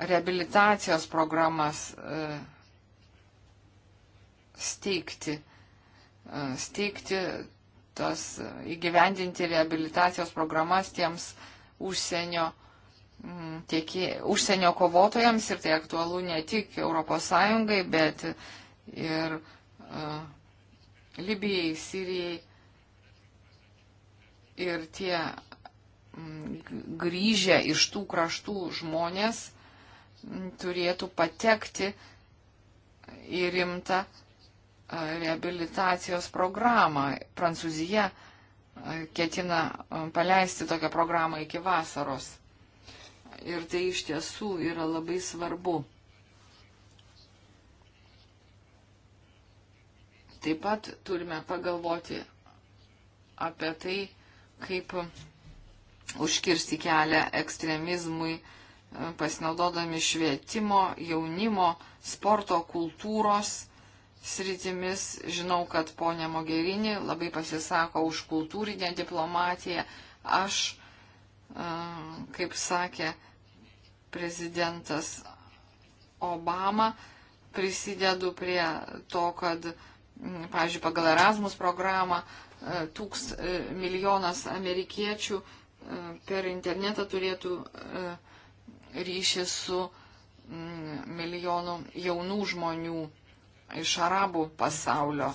reabilitacijos programas uh, steigti, uh, steigti tas įgyvendinti reabilitacijos programas tiems užsienio, tiek, užsienio kovotojams ir tai aktualu ne tik ES, bet ir uh, Libijai, Sirijai. Ir tie grįžę iš tų kraštų žmonės turėtų patekti į rimtą reabilitacijos programą. Prancūzija ketina paleisti tokią programą iki vasaros. Ir tai iš tiesų yra labai svarbu. Taip pat turime pagalvoti apie tai, kaip užkirsti kelią ekstremizmui, pasinaudodami švietimo, jaunimo, sporto, kultūros sritimis. Žinau, kad ponė Mogerini labai pasisako už kultūrinę diplomatiją. Aš, e, kaip sakė prezidentas Obama, prisidedu prie to, kad Mm, pavyzdžiui, pagal Erasmus programą e, tūks e, milijonas amerikiečių e, per internetą turėtų ryšį su mm, milijonų jaunų žmonių iš arabų pasaulio.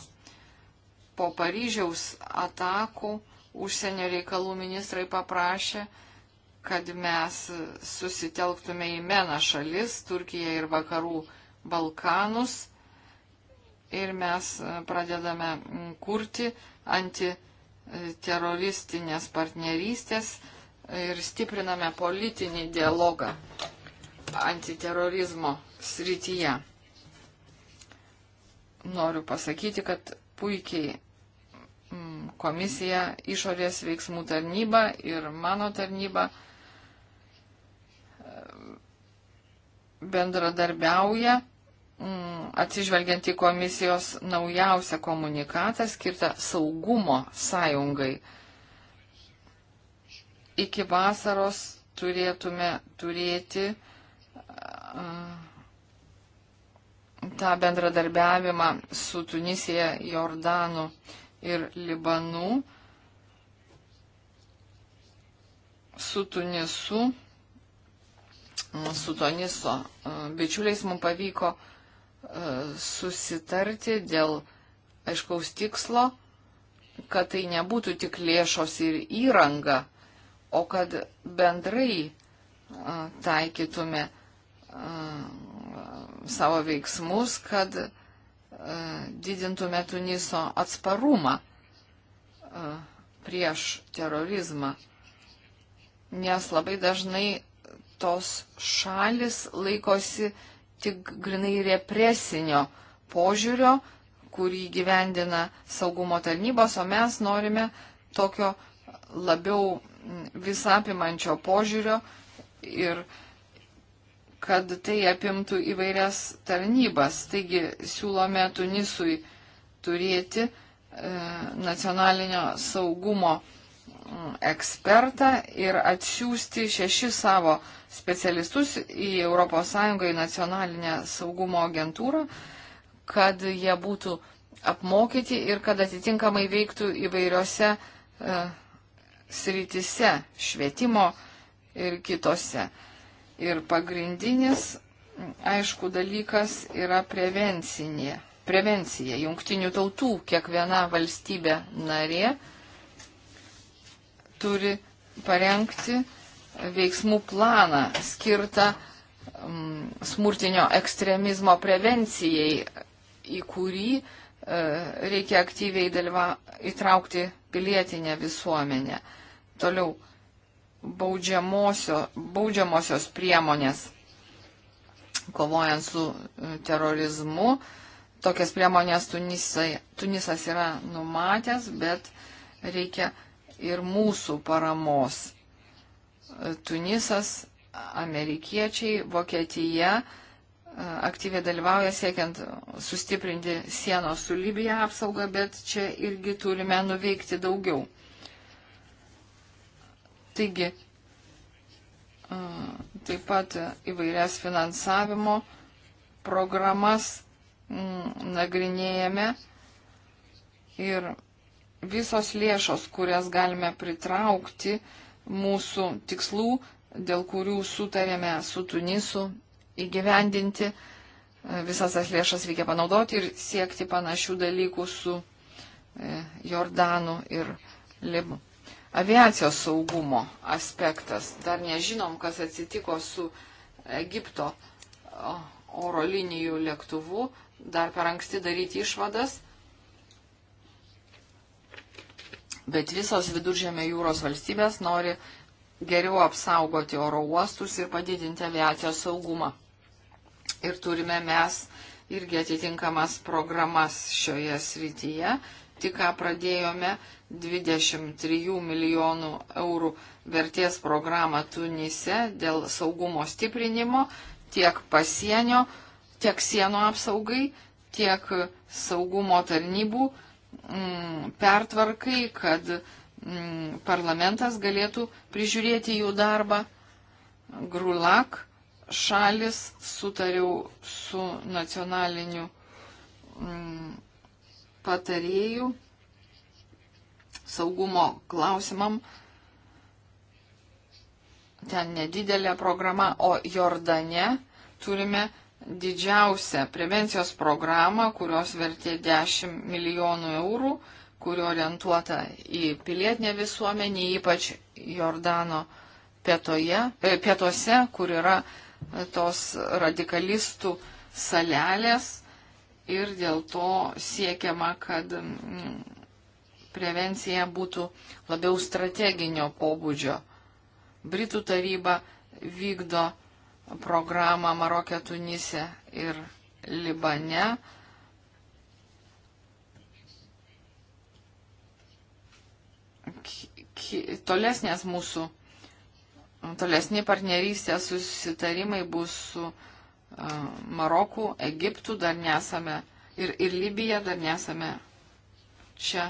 Po Paryžiaus atakų užsienio reikalų ministrai paprašė, kad mes susitelktume į meną šalis, Turkiją ir vakarų Balkanus ir mes e, pradedame mm, kurti antiteroristinės partnerystės ir stipriname politinį dialogą antiterorizmo srityje. Noriu pasakyti, kad puikiai mm, komisija, išorės veiksmų tarnyba ir mano tarnyba e, bendradarbiauja Mm, atsižvelgiant į komisijos naujausią komunikatą skirtą saugumo sąjungai. Iki vasaros turėtume turėti tą bendradarbiavimą su Tunisija, Jordanu ir Libanu, su Tunisu, su Tuniso bičiuliais mums pavyko uh, susitarti dėl aiškaus tikslo, kad tai nebūtų tik lėšos ir įranga, o kad bendrai taikytume savo veiksmus, kad didintume Tuniso atsparumą prieš terorizmą. Nes labai dažnai tos šalis laikosi tik grinai represinio požiūrio, kurį gyvendina saugumo tarnybos, o mes norime tokio labiau visapimančio požiūrio ir kad tai apimtų įvairias tarnybas. Taigi siūlome Tunisui turėti e, nacionalinio saugumo mm, ekspertą ir atsiųsti šešis savo specialistus į ES, į nacionalinę saugumo agentūrą, kad jie būtų apmokyti ir kad atitinkamai veiktų įvairiose e, sritise švietimo ir kitose. Ir pagrindinis, aišku, dalykas yra prevencinė. Prevencija jungtinių tautų kiekviena valstybė narė turi parengti veiksmų planą skirtą mm, smurtinio ekstremizmo prevencijai, į kurį e, reikia aktyviai dalyva, įtraukti pilietinę visuomenę. Toliau baudžiamosio, baudžiamosios priemonės kovojant su e, terorizmu. Tokias priemonės Tunisai, Tunisas yra numatęs, bet reikia ir mūsų paramos. Tunisas, amerikiečiai, Vokietija e, aktyviai dalyvauja siekiant sustiprinti sienos su Libija apsaugą, bet čia irgi turime nuveikti daugiau. Taigi, e, taip pat įvairias finansavimo programas nagrinėjame ir visos lėšos, kurias galime pritraukti, uh, mūsų tikslų, dėl kurių sutarėme su Tunisu įgyvendinti. Visas tas lėšas reikia panaudoti ir siekti panašių dalykų su e, Jordanu ir Libu. Aviacijos saugumo aspektas. Dar nežinom, kas atsitiko su Egipto oro linijų lėktuvu. Dar per anksti daryti išvadas. bet visos viduržėmė jūros valstybės nori geriau apsaugoti oro uostus ir padidinti aviacijos saugumą. Ir turime mes irgi atitinkamas programas šioje srityje. Tik ką pradėjome 23 milijonų eurų vertės programą Tunise dėl saugumo stiprinimo tiek pasienio, tiek sienų apsaugai, tiek saugumo tarnybų Mm, pertvarkai, kad mm, parlamentas galėtų prižiūrėti jų darbą. Grulak šalis sutariau su nacionaliniu mm, patarėjų saugumo klausimam. Ten nedidelė programa, o Jordane turime didžiausią prevencijos programą, kurios vertė 10 milijonų eurų, kuri orientuota į pilietinę visuomenį, ypač Jordano pietoje, e, pietuose, kur yra tos radikalistų salelės ir dėl to siekiama, kad mm, prevencija būtų labiau strateginio pobūdžio. Britų taryba vykdo programą Marokė, Tunise ir Libane. Tolesnės mūsų, tolesni partnerystės susitarimai bus su Maroku, Egiptu dar nesame ir, ir Libija dar nesame čia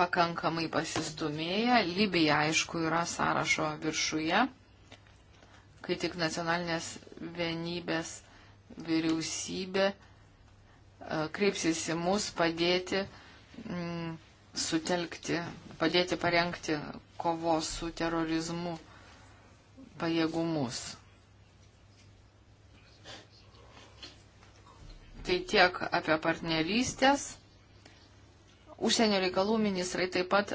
pakankamai pasistumėję. Libija, aišku, yra sąrašo viršuje kai tik nacionalinės vienybės vyriausybė e, kreipsis į mus padėti m, mm, sutelkti, padėti parengti kovos su terorizmu pajėgumus. Tai tiek apie partnerystės. Užsienio reikalų ministrai taip pat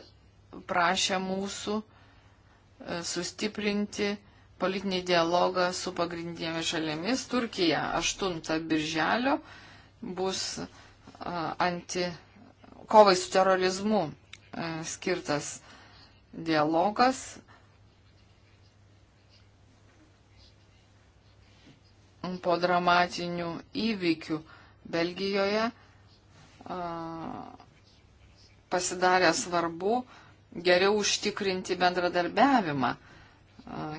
prašė mūsų e, sustiprinti politinį dialogą su pagrindinėmis šalėmis. Turkija 8 birželio bus anti kovai su terorizmu skirtas dialogas. Po dramatinių įvykių Belgijoje pasidarė svarbu geriau užtikrinti bendradarbiavimą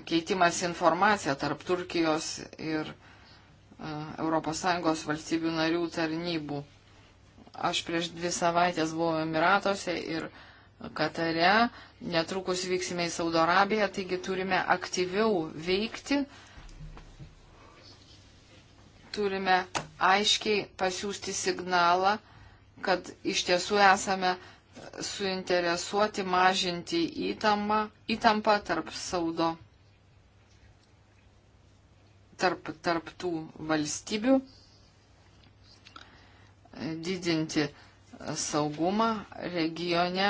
keitimas informacija tarp Turkijos ir ES valstybių narių tarnybų. Aš prieš dvi savaitės buvau Emiratuose ir Katare, netrukus vyksime į Saudo Arabiją, taigi turime aktyviau veikti, turime aiškiai pasiūsti signalą, kad iš tiesų esame uh, suinteresuoti mažinti įtampą, įtampą tarp saudo, tarp, tarp tų valstybių, didinti saugumą regione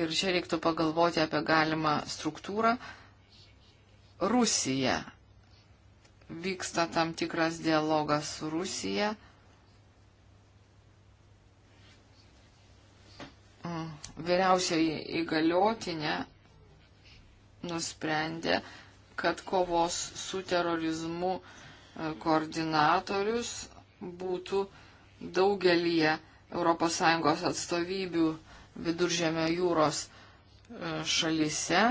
ir čia reiktų pagalvoti apie galimą struktūrą. Rusija. Vyksta tam tikras dialogas su Rusija Mm, vyriausioji įgaliotinė nusprendė, kad kovos su terorizmu e, koordinatorius būtų daugelie ES atstovybių viduržėmio jūros e, šalise,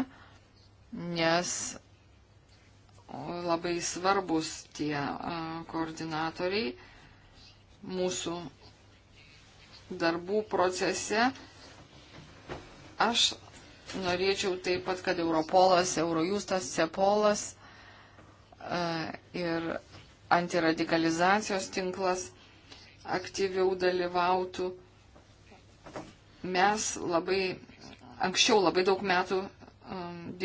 nes labai svarbus tie e, koordinatoriai mūsų darbų procese Aš norėčiau taip pat, kad Europolas, Eurojustas, Cepolas e, ir antiradikalizacijos tinklas aktyviau dalyvautų. Mes labai, anksčiau labai daug metų e,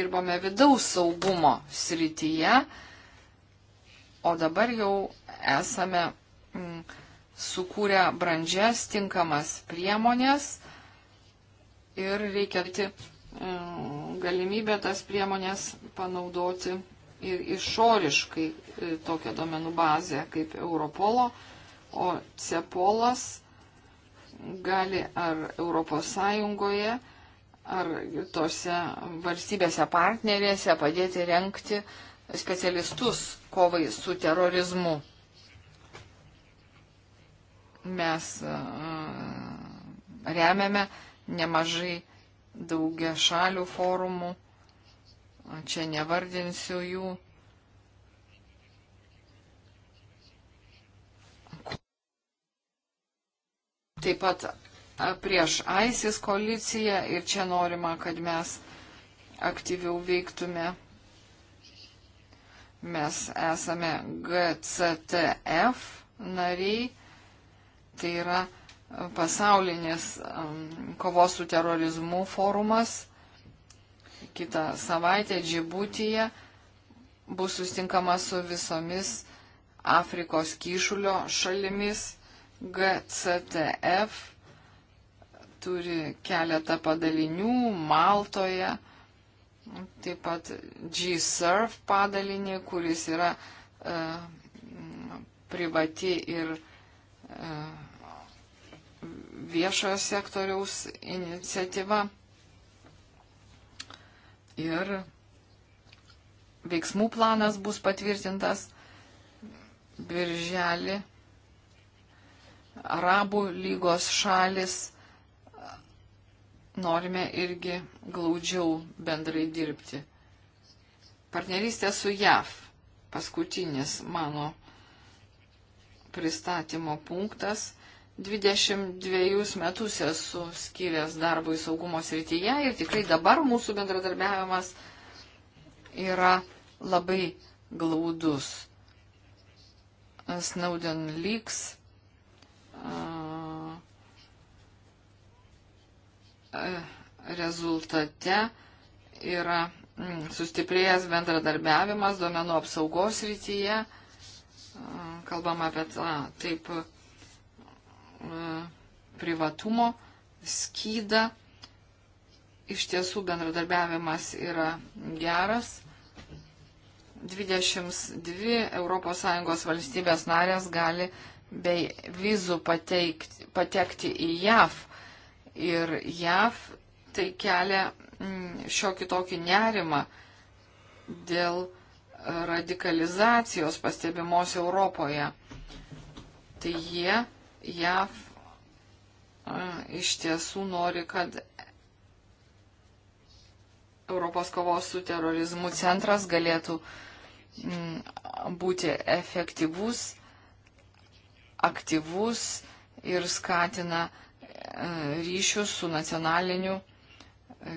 dirbome vidaus saugumo srityje, o dabar jau esame mm, sukūrę brandžias tinkamas priemonės, ir reikia dėti e, galimybę tas priemonės panaudoti ir išoriškai e, tokią domenų bazę kaip Europolo, o Cepolas gali ar Europos Sąjungoje, ar tose valstybėse partnerėse padėti renkti specialistus kovai su terorizmu. Mes e, remiame uh, nemažai daugia šalių forumų. Čia nevardinsiu jų. Taip pat prieš ISIS koaliciją ir čia norima, kad mes aktyviau veiktume. Mes esame GCTF nariai, tai yra pasaulinis um, kovos su terorizmu forumas. Kita savaitė Džibutyje bus sustinkama su visomis Afrikos kyšulio šalimis. GCTF turi keletą padalinių Maltoje, taip pat G-Surf padalinį, kuris yra e, privati ir e, viešojo sektoriaus iniciatyva ir veiksmų planas bus patvirtintas birželį. Arabų lygos šalis norime irgi glaudžiau bendrai dirbti. Partnerystė su JAV paskutinis mano pristatymo punktas 22 metus esu skyręs darbui saugumo srityje ir tikrai dabar mūsų bendradarbiavimas yra labai glaudus. Snowden lygs. Rezultate yra mm, sustiprėjęs bendradarbiavimas duomenų apsaugos rytyje. Kalbam apie tą taip E, privatumo skydą. Iš tiesų bendradarbiavimas yra geras. 22 ES valstybės narės gali bei vizų pateikti, patekti į JAV. Ir JAV tai kelia mm, šiokį tokį nerimą dėl radikalizacijos pastebimos Europoje. Tai jie JAV iš tiesų nori, kad Europos kovos su terorizmu centras galėtų mm, būti efektyvus, aktyvus ir skatina e, ryšius su nacionaliniu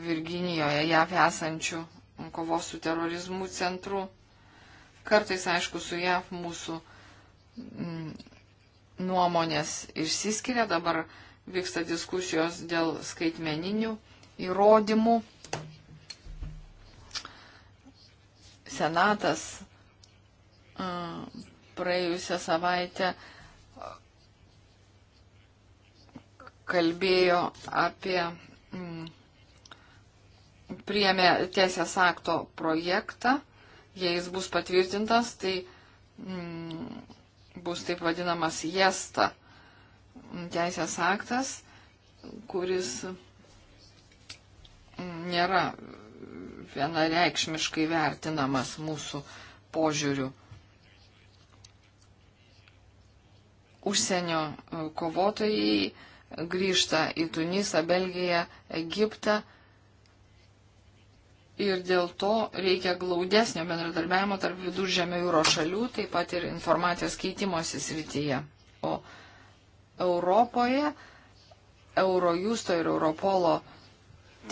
Virginijoje JAV esančiu kovos su terorizmu centru. Kartais, aišku, su JAV mūsų mm, nuomonės išsiskiria, dabar vyksta diskusijos dėl skaitmeninių įrodymų. Senatas praėjusią savaitę kalbėjo apie, mm, priėmė teisės akto projektą, jei jis bus patvirtintas, tai mm, bus taip vadinamas jesta teisės aktas, kuris nėra vienareikšmiškai vertinamas mūsų požiūriu. Užsienio kovotojai grįžta į Tunisą, Belgiją, Egiptą ir dėl to reikia glaudesnio bendradarbiavimo tarp viduržėmio jūro šalių, taip pat ir informacijos keitimosi srityje. O Europoje Eurojusto ir Europolo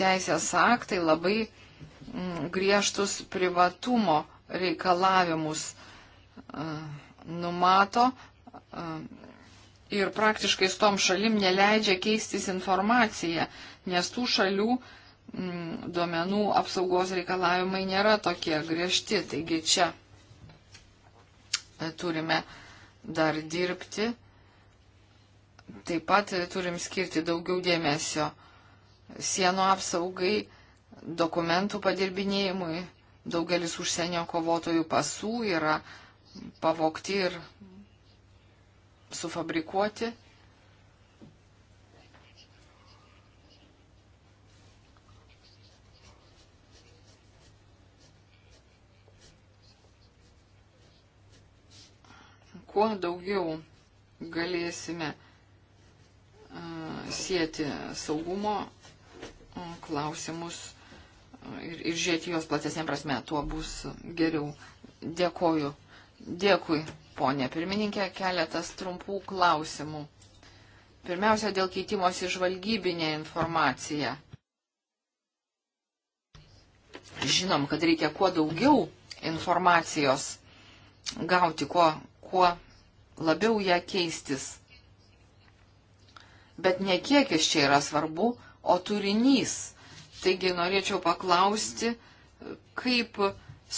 teisės aktai labai mm, griežtus privatumo reikalavimus e, numato e, ir praktiškai su tom šalim neleidžia keistis informacija, nes tų šalių uh, Mm, duomenų apsaugos reikalavimai nėra tokie griežti. Taigi čia e, turime dar dirbti. Taip pat e, turim skirti daugiau dėmesio sienų apsaugai, dokumentų padirbinėjimui. Daugelis užsienio kovotojų pasų yra pavokti ir sufabrikuoti. kuo daugiau galėsime sieti saugumo klausimus ir, ir žiūrėti juos platesnė prasme, tuo bus geriau. Dėkoju. Dėkui, ponė pirmininkė, keletas trumpų klausimų. Pirmiausia, dėl keitimosi žvalgybinė informacija. Žinom, kad reikia kuo daugiau informacijos gauti, kuo, kuo labiau ją keistis. Bet ne kiekis čia yra svarbu, o turinys. Taigi norėčiau paklausti, kaip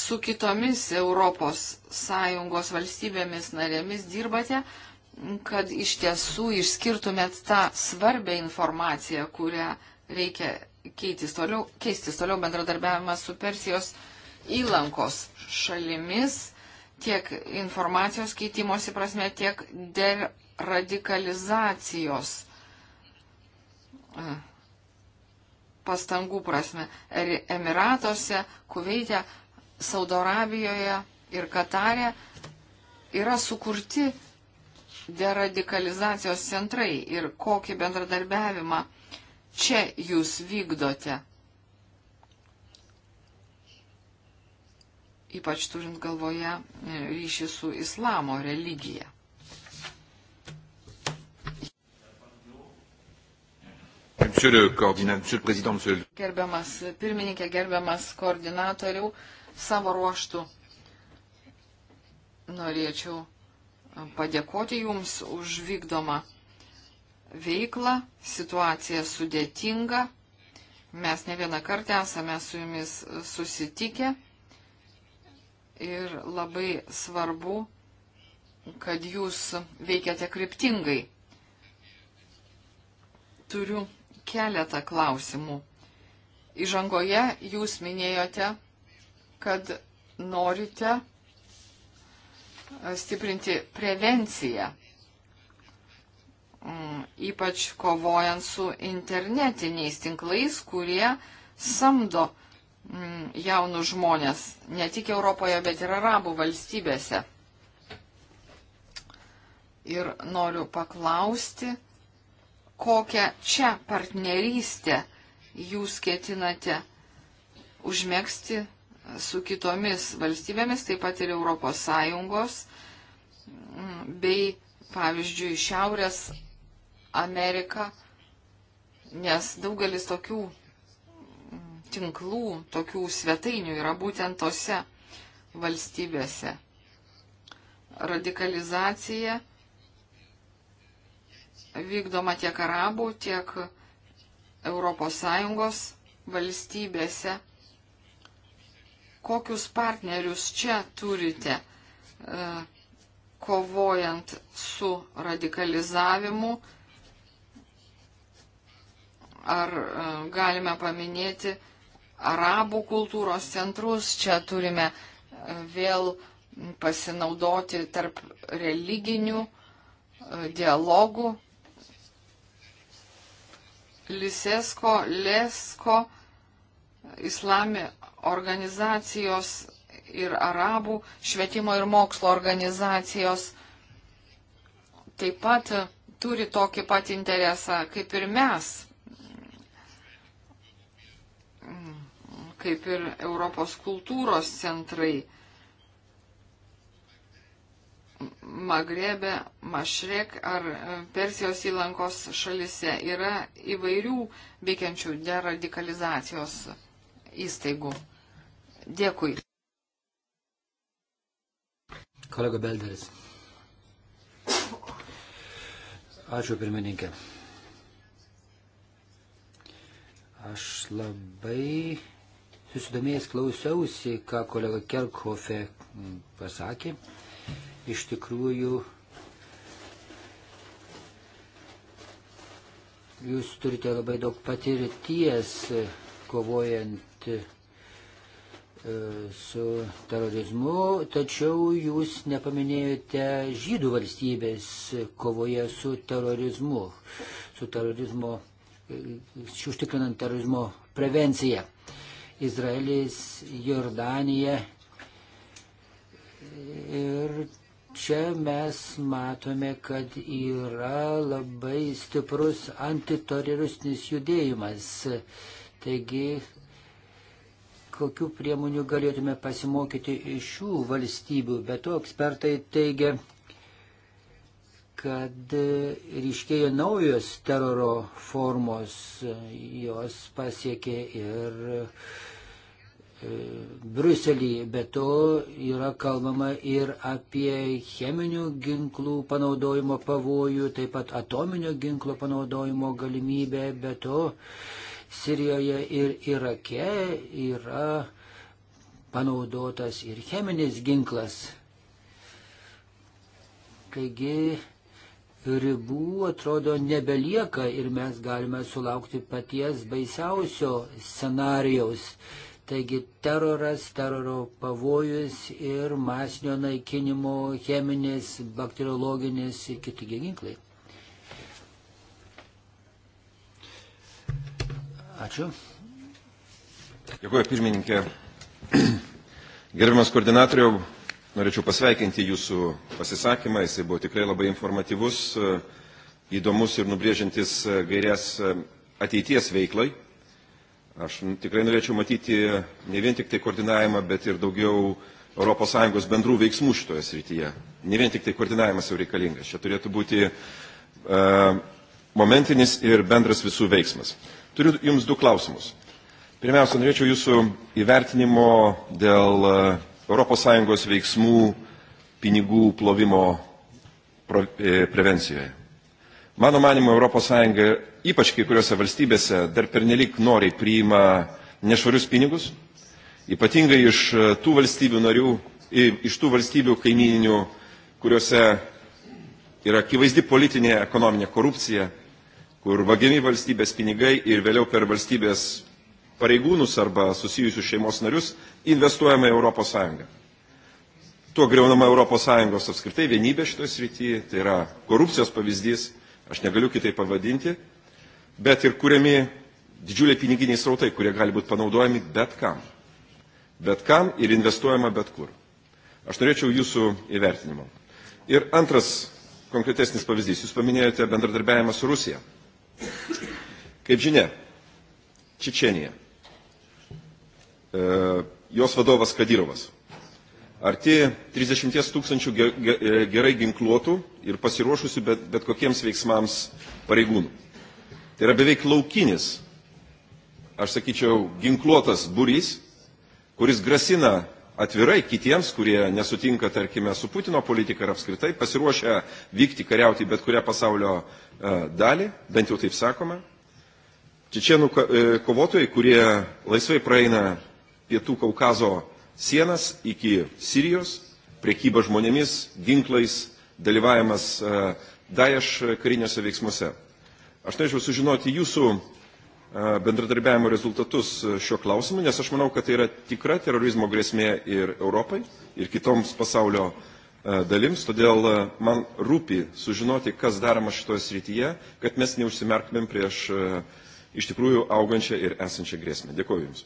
su kitomis ES valstybėmis narėmis dirbate, kad iš tiesų išskirtumėt tą svarbę informaciją, kurią reikia keitis toliau, keistis toliau bendradarbiavimas su Persijos įlankos šalimis tiek informacijos keitimosi prasme, tiek deradikalizacijos e, pastangų prasme. Emiratuose, Kuveitė, Saudo Arabijoje ir Katarė yra sukurti deradikalizacijos centrai ir kokį bendradarbiavimą čia jūs vykdote. ypač turint galvoje e, ryšį su islamo religija. Gerbiamas pirmininkė, gerbiamas koordinatorių, savo ruoštų norėčiau padėkoti Jums už vykdomą veiklą. Situacija sudėtinga. Mes ne vieną kartą esame su Jumis susitikę ir labai svarbu, kad jūs veikiate kryptingai. Turiu keletą klausimų. Įžangoje jūs minėjote, kad norite e, stiprinti prevenciją, mm, ypač kovojant su internetiniais tinklais, kurie samdo uh, Mm, jaunus žmonės, ne tik Europoje, bet ir arabų valstybėse. Ir noriu paklausti, kokią čia partnerystę jūs ketinate užmėgsti su kitomis valstybėmis, taip pat ir Europos Sąjungos, mm, bei, pavyzdžiui, Šiaurės Amerika, nes daugelis tokių tinklų, tokių svetainių yra būtent tose valstybėse. Radikalizacija vykdoma tiek arabų, tiek ES valstybėse. Kokius partnerius čia turite, e, kovojant su radikalizavimu? Ar e, galime paminėti arabų kultūros centrus, čia turime e, vėl pasinaudoti tarp religinių e, dialogų. Lisesko, Lesko, islami organizacijos ir arabų švietimo ir mokslo organizacijos taip pat turi tokį pat interesą kaip ir mes mm kaip ir Europos kultūros centrai Magrebe, Mašrek ar e, Persijos įlankos šalise yra įvairių veikiančių deradikalizacijos įstaigų. Dėkui. Kolega Belderis. Ačiū pirmininkė. Aš labai susidomėjęs klausiausi, ką kolega Kerkhofe pasakė. Iš tikrųjų, jūs turite labai daug patirties kovojant e, su terorizmu, tačiau jūs nepaminėjote žydų valstybės kovoje su terorizmu, su terorizmo, e, užtikrinant terorizmo prevenciją. Uh, Izraelis, Jordanija. Ir čia mes matome, kad yra labai stiprus antiteroristinis judėjimas. Taigi, kokiu priemoniu galėtume pasimokyti iš šių valstybių, bet to ekspertai teigia, kad ryškėjo naujos teroro formos, jos pasiekė ir e, Bruselį, bet to yra kalbama ir apie cheminių ginklų panaudojimo pavojų, taip pat atominio ginklo panaudojimo galimybę, bet to Sirijoje ir Irake yra panaudotas ir cheminis ginklas. Taigi ribų atrodo nebelieka ir mes galime sulaukti paties baisiausio scenarijaus. Taigi teroras, teroro pavojus ir masinio naikinimo cheminis, bakteriologinis ir kiti ginklai. Ačiū. Dėkuoju pirmininkė. <clears throat> Gerbiamas koordinatoriau, Norėčiau pasveikinti jūsų pasisakymą, jisai buvo tikrai labai informatyvus, e, įdomus ir nubrėžintis e, gairias e, ateities veiklai. Aš tikrai norėčiau matyti ne vien tik tai koordinavimą, bet ir daugiau ES bendrų veiksmų šitoje srityje. Ne vien tik tai koordinavimas jau reikalingas. Čia turėtų būti uh, momentinis ir bendras visų veiksmas. Turiu Jums du klausimus. Pirmiausia, norėčiau Jūsų įvertinimo dėl ES veiksmų pinigų plovimo e, prevencijoje. Mano manimo, ES ypač kai kuriuose valstybėse dar pernelik noriai priima nešvarius pinigus, ypatingai iš e, tų valstybių narių, iš tų valstybių kaimininių, kuriuose yra akivaizdi politinė ekonominė korupcija, kur vagiami valstybės pinigai ir vėliau per valstybės pareigūnus arba susijusius šeimos narius investuojama į Europos Sąjungą. Tuo greunama Europos Sąjungos apskritai vienybė šitoje srityje, tai yra korupcijos pavyzdys, aš negaliu kitai pavadinti, bet ir kuriami didžiuliai piniginiai srautai, kurie gali būti panaudojami bet kam. Bet kam ir investuojama bet kur. Aš norėčiau jūsų įvertinimo. Ir antras konkretesnis pavyzdys. Jūs paminėjote bendradarbiavimą su Rusija. Kaip žinia, Čečenija jos vadovas Kadirovas. Arti 30 tūkstančių gerai ginkluotų ir pasiruošusių bet, bet kokiems veiksmams pareigūnų. Tai yra beveik laukinis, aš sakyčiau, ginkluotas būrys, kuris grasina atvirai kitiems, kurie nesutinka, tarkime, su Putino politika ir apskritai pasiruošę vykti kariauti bet kurią pasaulio dalį, bent jau taip sakoma. Čečienų kovotojai, kurie laisvai praeina pietų Kaukazo sienas iki Sirijos, priekyba žmonėmis, ginklais, dalyvavimas e, Daesh kariniuose veiksmuose. Aš norėčiau sužinoti jūsų e, bendradarbiavimo rezultatus e, šiuo klausimu, nes aš manau, kad tai yra tikra terorizmo grėsmė ir Europai, ir kitoms pasaulio dalims, todėl man rūpi sužinoti, kas daroma šitoje srityje, kad mes neužsimerktumėm prieš iš tikrųjų augančią ir esančią grėsmę. Dėkuoju Jums.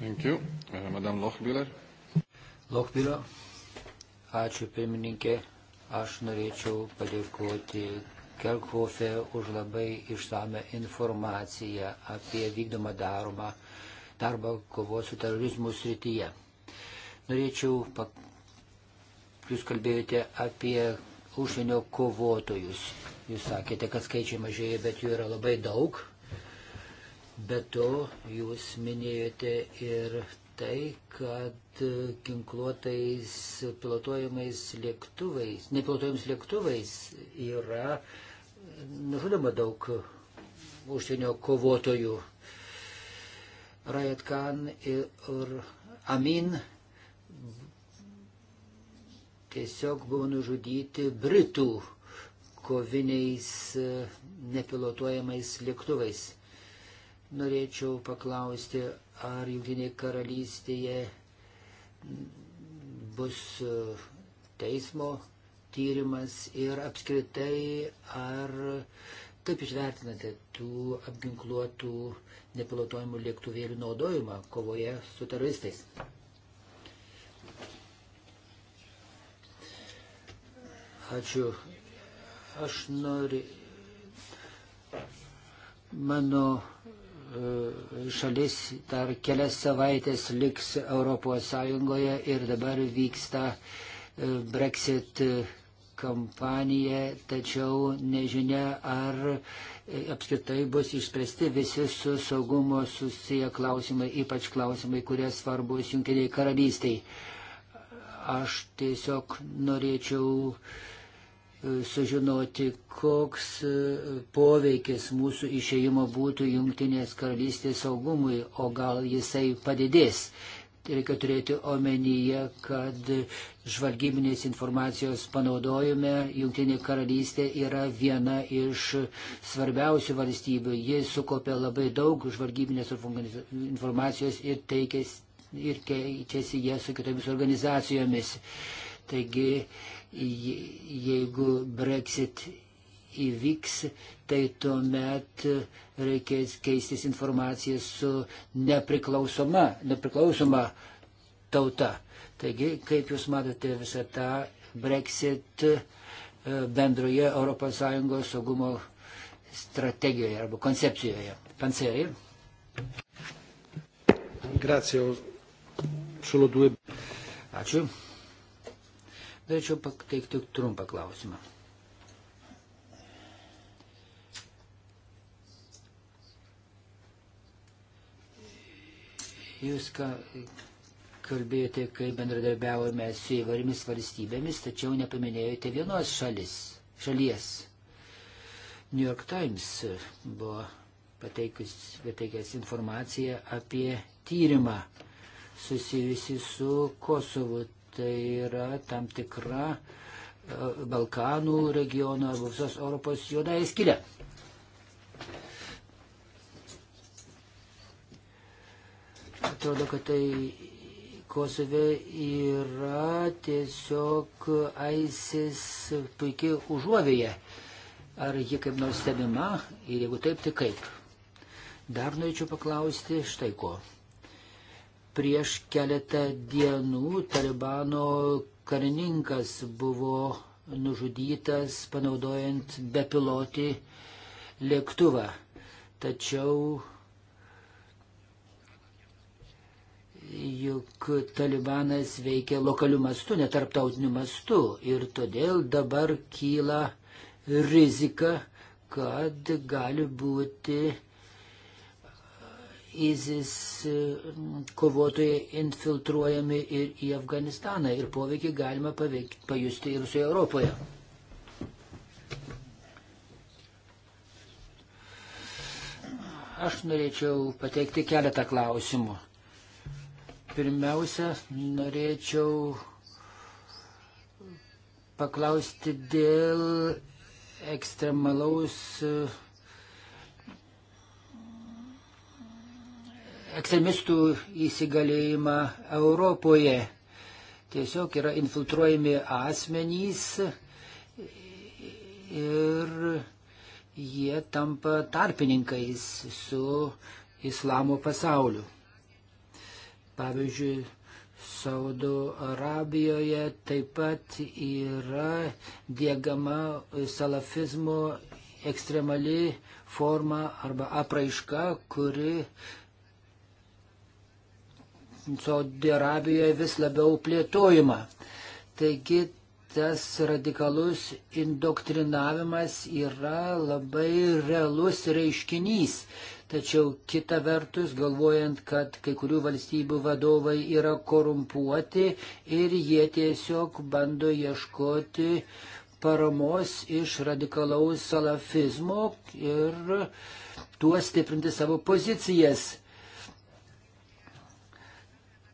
Thank you. Uh, Madam Lochbiller. Lochbiller. Ačiū pirmininkė. Aš norėčiau padėkoti Kelkhofe už labai išsame informaciją apie vykdomą daromą darbą kovos su terorizmu srityje. Norėčiau, pa... jūs kalbėjote apie užsienio kovotojus. Jūs sakėte, kad skaičiai mažėja, bet jų yra labai daug. Be to, jūs minėjote ir tai, kad ginkluotais pilotuojamais lėktuvais, nepilotuojamais lėktuvais yra nužudoma daug užsienio kovotojų. Rajat Khan ir Amin tiesiog buvo nužudyti Britų koviniais nepilotuojamais lėktuvais norėčiau paklausti, ar Junktinėje karalystėje bus e, teismo tyrimas ir apskritai, ar kaip išvertinate tų apginkluotų nepilotuojamų lėktuvėlių naudojimą kovoje su teroristais? Ačiū. Aš noriu. Mano šalis dar kelias savaitės liks ES ir dabar vyksta e, Brexit kampanija, tačiau nežinia, ar e, apskritai bus išspręsti visi su saugumo susiję klausimai, ypač klausimai, kurie svarbus Junkiniai karalystiai. Aš tiesiog norėčiau uh, sužinoti, koks e, poveikis mūsų išėjimo būtų jungtinės karalystės saugumui, o gal jisai padidės. Reikia turėti omenyje, kad žvalgybinės informacijos panaudojime jungtinė karalystė yra viena iš svarbiausių valstybių. Ji sukopė labai daug žvalgybinės informacijos ir, teikės, ir keičiasi jie su kitomis organizacijomis. Taigi, Jeigu Brexit įvyks, tai tuomet reikės keistis informaciją su nepriklausoma, nepriklausoma tauta. Taigi, kaip Jūs matote visą tą Brexit e, bendroje ES saugumo strategijoje arba koncepcijoje? Panseri? Grazie. Solo due. Ačiū. Norėčiau pateikti trumpą klausimą. Jūs ką kalbėjote, kai bendradarbiavome su įvairiamis valstybėmis, tačiau nepaminėjote vienos šalis, šalies. New York Times buvo pateikus, pateikęs informaciją apie tyrimą susijusi su Kosovu. Tai yra tam tikra e, Balkanų regiono arba visos Europos juodąją skylę. Atrodo, kad tai Kosove yra tiesiog aisis puikiai užuovėje. Ar ji kaip nors stebima ir jeigu taip, tai kaip? Dar norėčiau paklausti štai ko. Prieš keletą dienų Talibano karininkas buvo nužudytas panaudojant bepilotį lėktuvą. Tačiau juk Talibanas veikia lokaliu mastu, netarptautiniu mastu ir todėl dabar kyla rizika, kad gali būti ISIS e, kovotojai infiltruojami ir į Afganistaną ir poveikį galima paveikti, pajusti ir visoje Europoje. Aš norėčiau pateikti keletą klausimų. Pirmiausia, norėčiau paklausti dėl ekstremalaus uh, ekstremistų įsigalėjimą Europoje. Tiesiog yra infiltruojami asmenys ir jie tampa tarpininkais su islamo pasauliu. Pavyzdžiui, Saudo Arabijoje taip pat yra dėgama salafizmo ekstremali forma arba apraiška, kuri Saudi Arabijoje vis labiau plėtojama. Taigi tas radikalus indoktrinavimas yra labai realus reiškinys. Tačiau kita vertus, galvojant, kad kai kurių valstybių vadovai yra korumpuoti ir jie tiesiog bando ieškoti paramos iš radikalaus salafizmo ir tuo stiprinti savo pozicijas.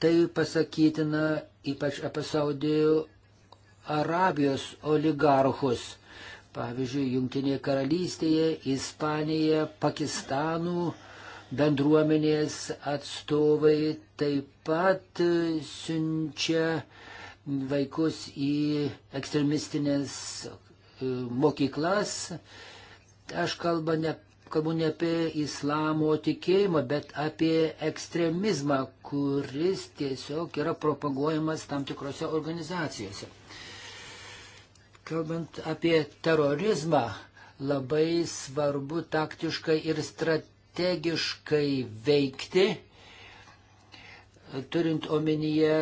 Tai pasakytina ypač apie Saudijų Arabijos oligarchus. Pavyzdžiui, Junktinėje karalystėje, Ispanijoje, Pakistanų bendruomenės atstovai taip pat siunčia vaikus į ekstremistinės mokyklas. Aš kalbu ne kalbu ne apie islamo tikėjimą, bet apie ekstremizmą, kuris tiesiog yra propaguojamas tam tikrose organizacijose. Kalbant apie terorizmą, labai svarbu taktiškai ir strategiškai veikti, turint omenyje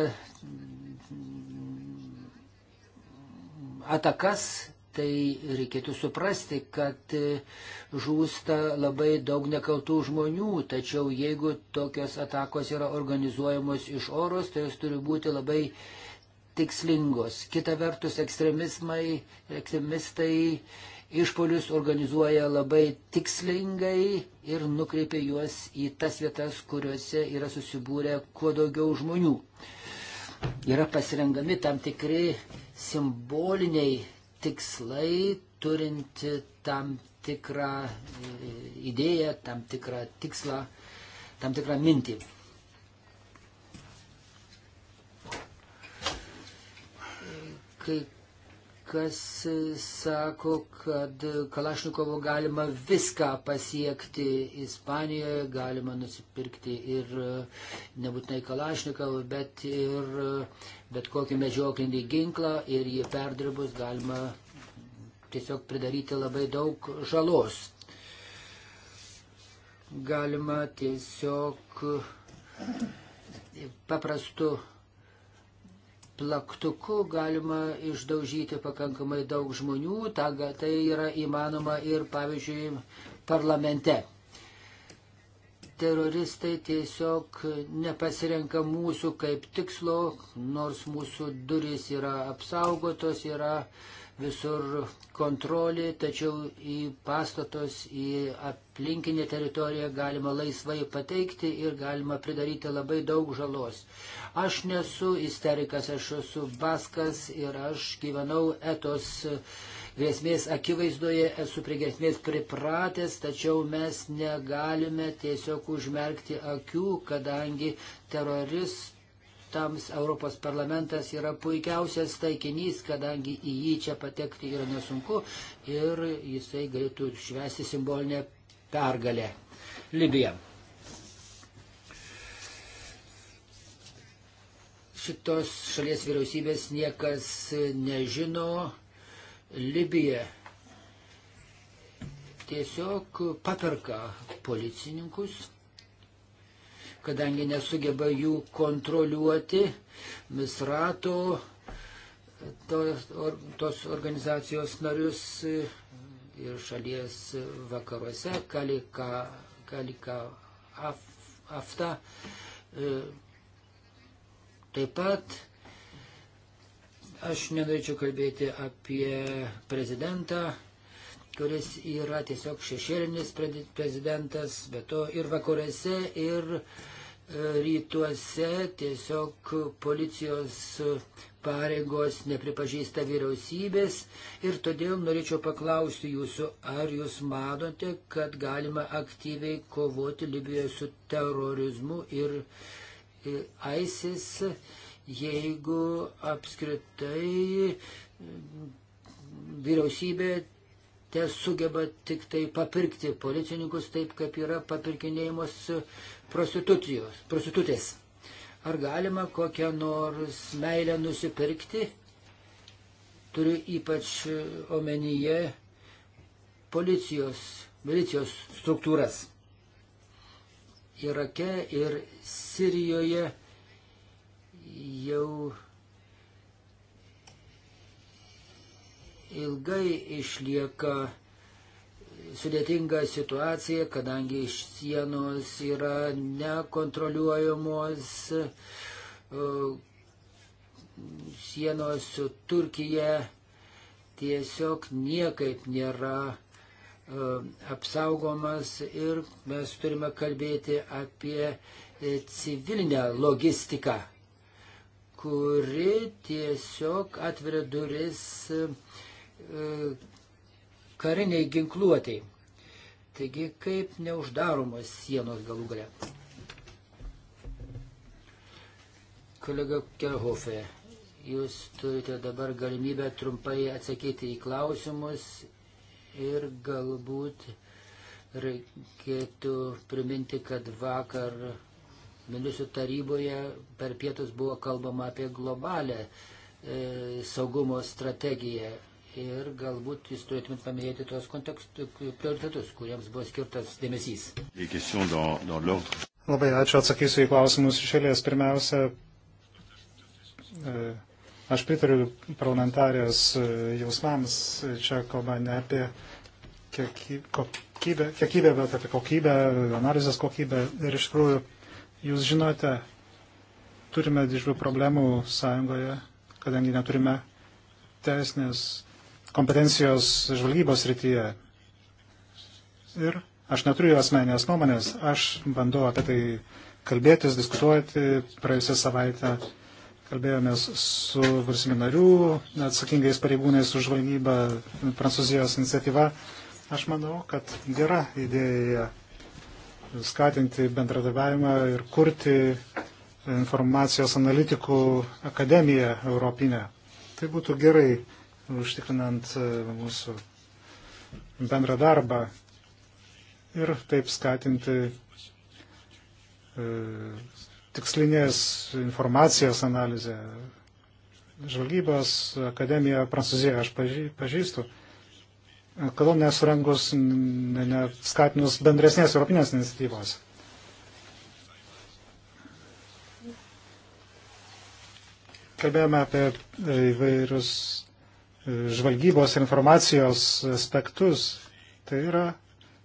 atakas tai reikėtų suprasti, kad e, žūsta labai daug nekaltų žmonių, tačiau jeigu tokios atakos yra organizuojamos iš oros, tai jos turi būti labai tikslingos. Kita vertus, ekstremistai išpolius organizuoja labai tikslingai ir nukreipia juos į tas vietas, kuriuose yra susibūrę kuo daugiau žmonių. Yra pasirengami tam tikri simboliniai tikslai, turinti tam tikrą e, idėją, tam tikrą tikslą, tam tikrą mintį. Kai kas e, sako, kad Kalašnikovo galima viską pasiekti Ispanijoje, galima nusipirkti ir e, nebūtinai Kalašnikovą, bet ir e, bet kokį medžioklinį ginklą ir jį perdirbus galima tiesiog pridaryti labai daug žalos. Galima tiesiog paprastu plaktuku galima išdaužyti pakankamai daug žmonių, ta, tai yra įmanoma ir, pavyzdžiui, parlamente. Teroristai tiesiog nepasirenka mūsų kaip tikslo, nors mūsų durys yra apsaugotos, yra visur kontrolė, tačiau į pastatus, į aplinkinę teritoriją galima laisvai pateikti ir galima pridaryti labai daug žalos. Aš nesu isterikas, aš esu baskas ir aš gyvenau etos grėsmės akivaizdoje, esu prie grėsmės pripratęs, tačiau mes negalime tiesiog užmerkti akių, kadangi teroristams Europos parlamentas yra puikiausias taikinys, kadangi į jį čia patekti yra nesunku ir jisai galėtų švesti simbolinę pergalę. Libija. šitos šalies vyriausybės niekas nežino. Libija tiesiog paperka policininkus, kadangi nesugeba jų kontroliuoti. Misrato tos, or, tos organizacijos narius e, ir šalies vakaruose, Kalika, Kalika Af, Afta. E, Taip pat aš nenorėčiau kalbėti apie prezidentą, kuris yra tiesiog šešėlinis prezidentas, bet to ir vakaruose, ir e, rytuose tiesiog policijos pareigos nepripažįsta vyriausybės ir todėl norėčiau paklausti jūsų, ar jūs manote, kad galima aktyviai kovoti Libijoje su terorizmu ir ISIS, jeigu apskritai mm, vyriausybė te sugeba tik tai papirkti policininkus taip, kaip yra papirkinėjimos prostitutės. Ar galima kokią nors meilę nusipirkti? Turiu ypač omenyje policijos, milicijos struktūras. Irake ir Sirijoje jau ilgai išlieka sudėtinga situacija, kadangi sienos yra nekontroliuojamos, sienos su Turkija tiesiog niekaip nėra E, apsaugomas ir mes turime kalbėti apie e, civilinę logistiką, kuri tiesiog atveria duris e, kariniai ginkluotėjai. Taigi, kaip neuždaromos sienos galų gale. Kolega Kerhofė, jūs turite dabar galimybę trumpai atsakyti į klausimus ir galbūt reikėtų priminti, kad vakar ministrų taryboje per pietus buvo kalbama apie globalę e, saugumo strategiją ir galbūt jūs turėtumėt paminėti tos kontekstų prioritetus, kuriems buvo skirtas dėmesys. Labai ačiū, atsakysiu į klausimus iš eilės. Pirmiausia, e, Aš pritariu parlamentarės e, jausmams, čia kalba ne apie kiekybę, kiekybę bet apie kokybę, analizės kokybę. Ir iš tikrųjų, jūs žinote, turime didžiulių problemų sąjungoje, kadangi neturime teisinės kompetencijos žvalgybos rytyje. Ir aš neturiu asmenės nuomonės, aš bandau apie tai kalbėtis, diskutuoti. Praėjusią savaitę Kalbėjomės su varsiminarių atsakingais pareigūnais už žvalgybą Prancūzijos iniciatyva. Aš manau, kad gera idėja skatinti bendradarbiavimą ir kurti informacijos analitikų akademiją europinę. Tai būtų gerai, užtikrinant e, mūsų bendrą darbą ir taip skatinti e, tikslinės informacijos analizė. Žvalgybos akademija Prancūzijoje aš pažį, pažįstu. Kodėl nesurengus, neskatinus ne bendresnės europinės iniciatyvos? Kalbėjome apie įvairius e, žvalgybos ir informacijos aspektus. Tai yra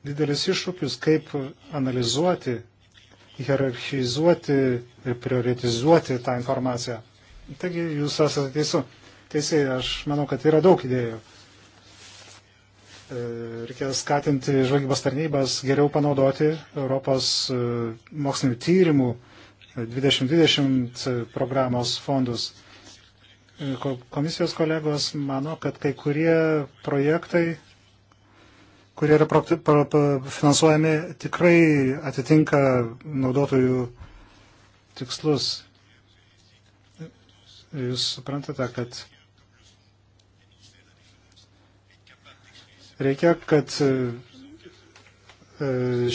didelis iššūkis, kaip analizuoti hierarchizuoti ir prioritizuoti tą informaciją. Taigi jūs esate teisų. Teisai, aš manau, kad yra daug idėjų. E, Reikia skatinti žvalgybos tarnybas geriau panaudoti Europos e, mokslinių tyrimų 2020 e, programos fondus. Komisijos kolegos mano, kad kai kurie projektai kurie yra finansuojami, tikrai atitinka naudotojų tikslus. Jūs suprantate, kad reikia, kad e,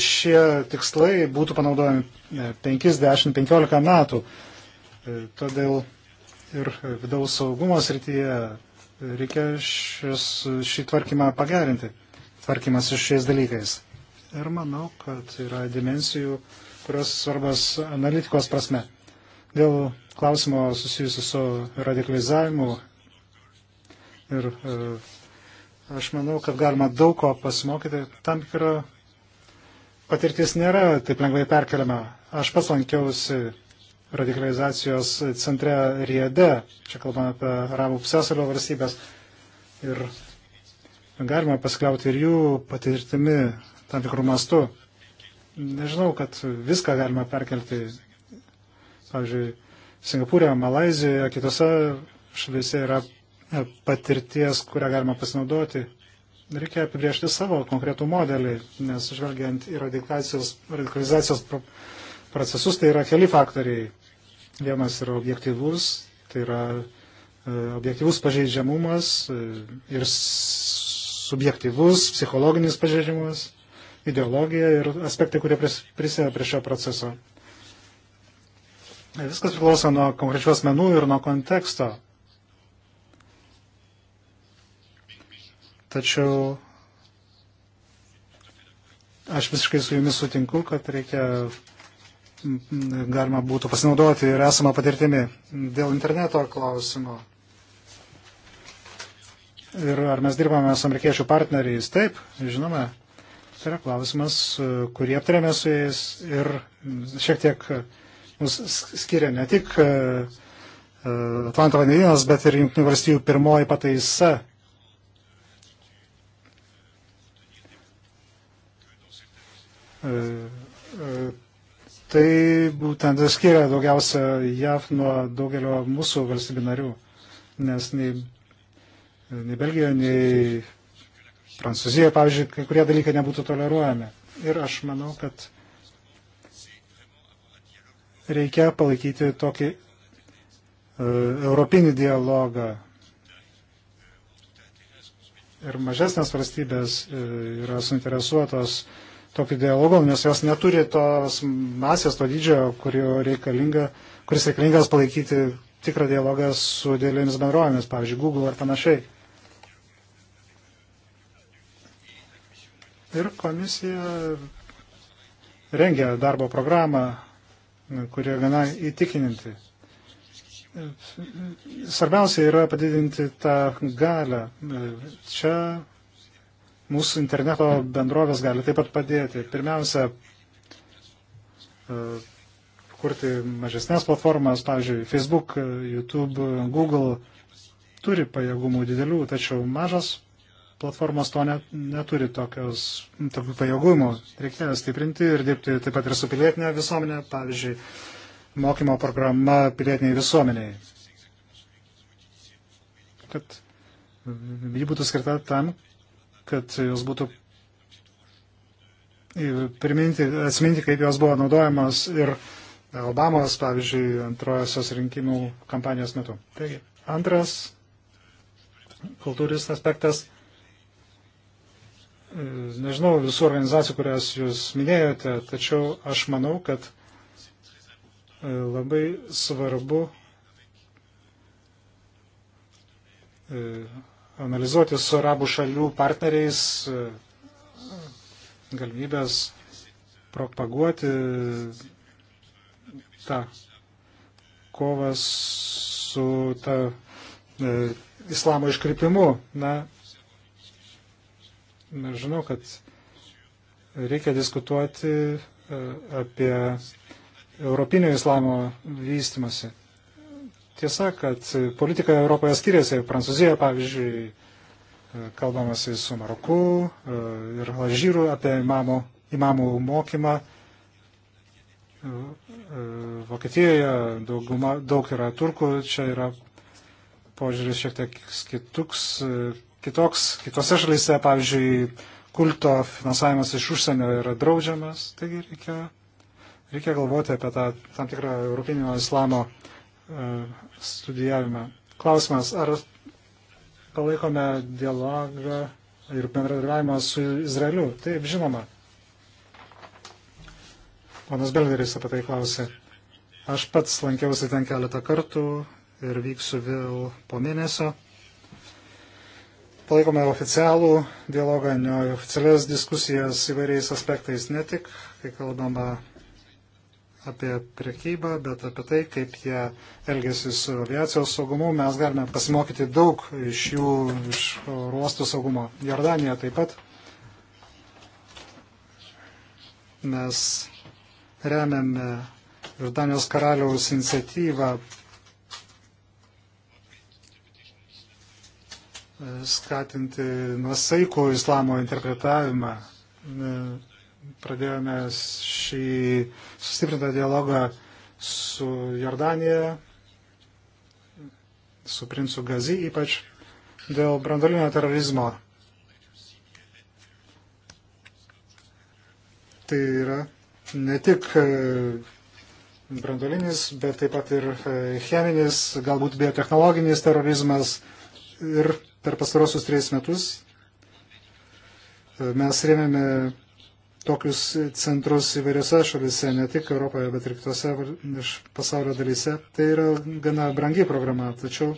šie tikslai būtų panaudojami 50-15 e, metų. E, todėl ir vidaus saugumo srityje reikia šis, šį tvarkymą pagerinti tvarkymas iš šiais dalykais. Ir manau, kad yra dimensijų, kurios svarbas analitikos prasme. Dėl klausimo susijusiu su radikalizavimu ir e, aš manau, kad galima daug ko pasimokyti. Tam tikra patirtis nėra taip lengvai perkeliama. Aš pats lankiausi radikalizacijos centre Riede, čia kalbame apie Arabų pusiasalio valstybės. Ir galima pasikliauti ir jų patirtimi tam tikrų mastų. Nežinau, kad viską galima perkelti, pavyzdžiui, Singapūrė, Malazijoje, kitose šalyse yra e, patirties, kurią galima pasinaudoti. Reikia apibriežti savo konkretų modelį, nes žvelgiant į radikalizacijos, radikalizacijos procesus, tai yra keli faktoriai. Vienas yra objektyvus, tai yra e, objektyvus pažeidžiamumas e, ir subjektyvus, psichologinis pažeidimas, ideologija ir aspektai, kurie prisideda prie šio proceso. Viskas priklauso nuo konkrečių asmenų ir nuo konteksto. Tačiau aš visiškai su jumis sutinku, kad reikia, galima būtų pasinaudoti ir esamą patirtimį dėl interneto klausimo. Ir ar mes dirbame su amerikiečių partneriais? Taip, žinoma. Tai yra klausimas, e, kurį aptarėme su jais ir šiek tiek mus skiria ne tik e, e, Atlanto vandenynas, bet ir Junktinių valstybių pirmoji pataisa. Tai būtent skiria daugiausia JAV nuo daugelio mūsų valstybių narių, nes nei nei Belgijoje, nei Prancūzijoje, pavyzdžiui, kai kurie dalykai nebūtų toleruojami. Ir aš manau, kad reikia palaikyti tokį uh, europinį dialogą. Ir mažesnės valstybės uh, yra suinteresuotos tokiu dialogu, nes jos neturi tos masės, to dydžio, reikalinga, kuris reikalingas palaikyti tikrą dialogą su didelėmis bendrovėmis, pavyzdžiui, Google ar panašiai. Ir komisija rengia darbo programą, kurie gana įtikininti. Svarbiausia yra padidinti tą galę. Čia mūsų interneto bendrovės gali taip pat padėti. Pirmiausia, kurti mažesnės platformas, pavyzdžiui, Facebook, YouTube, Google turi pajėgumų didelių, tačiau mažas platformos to net, neturi tokios, tokių pajėgumų. Reikia stiprinti ir dirbti taip pat ir su pilietinė visuomenė, pavyzdžiui, mokymo programa pilietiniai visuomeniai. Kad ji būtų skirta tam, kad jos būtų priminti, atsiminti, kaip jos buvo naudojamos ir Obamos, pavyzdžiui, antrojosios rinkimų kampanijos metu. Taigi, antras kultūris aspektas nežinau visų organizacijų, kurias jūs minėjote, tačiau aš manau, kad e, labai svarbu e, analizuoti su arabų šalių partneriais e, galimybės propaguoti tą kovą su ta e, islamo iškrypimu. Na, Žinau, kad reikia diskutuoti e, apie europinio islamo vystimasi. Tiesa, kad politika Europoje skiriasi. Prancūzijoje, pavyzdžiui, e, kalbamasi su Maroku e, ir Alžyru apie imamų, imamų mokymą. Vokietijoje dauguma, daug yra turkų, čia yra požiūris šiek tiek kitoks, kitoks, kitose šalyse, pavyzdžiui, kulto finansavimas iš užsienio yra draudžiamas, taigi reikia, reikia galvoti apie tą tam tikrą europinio islamo uh, studijavimą. Klausimas, ar palaikome dialogą ir bendradarbiavimą su Izraeliu? Taip, žinoma. Ponas Belderis apie tai klausė. Aš pats lankiausi ten keletą kartų ir vyksiu vėl po mėnesio palaikome oficialų dialogą, neoficialias diskusijas įvairiais aspektais, ne tik, kai kalbama apie priekybą, bet apie tai, kaip jie elgesi su aviacijos saugumu. Mes galime pasimokyti daug iš jų, iš ruostų saugumo. Jordanija taip pat. Mes remiame Jordanijos karaliaus iniciatyvą skatinti nuosaikų islamo interpretavimą. Pradėjome šį sustiprintą dialogą su Jordanija, su princu Gazi ypač dėl brandolinio terorizmo. Tai yra ne tik e, brandolinis, bet taip pat ir e, cheminis, galbūt biotehnologinis terorizmas ir per pastarosius trejus metus e, mes rėmėme tokius centrus įvairiose šalise, ne tik Europoje, bet ir kitose pasaulio dalyse. Tai yra gana brangi programa, tačiau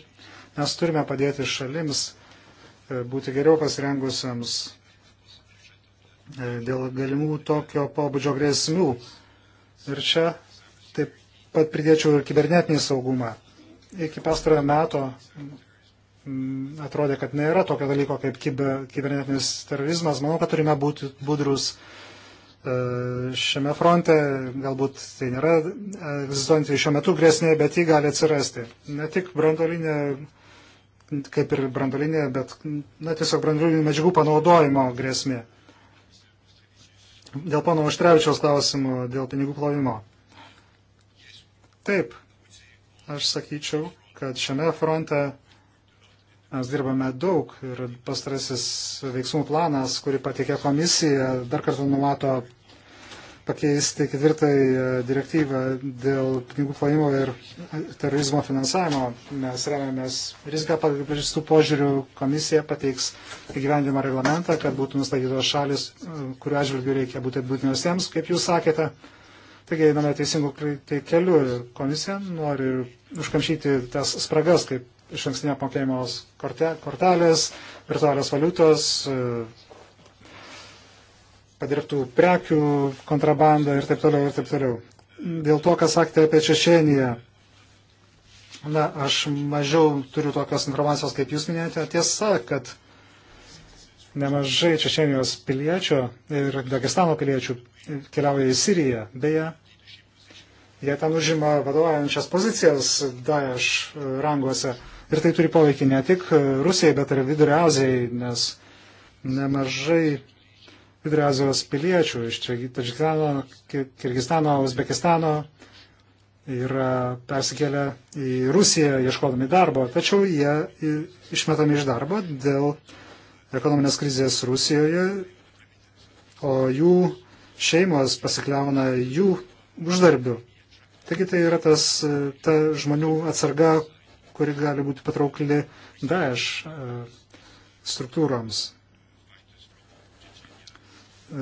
mes turime padėti šalims e, būti geriau pasirengusiams e, dėl galimų tokio pobūdžio grėsmių. Ir čia taip pat pridėčiau ir kibernetinį saugumą. Iki pastarojo meto Mm, atrodė, kad nėra tokio dalyko kaip kibernetinis terorizmas. Manau, kad turime būti budrus e, šiame fronte. Galbūt tai nėra e, egzistuojanti šiuo metu grėsmė, bet ji gali atsirasti. Ne tik brandolinė, kaip ir brandolinė, bet na, tiesiog brandolinių medžiagų panaudojimo grėsmė. Dėl pono Užtrevičiaus klausimų, dėl pinigų plovimo. Taip, aš sakyčiau, kad šiame fronte Mes dirbame daug ir pastarasis veiksmų planas, kurį pateikė komisija, dar kartą numato pakeisti ketvirtąją direktyvą dėl pinigų plovimo ir terorizmo finansavimo. Mes remiamės riziką pagrįstų požiūrių. Komisija pateiks įgyvendimo reglamentą, kad būtų nustatytos šalis, kuriuo atžvilgiu reikia būti būtiniausiems, kaip jūs sakėte. Taigi einame teisingų tai kelių ir komisija nori užkamšyti tas spragas, kaip iš ankstinio apmokėjimo kortelės, virtualios valiutos, e, padirbtų prekių kontrabandą ir taip toliau ir taip toliau. Dėl to, ką sakėte apie Čečieniją, na, aš mažiau turiu tokios informacijos, kaip jūs minėjote. Tiesa, kad nemažai Čečienijos piliečių ir Dagestano piliečių keliauja į Siriją. Beje, jie ten užima vadovaujančias pozicijas Daesh ranguose. Ir tai turi poveikį ne tik e, Rusijai, bet ir Vidurio Azijai, nes nemažai Vidurio Azijos piliečių iš Tadžikistano, Kirgistano, Uzbekistano yra persikėlę į Rusiją ieškodami darbo, tačiau jie išmetami iš darbo dėl ekonominės krizės Rusijoje, o jų šeimos pasikliauna jų uždarbiu. Taigi tai yra tas e, ta žmonių atsarga, kuri gali būti patraukli Daesh e, struktūroms.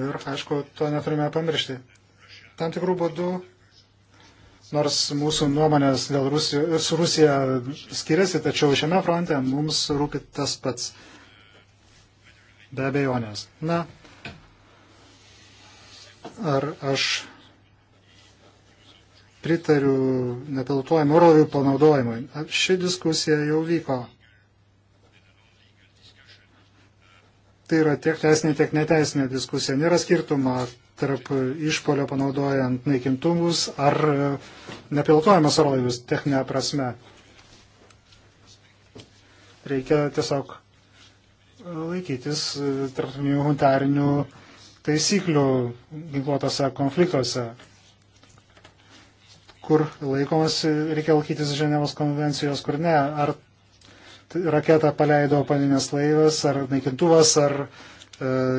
Ir aišku, to neturime pamiršti. Tam tikrų būdų, nors mūsų nuomonės dėl Rusijos, su Rusija skiriasi, tačiau šiame fronte mums rūpi tas pats. Be abejonės. Na, ar aš pritariu nepilotuojamų orlaivių panaudojimui. Ši diskusija jau vyko. Tai yra tiek teisinė, tiek neteisinė diskusija. Nėra skirtumo tarp išpolio panaudojant naikintuvus ar nepilotuojamas orlaivius techninė prasme. Reikia tiesiog laikytis tarptautinių humanitarinių taisyklių ginkluotose konfliktuose kur laikomas, reikia laikytis Ženevos konvencijos, kur ne. Ar raketą paleido paninės laivas, ar naikintuvas, ar e,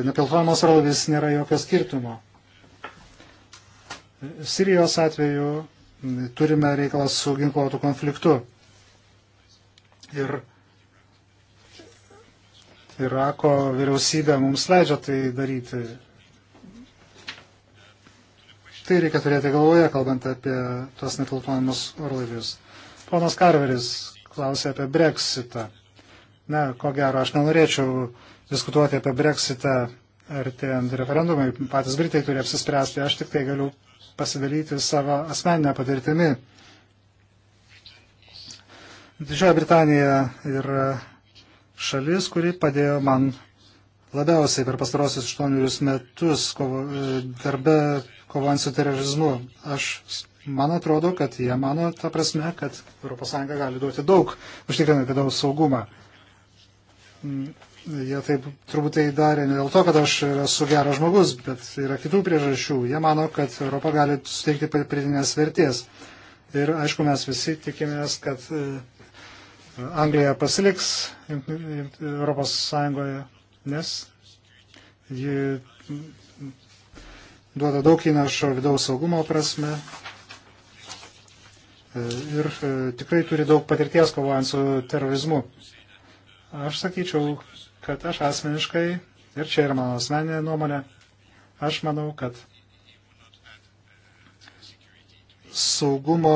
nepiltojamas rovis, nėra jokio skirtumo. Sirijos atveju turime reikalą su ginkluotų konfliktu. Ir Irako vyriausybė mums leidžia tai daryti tai reikia turėti galvoje, kalbant apie tuos nepilotuojamus orlaivius. Ponas Karveris klausė apie Brexitą. Na, ko gero, aš nenorėčiau diskutuoti apie Brexitą artėjant referendumai. Patys Britai turi apsispręsti, aš tik tai galiu pasidalyti savo asmeninę patirtimi. Didžioji Britanija yra šalis, kuri padėjo man labiausiai per pastarosius 8 metus kovo, e, darbe kovojant su terorizmu. Aš man atrodo, kad jie mano tą prasme, kad ES gali duoti daug, užtikrinant vidaus saugumą. Mm, jie taip turbūt tai darė ne dėl to, kad aš esu geras žmogus, bet yra kitų priežasčių. Jie mano, kad Europa gali suteikti pridinės vertės. Ir aišku, mes visi tikimės, kad e, Anglija pasiliks Europos Sąjungoje nes ji duoda daug įnašo vidaus saugumo prasme e, ir e, tikrai turi daug patirties kovojant su terorizmu. Aš sakyčiau, kad aš asmeniškai, ir čia yra mano asmeninė nuomonė, aš manau, kad saugumo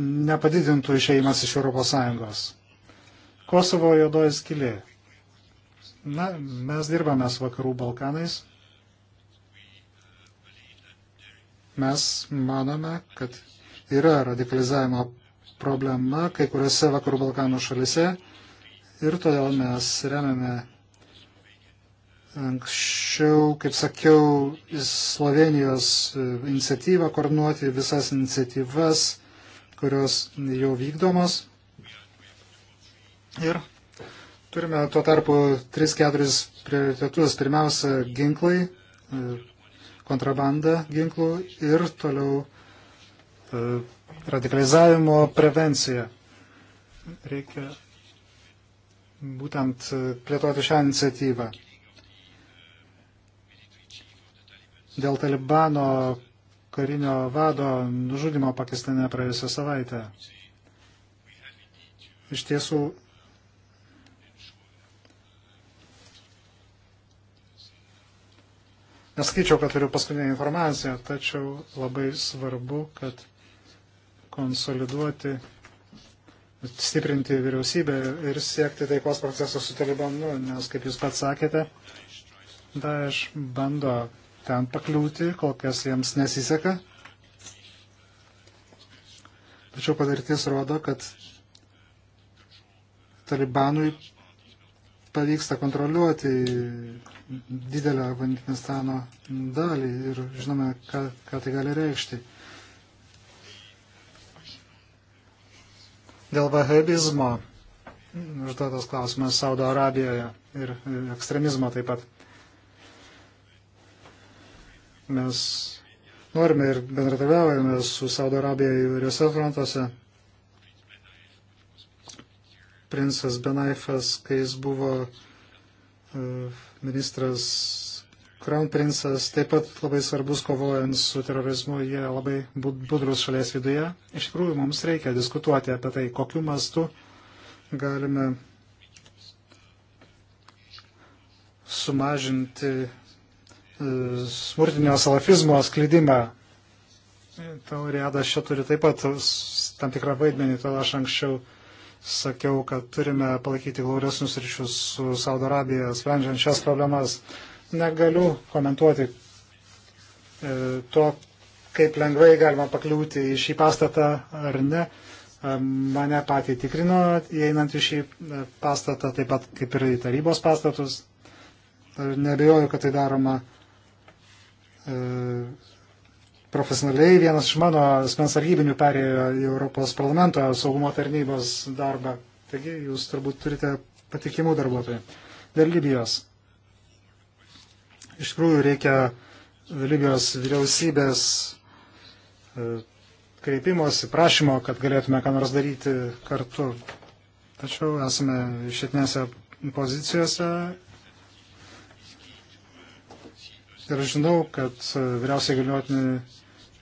nepadidintų išeimas iš ES. Kosovo juodoji skilė. Na, mes dirbame su vakarų Balkanais. Mes manome, kad yra radikalizavimo problema kai kuriuose vakarų Balkanų šalise ir todėl mes remiame anksčiau, kaip sakiau, Slovenijos e, iniciatyvą koordinuoti visas iniciatyvas, kurios jau vykdomos. Ir Turime tuo tarpu 3-4 prioritetus. Pirmiausia, ginklai, kontrabanda ginklų ir toliau e, radikalizavimo prevencija. Reikia būtent e, plėtoti šią iniciatyvą. Dėl Talibano karinio vado nužudimo Pakistane praėjusią savaitę. Iš tiesų Neskaičiau, kad turiu paskutinę informaciją, tačiau labai svarbu, kad konsoliduoti, stiprinti vyriausybę ir siekti taikos procesą su Talibanu, nes, kaip jūs pats sakėte, Daesh bando ten pakliūti, kol kas jiems nesiseka. Tačiau patirtis rodo, kad Talibanui pavyksta kontroliuoti didelę Afganistano dalį ir žinome, ką, ką tai gali reikšti. Dėl vahabizmo užduotas klausimas Saudo Arabijoje ir ekstremizmo taip pat. Mes norime ir bendradarbiaujame su Saudo Arabija įvairiuose frontuose, princas Benaifas, kai jis buvo e, ministras Crown princas, taip pat labai svarbus kovojant su terorizmu, jie labai budrus šalies viduje. Iš tikrųjų, mums reikia diskutuoti apie tai, kokiu mastu galime sumažinti e, smurtinio salafizmo sklydimą. Tauriadas čia turi taip pat tam tikrą vaidmenį, todėl aš anksčiau sakiau, kad turime palaikyti glaudesnius ryšius su Saudo Arabija, sprendžiant šias problemas. Negaliu komentuoti e, to, kaip lengvai galima pakliūti į šį pastatą ar ne. E, mane patį tikrino, įeinant į šį e, pastatą, taip pat kaip ir į tarybos pastatus. E, nebejoju, kad tai daroma e, profesionaliai vienas iš mano asmens sargybinių perėjo į Europos parlamento saugumo tarnybos darbą. Taigi jūs turbūt turite patikimų darbuotojų. Dėl Libijos. Iš tikrųjų reikia Libijos vyriausybės e, kreipimosi, prašymo, kad galėtume ką nors daryti kartu. Tačiau esame išėtinėse pozicijose ir žinau, kad vyriausiai galiotinį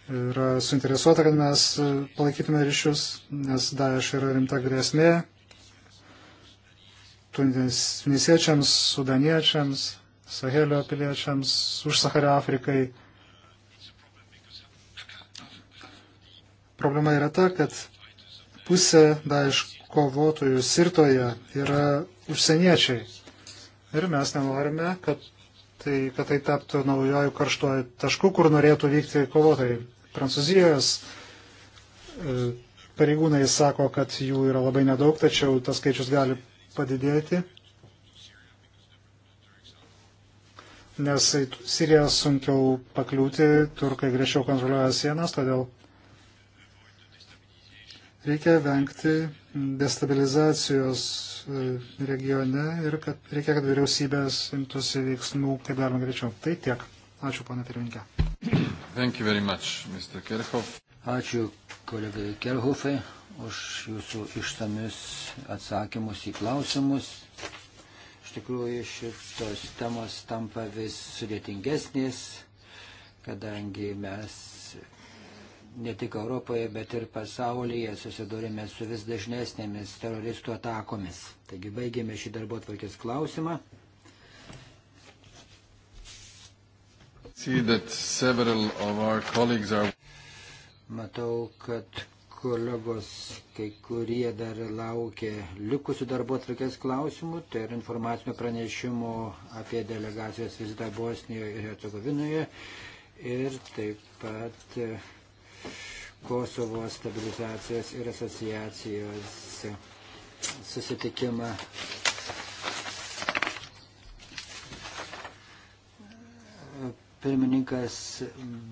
yra suinteresuota, kad mes e, palaikytume ryšius, nes Daesh yra rimta grėsmė tunisiečiams, sudaniečiams, Sahelio piliečiams, už Sahario Afrikai. Problema yra ta, kad pusė Daesh kovotojų Sirtoje yra užsieniečiai. Ir mes nenorime, kad tai, kad tai taptų naujojų karštuoju tašku, kur norėtų vykti kovotojai. Prancūzijos e, pareigūnai sako, kad jų yra labai nedaug, tačiau tas skaičius gali padidėti, nes į Siriją sunkiau pakliūti, turkai griežčiau kontroliuoja sienas, todėl reikia vengti destabilizacijos e, regione ir kad reikia, kad vyriausybės imtųsi veiksmų kaip galima greičiau. Tai tiek. Ačiū, ponė pirmininkė. Thank you very much, Mr. Kerhoff. Ačiū kolegai Kerhoffai už jūsų ištamius atsakymus į klausimus. Iš tikrųjų, šitos temos tampa vis sudėtingesnės, kadangi mes ne tik Europoje, bet ir pasaulyje susidurime su vis dažnesnėmis teroristų atakomis. Taigi baigėme šį darbo atvarkės klausimą. Matau, kad kolegos, kai kurie dar laukia likusių darbo atvarkės klausimų, tai yra informacinio pranešimo apie delegacijos vizitą Bosnijoje ir Hercegovinoje ir taip pat e, Kosovo stabilizacijos ir asociacijos susitikimą Pirmininkas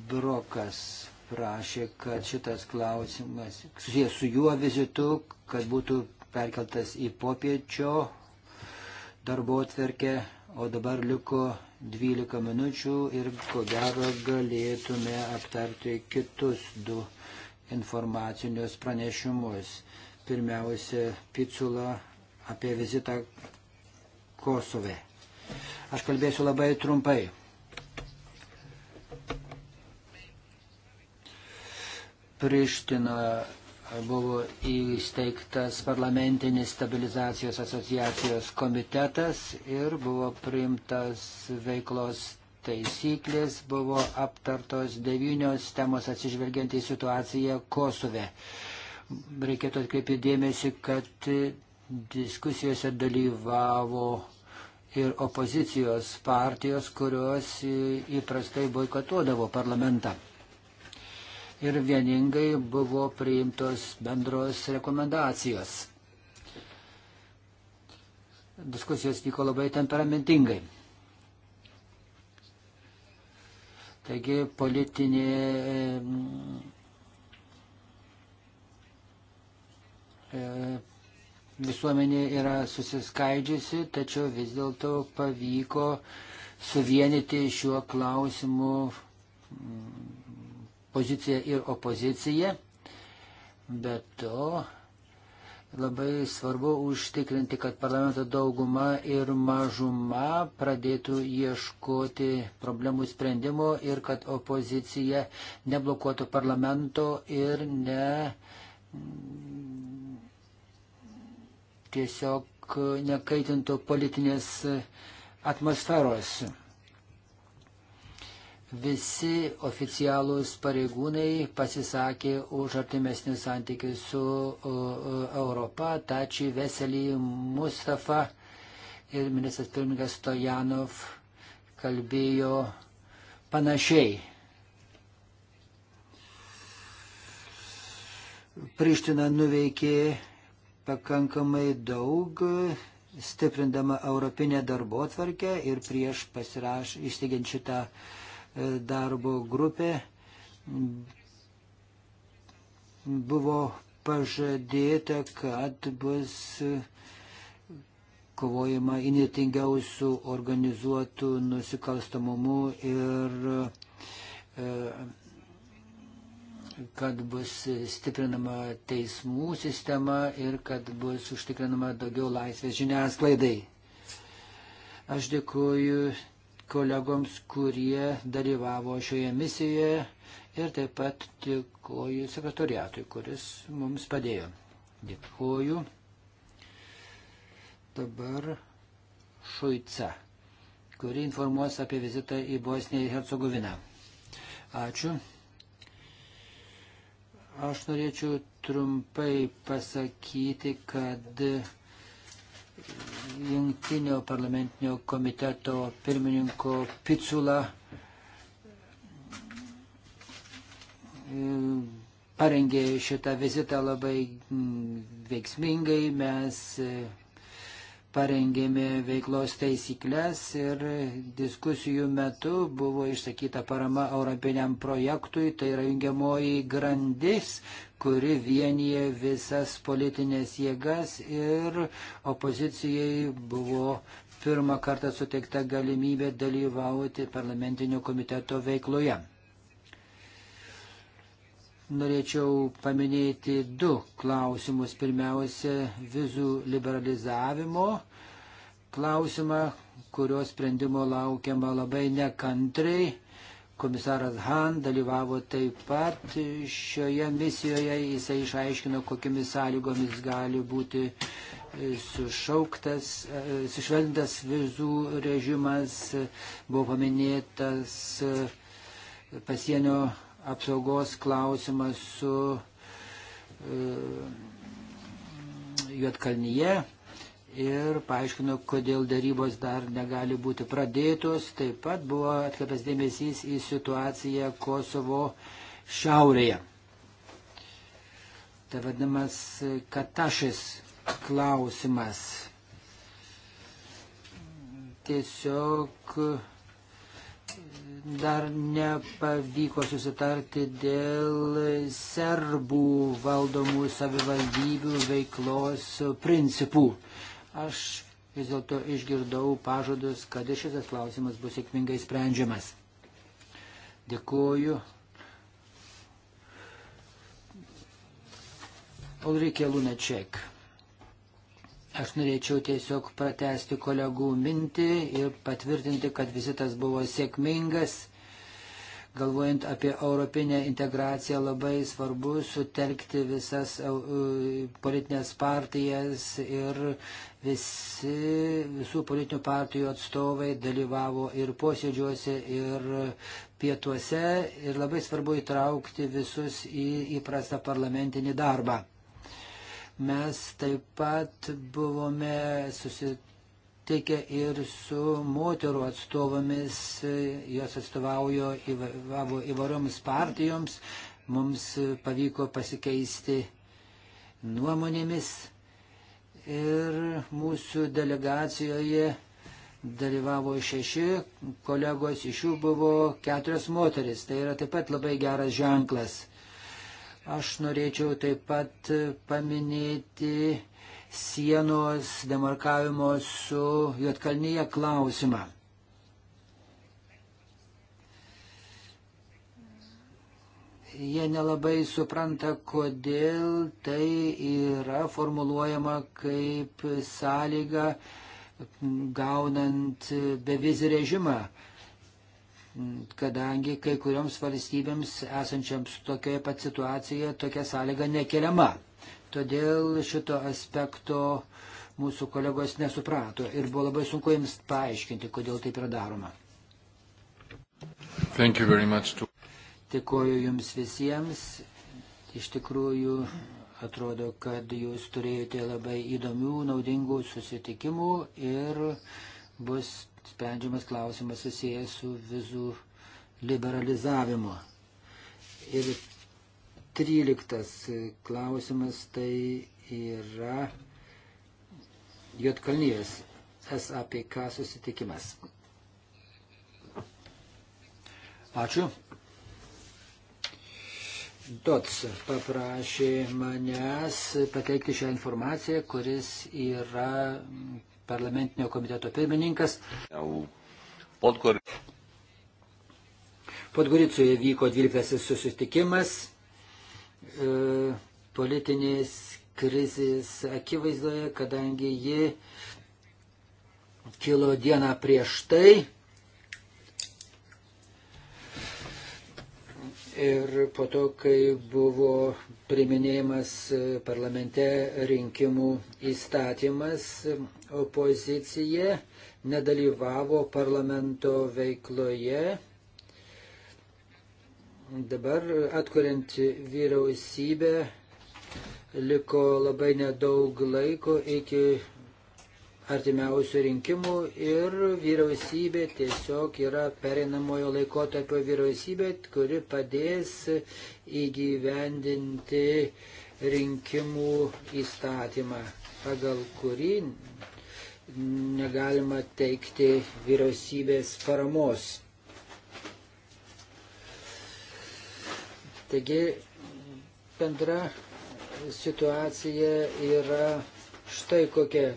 Brokas prašė, kad šitas klausimas susijęs su juo vizitu, kad būtų perkeltas į popiečio darbo atverkę, o dabar liko 12 minučių ir ko gero galėtume aptarti kitus du informacinius pranešimus. Pirmiausia, Picula apie vizitą Kosove. Aš kalbėsiu labai trumpai. Prištinoje buvo įsteigtas parlamentinis stabilizacijos asociacijos komitetas ir buvo priimtas veiklos taisyklės, buvo aptartos devynios temos atsižvelgiant į situaciją Kosove. Reikėtų atkreipti dėmesį, kad diskusijose dalyvavo ir opozicijos partijos, kurios įprastai boikotuodavo parlamentą ir vieningai buvo priimtos bendros rekomendacijos. Diskusijos vyko labai temperamentingai. Taigi politinė e, visuomenė yra susiskaidžiusi, tačiau vis dėlto pavyko suvienyti šiuo klausimu poziciją ir opoziciją, bet to labai svarbu užtikrinti, kad parlamento dauguma ir mažuma pradėtų ieškoti problemų sprendimo ir kad opozicija neblokuotų parlamento ir ne tiesiog nekaitintų politinės atmosferos. Visi oficialūs pareigūnai pasisakė už artimesnius santykius su Europa, Tačiai, Veselį, Mustafa ir ministras pirmininkas Stojanov kalbėjo panašiai. Priština nuveikė pakankamai daug, stiprindama europinę darbo tvarkę ir prieš pasiraš, įsteigiant šitą uh, darbo grupė buvo pažadėta, kad bus kovojama inėtingiausių organizuotų nusikalstamumu ir e, kad bus stiprinama teismų sistema ir kad bus užtikrinama daugiau laisvės žiniasklaidai. Aš dėkuoju kolegoms, kurie dalyvavo šioje misijoje ir taip pat dėkoju sekretoriatui, kuris mums padėjo. Dėkoju. Dabar Šuica, kuri informuos apie vizitą į Bosniją ir Hercegoviną. Ačiū. Aš norėčiau trumpai pasakyti, kad jungtinio parlamentinio komiteto pirmininko Picula parengė šitą vizitą labai mm, veiksmingai. Mes e, parengėme veiklos taisyklės ir diskusijų metu buvo išsakyta parama europiniam projektui, tai yra jungiamoji grandis, kuri vienyje visas politinės jėgas ir opozicijai buvo pirmą kartą suteikta galimybė dalyvauti parlamentinio komiteto veikloje. Norėčiau paminėti du klausimus. Pirmiausia, vizų liberalizavimo klausimą, kurio sprendimo laukiama labai nekantriai. Komisaras Han dalyvavo taip pat šioje misijoje, jisai išaiškino, kokiamis sąlygomis gali būti e, sušauktas, e, sušvelnintas vizų režimas, buvo paminėtas e, pasienio apsaugos klausimas su Juotkalnyje ir paaiškino, kodėl darybos dar negali būti pradėtos. Taip pat buvo atkreipęs dėmesys į situaciją Kosovo šiaurėje. Tai vadinamas Katašis klausimas. Tiesiog dar nepavyko susitarti dėl serbų valdomų savivaldybių veiklos principų. Aš vis dėlto išgirdau pažadus, kad šitas klausimas bus sėkmingai sprendžiamas. Dėkuoju. Ulrike Lunaček. Aš norėčiau tiesiog pratesti kolegų mintį ir patvirtinti, kad vizitas buvo sėkmingas galvojant apie europinę integraciją, labai svarbu sutelkti visas e, politinės partijas ir visi, visų politinių partijų atstovai dalyvavo ir posėdžiuose, ir pietuose ir labai svarbu įtraukti visus į įprastą parlamentinį darbą. Mes taip pat buvome susitikti susitikę ir su moterų atstovomis, jos atstovaujo įvairioms partijoms, mums pavyko pasikeisti nuomonėmis ir mūsų delegacijoje dalyvavo šeši kolegos, iš jų buvo keturios moteris. Tai yra taip pat labai geras ženklas. Aš norėčiau taip pat paminėti sienos demarkavimo su Jotkalnyje klausimą. Jie nelabai supranta, kodėl tai yra formuluojama kaip sąlyga gaunant bevizį režimą kadangi kai kurioms valstybėms esančiams tokioje pat situacijoje tokia sąlyga nekeliama. Todėl šito aspekto mūsų kolegos nesuprato ir buvo labai sunku jiems paaiškinti, kodėl taip yra daroma. Dėkuoju Jums visiems. Iš tikrųjų, atrodo, kad Jūs turėjote labai įdomių, naudingų susitikimų ir bus sprendžiamas klausimas susijęs su vizų liberalizavimu. Ir 13 klausimas tai yra Jotkalnyjas SAPK susitikimas. Ačiū. Dots paprašė manęs pateikti šią informaciją, kuris yra parlamentinio komiteto pirmininkas. Podgoricoje vyko 12 susitikimas E, politinės krizės akivaizdoje, kadangi ji kilo dieną prieš tai. Ir po to, kai buvo priminėjimas parlamente rinkimų įstatymas, opozicija nedalyvavo parlamento veikloje Dabar atkuriant vyriausybę liko labai nedaug laiko iki artimiausių rinkimų ir vyriausybė tiesiog yra pereinamojo laikotarpio vyriausybė, kuri padės įgyvendinti rinkimų įstatymą, pagal kurį negalima teikti vyriausybės paramos. Taigi bendra situacija yra štai kokia.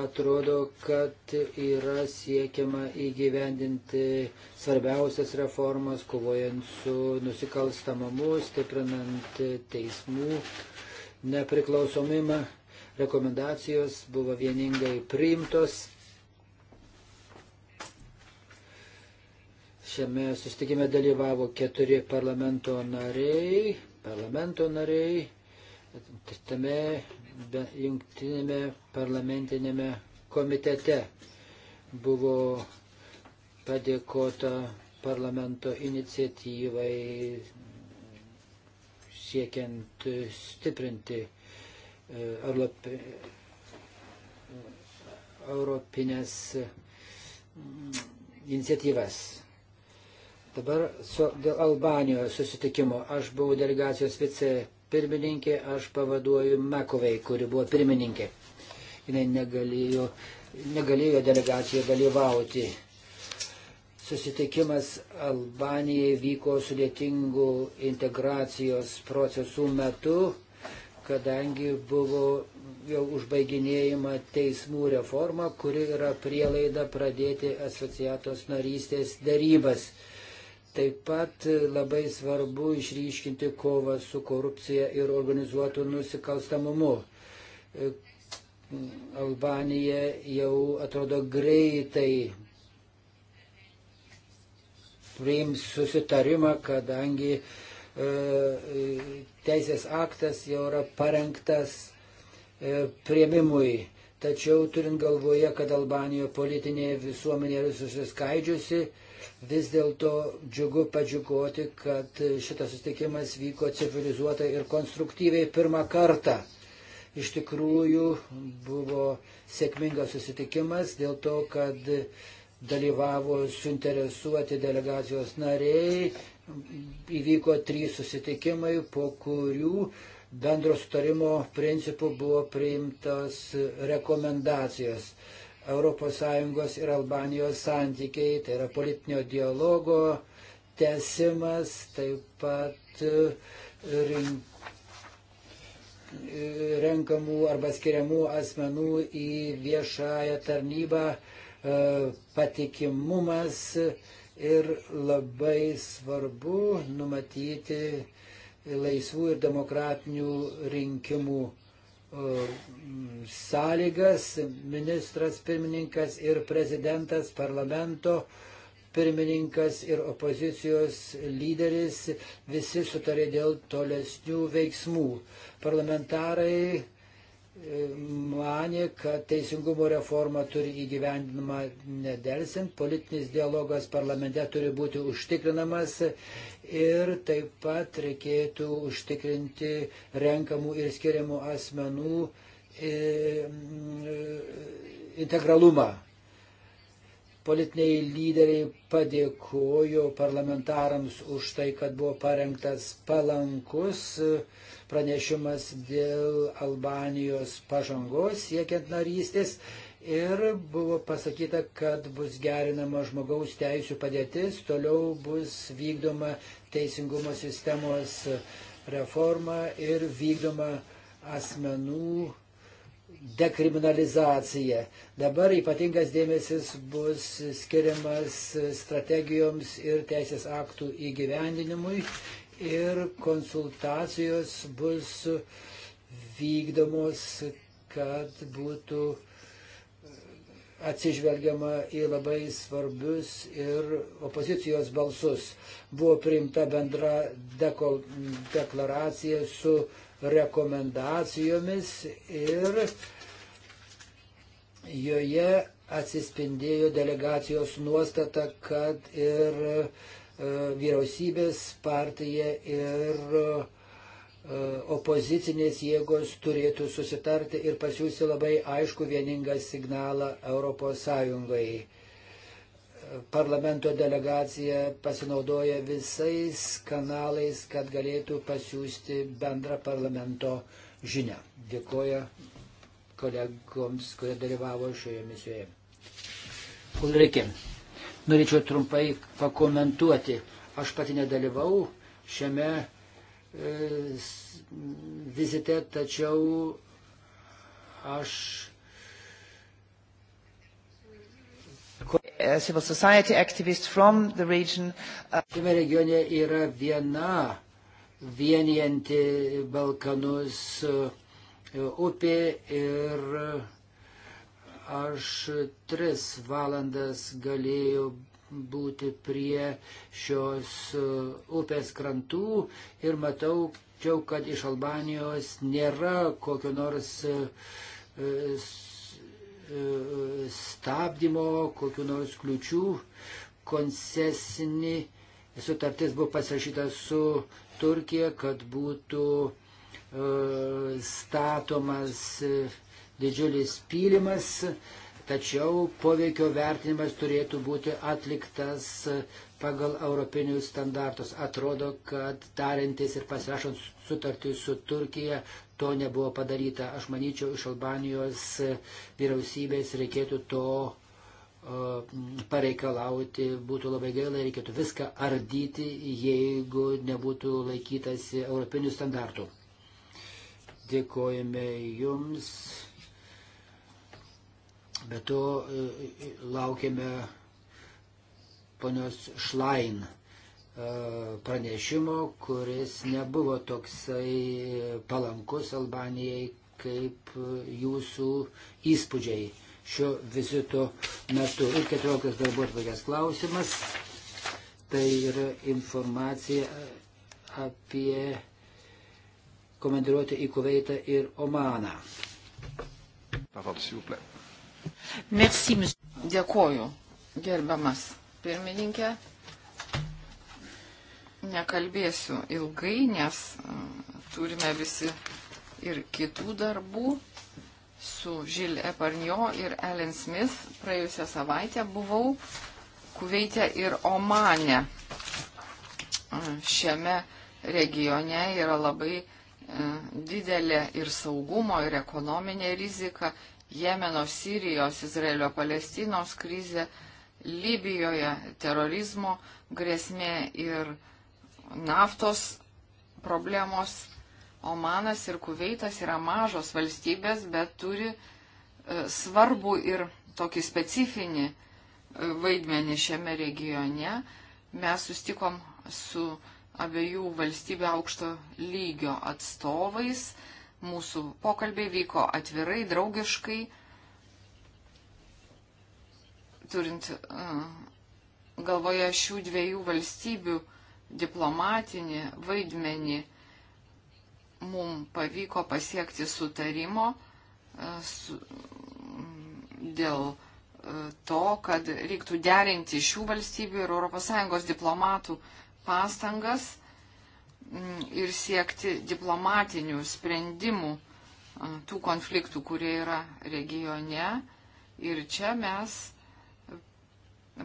Atrodo, kad yra siekiama įgyvendinti svarbiausias reformas, kovojant su nusikalstamamu, stiprinant teismų nepriklausomimą. Rekomendacijos buvo vieningai priimtos Šiame sustikime dalyvavo keturi parlamento nariai, parlamento nariai, tame jungtinėme parlamentinėme komitete buvo padėkota parlamento iniciatyvai siekiant stiprinti e, europinės mm, iniciatyvas. Dabar su, dėl Albanijos susitikimo aš buvau delegacijos vicepirmininkė, aš pavaduoju Makovei, kuri buvo pirmininkė. Jis negalėjo, negalėjo delegacijoje dalyvauti. Susitikimas Albanijai vyko sudėtingų integracijos procesų metu, kadangi buvo jau užbaiginėjama teismų reforma, kuri yra prielaida pradėti asociatos narystės darybas Taip pat labai svarbu išryškinti kovą su korupcija ir organizuotu nusikalstamumu. Albanija jau atrodo greitai priims susitarimą, kadangi e, teisės aktas jau yra parengtas e, prieimimui. Tačiau turint galvoje, kad Albanijoje politinė visuomenė yra susiskaidžiusi, e, Vis dėlto džiugu padžiugoti, kad šitas susitikimas vyko civilizuotai ir konstruktyviai pirmą kartą. Iš tikrųjų buvo sėkmingas susitikimas dėl to, kad dalyvavo suinteresuoti delegacijos nariai, įvyko trys susitikimai, po kurių bendro sutarimo principų buvo priimtas rekomendacijos. ES ir Albanijos santykiai, tai yra politinio dialogo tesimas, taip pat e, rink, renkamų arba skiriamų asmenų į viešąją tarnybą e, patikimumas ir labai svarbu numatyti laisvų ir demokratinių rinkimų Mm, sąlygas ministras pirmininkas ir prezidentas parlamento pirmininkas ir opozicijos lyderis visi sutarė dėl tolesnių veiksmų. Parlamentarai manė, kad teisingumo reforma turi įgyvendinama nedelsint, politinis dialogas parlamente turi būti užtikrinamas ir taip pat reikėtų užtikrinti renkamų ir skiriamų asmenų e, integralumą politiniai lyderiai padėkojo parlamentarams už tai, kad buvo parengtas palankus pranešimas dėl Albanijos pažangos siekiant narystės ir buvo pasakyta, kad bus gerinama žmogaus teisų padėtis, toliau bus vykdoma teisingumo sistemos reforma ir vykdoma asmenų dekriminalizacija. Dabar ypatingas dėmesys bus skiriamas strategijoms ir teisės aktų įgyvendinimui ir konsultacijos bus vykdomos, kad būtų atsižvelgiama į labai svarbius ir opozicijos balsus. Buvo priimta bendra deklaracija su rekomendacijomis ir joje atsispindėjo delegacijos nuostata, kad ir e, vyriausybės partija ir e, opozicinės jėgos turėtų susitarti ir pasiūsti labai aišku vieningą signalą Europos Sąjungai parlamento delegacija pasinaudoja visais kanalais, kad galėtų pasiūsti bendrą parlamento žinę. Dėkoja kolegoms, kurie dalyvavo šioje misijoje. Ulrike, norėčiau trumpai pakomentuoti. Aš pati nedalyvau šiame e, vizite, tačiau aš Uh, civil society activists from the region. Uh, Šiame regione yra viena vienijanti Balkanus uh, upė ir aš tris valandas galėjau būti prie šios upės krantų ir matau, kad iš Albanijos nėra kokio nors stabdymo, kokiu nors kliučių. Koncesinį sutartis buvo pasirašyta su Turkija, kad būtų e, statomas e, didžiulis pylimas, tačiau poveikio vertinimas turėtų būti atliktas pagal europinius standartus. Atrodo, kad tarintis ir pasirašant sutartį su Turkija to nebuvo padaryta. Aš manyčiau, iš Albanijos vyriausybės reikėtų to e, pareikalauti, būtų labai gaila, reikėtų viską ardyti, jeigu nebūtų laikytasi europinių standartų. Dėkojame Jums. Be to e, e, laukiame ponios Šlain E, pranešimo, kuris nebuvo toksai palankus Albanijai, kaip jūsų įspūdžiai šio vizito metu. Ir 14 darbo atvarkės klausimas. Tai yra informacija apie komandiruotę į Kuveitą ir Omaną. Merci, Dėkoju, gerbiamas pirmininkė nekalbėsiu ilgai, nes e, turime visi ir kitų darbų. Su Žil Eparnio ir Ellen Smith praėjusią savaitę buvau Kuveitė ir Omane. E, šiame regione yra labai e, didelė ir saugumo, ir ekonominė rizika. Jemeno, Sirijos, Izraelio, Palestinos krizė, Libijoje terorizmo grėsmė ir uh, naftos problemos. Omanas ir Kuveitas yra mažos valstybės, bet turi e, svarbu ir tokį specifinį e, vaidmenį šiame regione. Mes sustikom su abiejų valstybių aukšto lygio atstovais. Mūsų pokalbiai vyko atvirai, draugiškai, turint e, galvoje šių dviejų valstybių uh, diplomatinį vaidmenį mums pavyko pasiekti sutarimo e, su, mm, dėl e, to, kad reiktų derinti šių valstybių ir ES diplomatų pastangas mm, ir siekti diplomatinių sprendimų e, tų konfliktų, kurie yra regione. Ir čia mes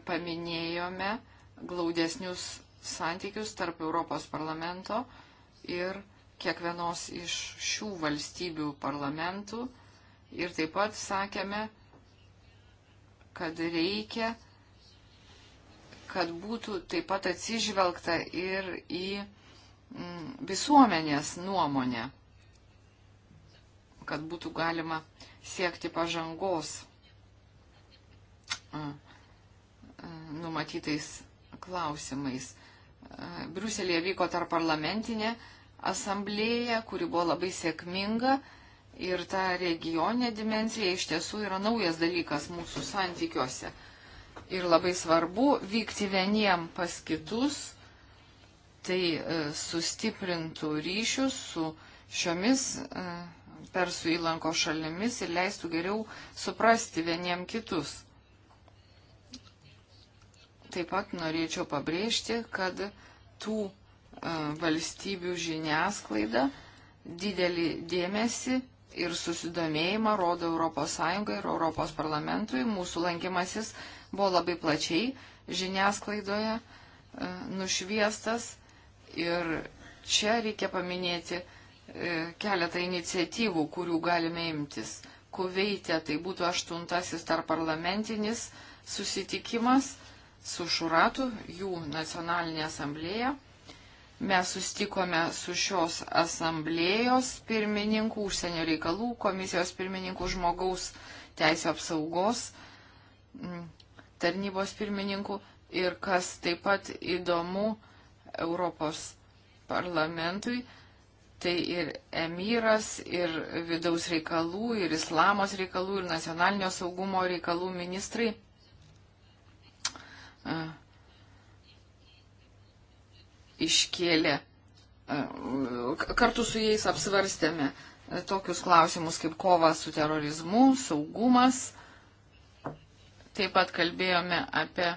paminėjome glaudesnius santykius tarp Europos parlamento ir kiekvienos iš šių valstybių parlamentų. Ir taip pat sakėme, kad reikia, kad būtų taip pat atsižvelgta ir į mm, visuomenės nuomonę, kad būtų galima siekti pažangos numatytais klausimais. Briuselėje vyko tarp parlamentinė asamblėja, kuri buvo labai sėkminga ir ta regioninė dimensija iš tiesų yra naujas dalykas mūsų santykiuose. Ir labai svarbu vykti vieniem pas kitus, tai e, sustiprintų ryšius su šiomis e, persų įlanko šalimis ir leistų geriau suprasti vieniem kitus. Taip pat norėčiau pabrėžti, kad tų e, valstybių žiniasklaida didelį dėmesį ir susidomėjimą rodo ES ir ES parlamentui. Mūsų lankymasis buvo labai plačiai žiniasklaidoje e, nušviestas ir čia reikia paminėti e, keletą iniciatyvų, kurių galime imtis. Kuveitė tai būtų aštuntasis tarp parlamentinis susitikimas su Šuratu, jų nacionalinė asamblėja. Mes sustikome su šios asamblėjos pirmininku, užsienio reikalų komisijos pirmininku, žmogaus teisų apsaugos mm, tarnybos pirmininku ir kas taip pat įdomu Europos parlamentui, tai ir emyras, ir vidaus reikalų, ir islamos reikalų, ir nacionalinio saugumo reikalų ministrai iškėlė, kartu su jais apsvarstėme tokius klausimus kaip kova su terorizmu, saugumas. Taip pat kalbėjome apie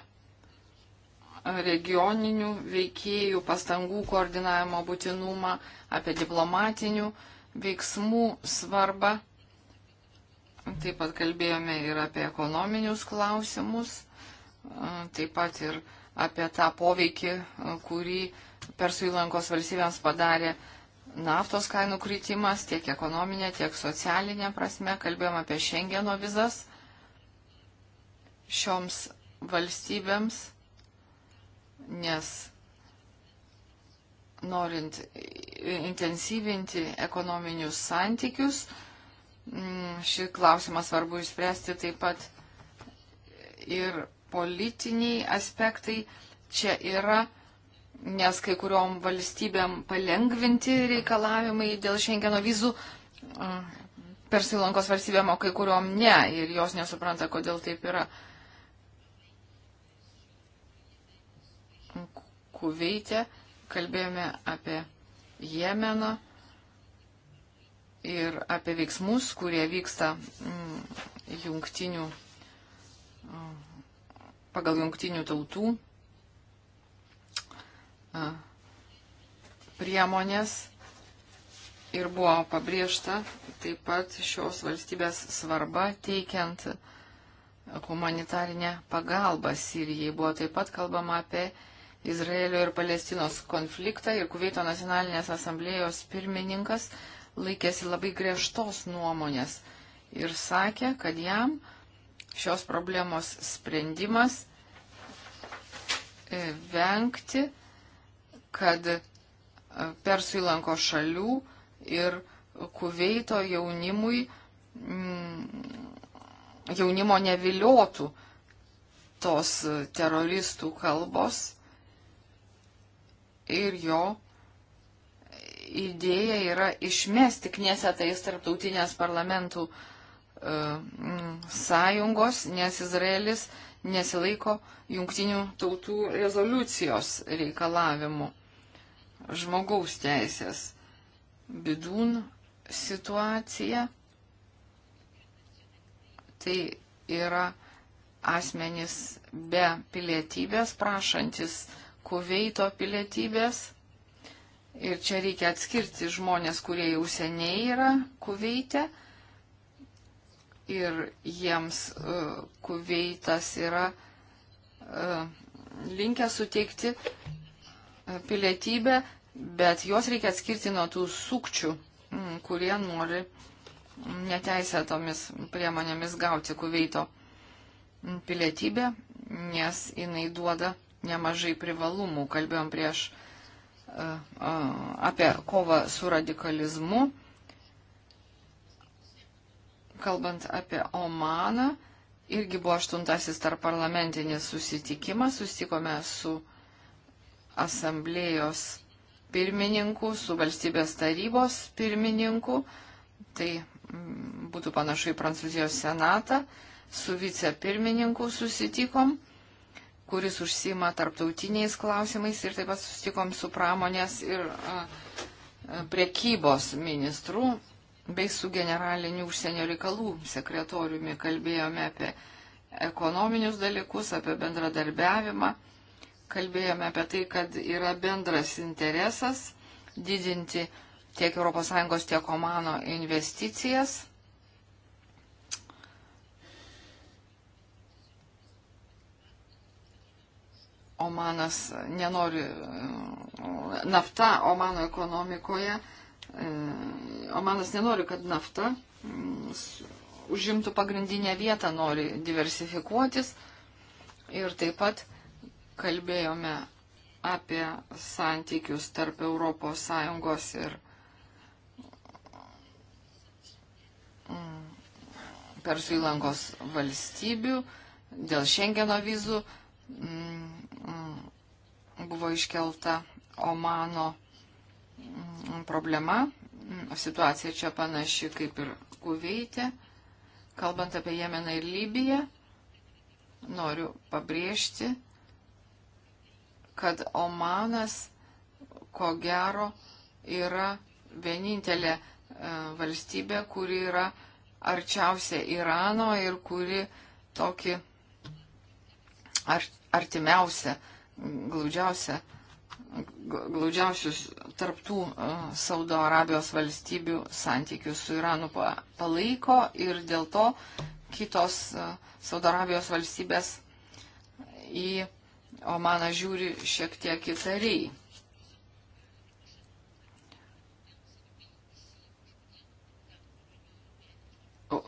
regioninių veikėjų pastangų koordinavimo būtinumą, apie diplomatinių veiksmų svarbą. Taip pat kalbėjome ir apie ekonominius klausimus taip pat ir apie tą poveikį, kurį Persų įlankos valstybėms padarė naftos kainų kritimas tiek ekonominė, tiek socialinė prasme. Kalbėjom apie Šengeno vizas šioms valstybėms, nes norint intensyvinti ekonominius santykius, šį klausimą svarbu išspręsti taip pat ir politiniai aspektai čia yra, nes kai kuriuom valstybėm palengvinti reikalavimai dėl šengeno vizų persilankos valstybėm, o kai kuriuom ne ir jos nesupranta, kodėl taip yra. Kuveitė, kalbėjome apie Jemeną ir apie veiksmus, kurie vyksta mm, jungtinių pagal jungtinių tautų priemonės ir buvo pabrėžta taip pat šios valstybės svarba teikiant humanitarinę pagalbą Sirijai. Buvo taip pat kalbama apie Izraelio ir Palestinos konfliktą ir Kuveito nacionalinės asamblėjos pirmininkas laikėsi labai griežtos nuomonės ir sakė, kad jam šios problemos sprendimas vengti, kad e, Persų įlanko šalių ir Kuveito jaunimui, mm, jaunimo neviliotų tos e, teroristų kalbos ir jo idėja yra išmesti knesetais tarptautinės parlamentų e, mm, sąjungos, nes Izraelis e, nesilaiko jungtinių tautų rezoliucijos reikalavimų. Žmogaus teisės. Bidūn situacija. Tai yra asmenys be pilietybės, prašantis kuveito pilietybės. Ir čia reikia atskirti žmonės, kurie jau seniai yra kuveitę ir jiems uh, kuveitas yra uh, linkę suteikti e, pilietybę, bet juos reikia atskirti nuo tų sukčių, m, kurie nori neteisėtomis priemonėmis gauti kuveito pilietybę, nes jinai duoda nemažai privalumų. Kalbėjom prieš uh, apie kovą su radikalizmu kalbant apie Omaną, irgi buvo aštuntasis tarp parlamentinis susitikimas, susitikome su asamblėjos pirmininku, su valstybės tarybos pirmininku, tai mm, būtų panašu į Prancūzijos senatą, su vicepirmininku susitikom, kuris užsima tarptautiniais klausimais ir taip pat susitikom su pramonės ir a, priekybos ministru, bei su generaliniu užsienio reikalų sekretoriumi kalbėjome apie ekonominius dalykus, apie bendradarbiavimą, kalbėjome apie tai, kad yra bendras interesas didinti tiek ES, tiek Omano investicijas. Omanas nenori, nafta Omano ekonomikoje E, Omanas nenori, kad nafta mm, užimtų pagrindinę vietą, nori diversifikuotis. Ir taip pat kalbėjome apie santykius tarp ES ir mm, Persų įlangos valstybių dėl Šengeno vizų mm, buvo iškelta Omano Mm, problema, mm, situacija čia panaši kaip ir Kuveitė. Kalbant apie Jemeną ir Libiją, noriu pabrėžti, kad Omanas, ko gero, yra vienintelė e, valstybė, kuri yra arčiausia Irano ir kuri tokį artimiausią, glaudžiausią, glaudžiausius tarptų e, Saudo Arabijos valstybių santykių su Iranu palaiko ir dėl to kitos e, Saudo Arabijos valstybės į Omaną žiūri šiek tiek įtariai. O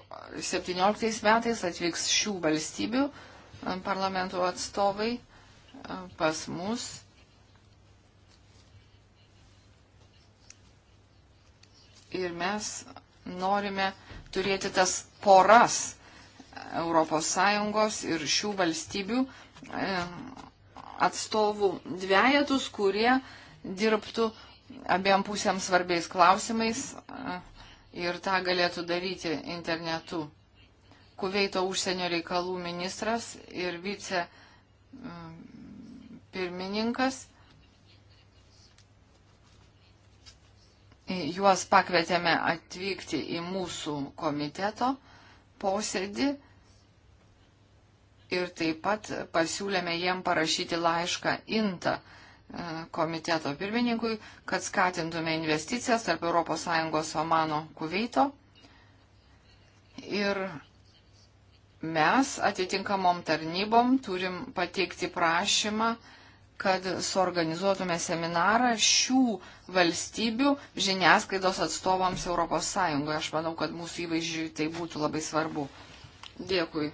17 metais atvyks šių valstybių e, parlamentų atstovai pas mus ir mes norime turėti tas poras ES ir šių valstybių e, atstovų dviejatus, kurie dirbtų abiem pusėms svarbiais klausimais e, ir tą galėtų daryti internetu. Kuveito užsienio reikalų ministras ir vice pirmininkas Juos pakvietėme atvykti į mūsų komiteto posėdį ir taip pat pasiūlėme jiem parašyti laišką INTA e, komiteto pirmininkui, kad skatintume investicijas tarp ES Omano Kuveito. Ir mes atitinkamom tarnybom turim pateikti prašymą, kad suorganizuotume seminarą šių valstybių žiniasklaidos atstovams ES. Aš manau, kad mūsų įvaizdžiui tai būtų labai svarbu. Dėkui.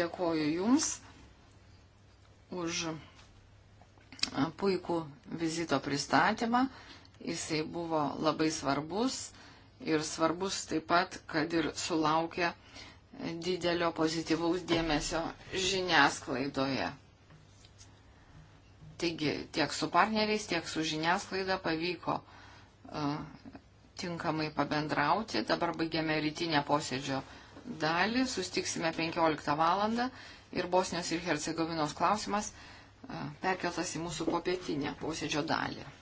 Dėkoju Jums už puikų vizito pristatymą. Jisai buvo labai svarbus ir svarbus taip pat, kad ir sulaukė didelio pozityvaus dėmesio žiniasklaidoje. Taigi tiek su partneriais, tiek su žiniasklaida pavyko uh, tinkamai pabendrauti. Dabar baigiame rytinę posėdžio dalį, sustiksime 15 valandą ir Bosnijos ir Hercegovinos klausimas uh, perkeltas į mūsų popietinę posėdžio dalį.